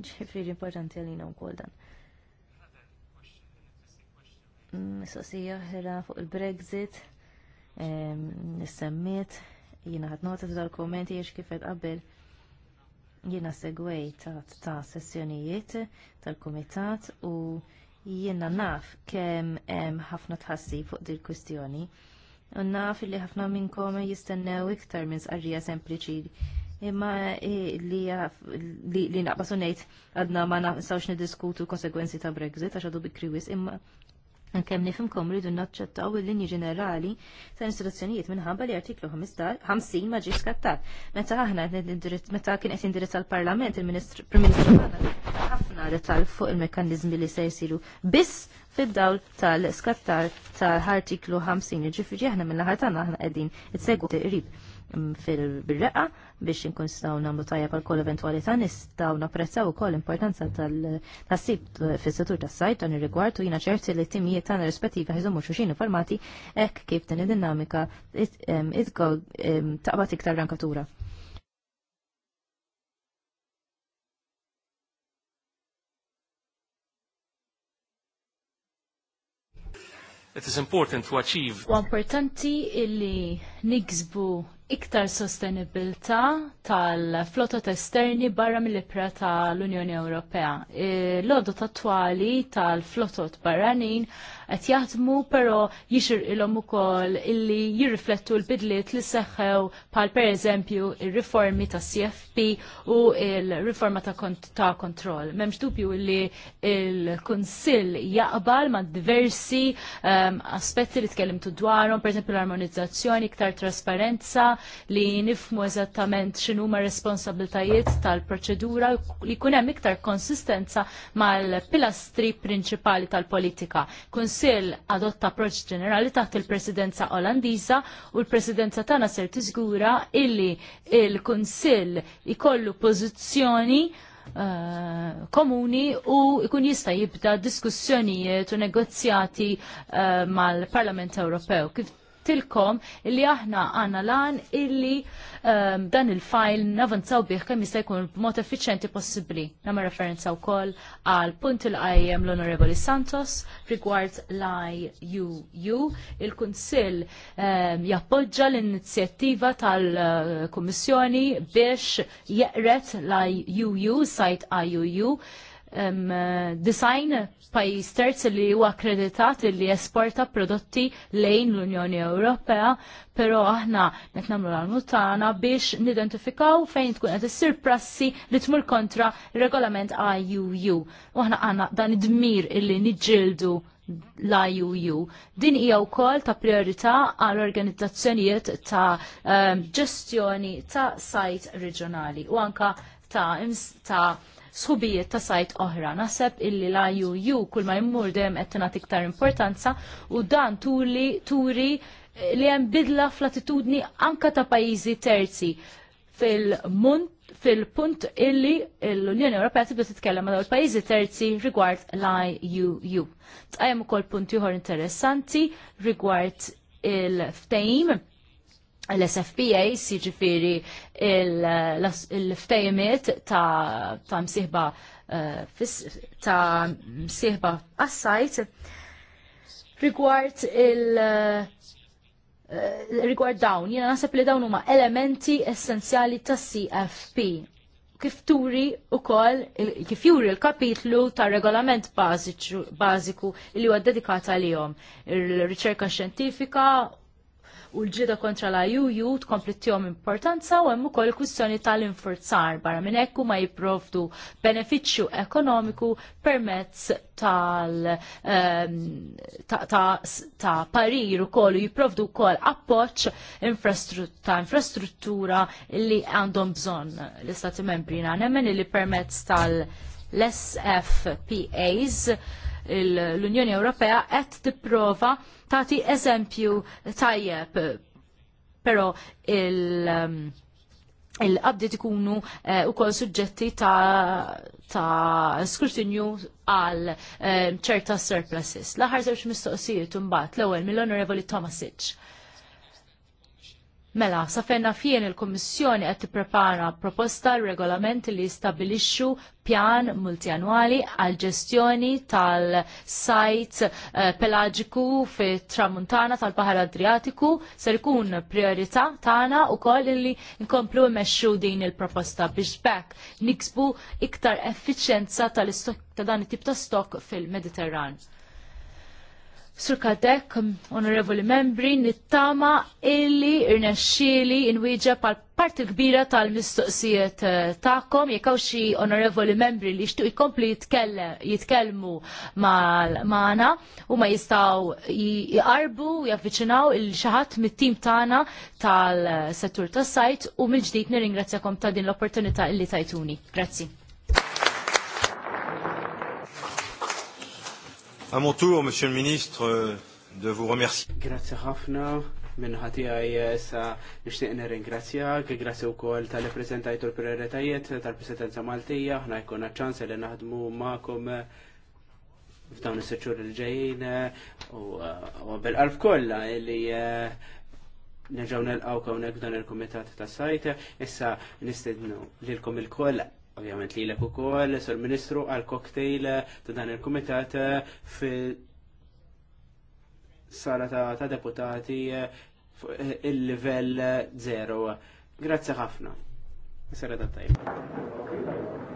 Ġifri importanti għalina kol dan. Mistoqsija ħira fuq il-Brexit, nissemmiet, jiena ħadd nota tal-kommenti jiex kifet qabel jiena segwej ta' sessjonijiet tal-kumitat u jiena naf kemm hemm ħafna tħassi fuq il kwistjoni u naf li ħafna minnkom jistennew iktar minn sqarrija sempliċi imma li naqbasu ngħid għadna ma naqsawx niddiskutu konsegwenzi ta' Brexit għax għadu bikriwis imma Ankemm nifimkom rridu naċċettaw il-linji ġenerali ta' istruzzjonijiet minħabba li artiklu 50 ma ġiex skattat. Meta aħna meta kien qed indirizz għall-Parlament il Ministru tagħna ħafna detal fuq il-mekkaniżmi li se jsiru biss fid-dawl tal-skattar tal-artiklu 50 ġifieri aħna mill-aħħar tagħna aħna qegħdin itsegwu qrib Mm, fil-reqqa biex inkun staw namlu tajja pal kol eventualità nistaw napprezzaw ukoll importanza tal-sib fis-settur tas-sajt dan ir-rigward u jiena ċerti li timijiet tagħna rispettivi ħiżommu xuxin informati hekk kif din id-dinamika idgol taqbat iktar rankatura. It is important to achieve. U importanti illi nigzbu iktar sostenibilità tal-flotot esterni barra mill-ipra tal-Unjoni Ewropea. E, L-odot attwali tal-flotot barranin qed jaħdmu però jixir ilhom ukoll illi jirriflettu l-bidliet li seħħew pal pereżempju il riformi ta' CFP u l-riforma ta', kont ta kontroll. M'hemmx dubju illi il-Kunsill jaqbal ma' diversi um, aspetti li tkellimtu dwarhom, eżempju l-armonizzazzjoni, iktar trasparenza, li nifmu eżattament x'inhuma responsabiltajiet tal-proċedura li jkun hemm iktar konsistenza mal-pilastri prinċipali tal-politika. Kunsill adotta proċ ġenerali taħt il-Presidenza Olandiża u l-Presidenza tagħna ser tiżgura illi il-Kunsill ikollu pożizzjoni Uh, komuni u ikun jista' jibda diskussjonijiet u negozjati uh, mal-Parlament Ewropew. Kif tilkom illi aħna għanna lan illi um, dan il-fajl navanzaw bih kemm jista' jkun b'mod effiċenti possibbli. Nagħmel referenza wkoll għal punt il qajjem l-Onorevoli Santos rigward l-IUU. Il-Kunsill um, jappoġġa l-inizjattiva tal-Kummissjoni biex jeqret l-IUU, sajt IUU, design pajjiż terz li huwa akkreditat li esporta prodotti lejn l-Unjoni Ewropea, però aħna qed nagħmlu l tagħna biex nidentifikaw fejn tkun qed issir prassi li tmur kontra regolament IUU. U aħna għandna dan id-dmir illi niġġieldu l-IUU. Din hija wkoll ta' priorità għal organizzazzjonijiet ta' ġestjoni ta' sajt reġjonali u anka ta', ta sħubijiet ta' sajt oħra. Naħseb illi l-IUU kull ma jmur dem qed tiktar iktar importanza u dan turi turi eh, li hemm bidla fl-attitudni anka ta' pajjiżi terzi fil fil-punt illi l-Unjoni Ewropea tibda titkellem ma' dawl pajjiżi terzi rigward l-IUU. Tqajjem ukoll punti ieħor interessanti rigward il-ftehim l-SFPA, siġifiri l-ftejmiet ta', ta msiħba eh, ta' msiħba assajt rigward il- eh, rigward dawn, jena nasab li dawn huma elementi essenzjali ta' CFP. Kif turi u kol, kif juri l-kapitlu ta' regolament bażiku li huwa li jom, il-riċerka xjentifika u l-ġida kontra la juju tkomplettihom importanza u hemm ukoll kwistjoni tal-infurzar barra minn hekk ma jipprovdu benefiċċju ekonomiku permezz tal ehm, ta', parir ukoll u jipprovdu wkoll appoġġ ta' infrastruttura li għandhom bżonn l-Istati Membri nemmen li permezz tal-SFPAs l-Unjoni Ewropea qed tipprova tagħti eżempju tajjeb però il- um, il-qabdiet ikunu eh, u kol suġġetti ta' skrutinju għal eh, ċerta surpluses. l aħħar zewċ mistoqsijiet un bat l-ewel mill-Onorevoli Tomasic. Mela, sa fien il-Kommissjoni qed tipprepara proposta regolament li jistabilixxu pjan multjanwali għal ġestjoni tal-sajt eh, pelagiku fi tramuntana tal-Bahar Adriatiku ser ikun priorità tagħna wkoll li nkomplu mmexxu din il-proposta biex bekk niksbu iktar effiċjenza tal-istok ta' dan it-tip ta' stok fil-Mediterran. Sur Kadek, onorevoli membri, nittama illi irnexxieli inwieġa pal parti kbira tal-mistoqsijiet eh, tagħkom jekk hawn xi onorevoli membri li jixtieq jitkellem jitkellmu magħna u ma jistgħu jqarbu jaffiċinaw il xi ħadd mit-tim tagħna tal-settur tas-sajt u mill-ġdid nirringrazzjakom ta' din l-opportunità illi tajtuni. Grazzi. À mon tour, Monsieur le Ministre, euh, de vous remercier. Grazie ħafna minn għaj eh, sa nishtiq nirringrazzjak, grazzi u kol tal-prezentajtu l-prioritajiet tal-presidenza Maltija, ħna jkun ċans li naħdmu ma'kom eh, f'dawn is-seċur il-ġejjin eh, u bil-qalb kollha li nerġgħu nelqgħu hawnhekk dan il-kumitat tas-sajt, issa nistednu lilkom il-koll ovvjament li l-ek u kol, sur ministru għal koktejl ta' dan il-komitat eh, fil sala ta' deputati eh, eh, il-level 0. Grazzi ħafna. Sera ta' tajba.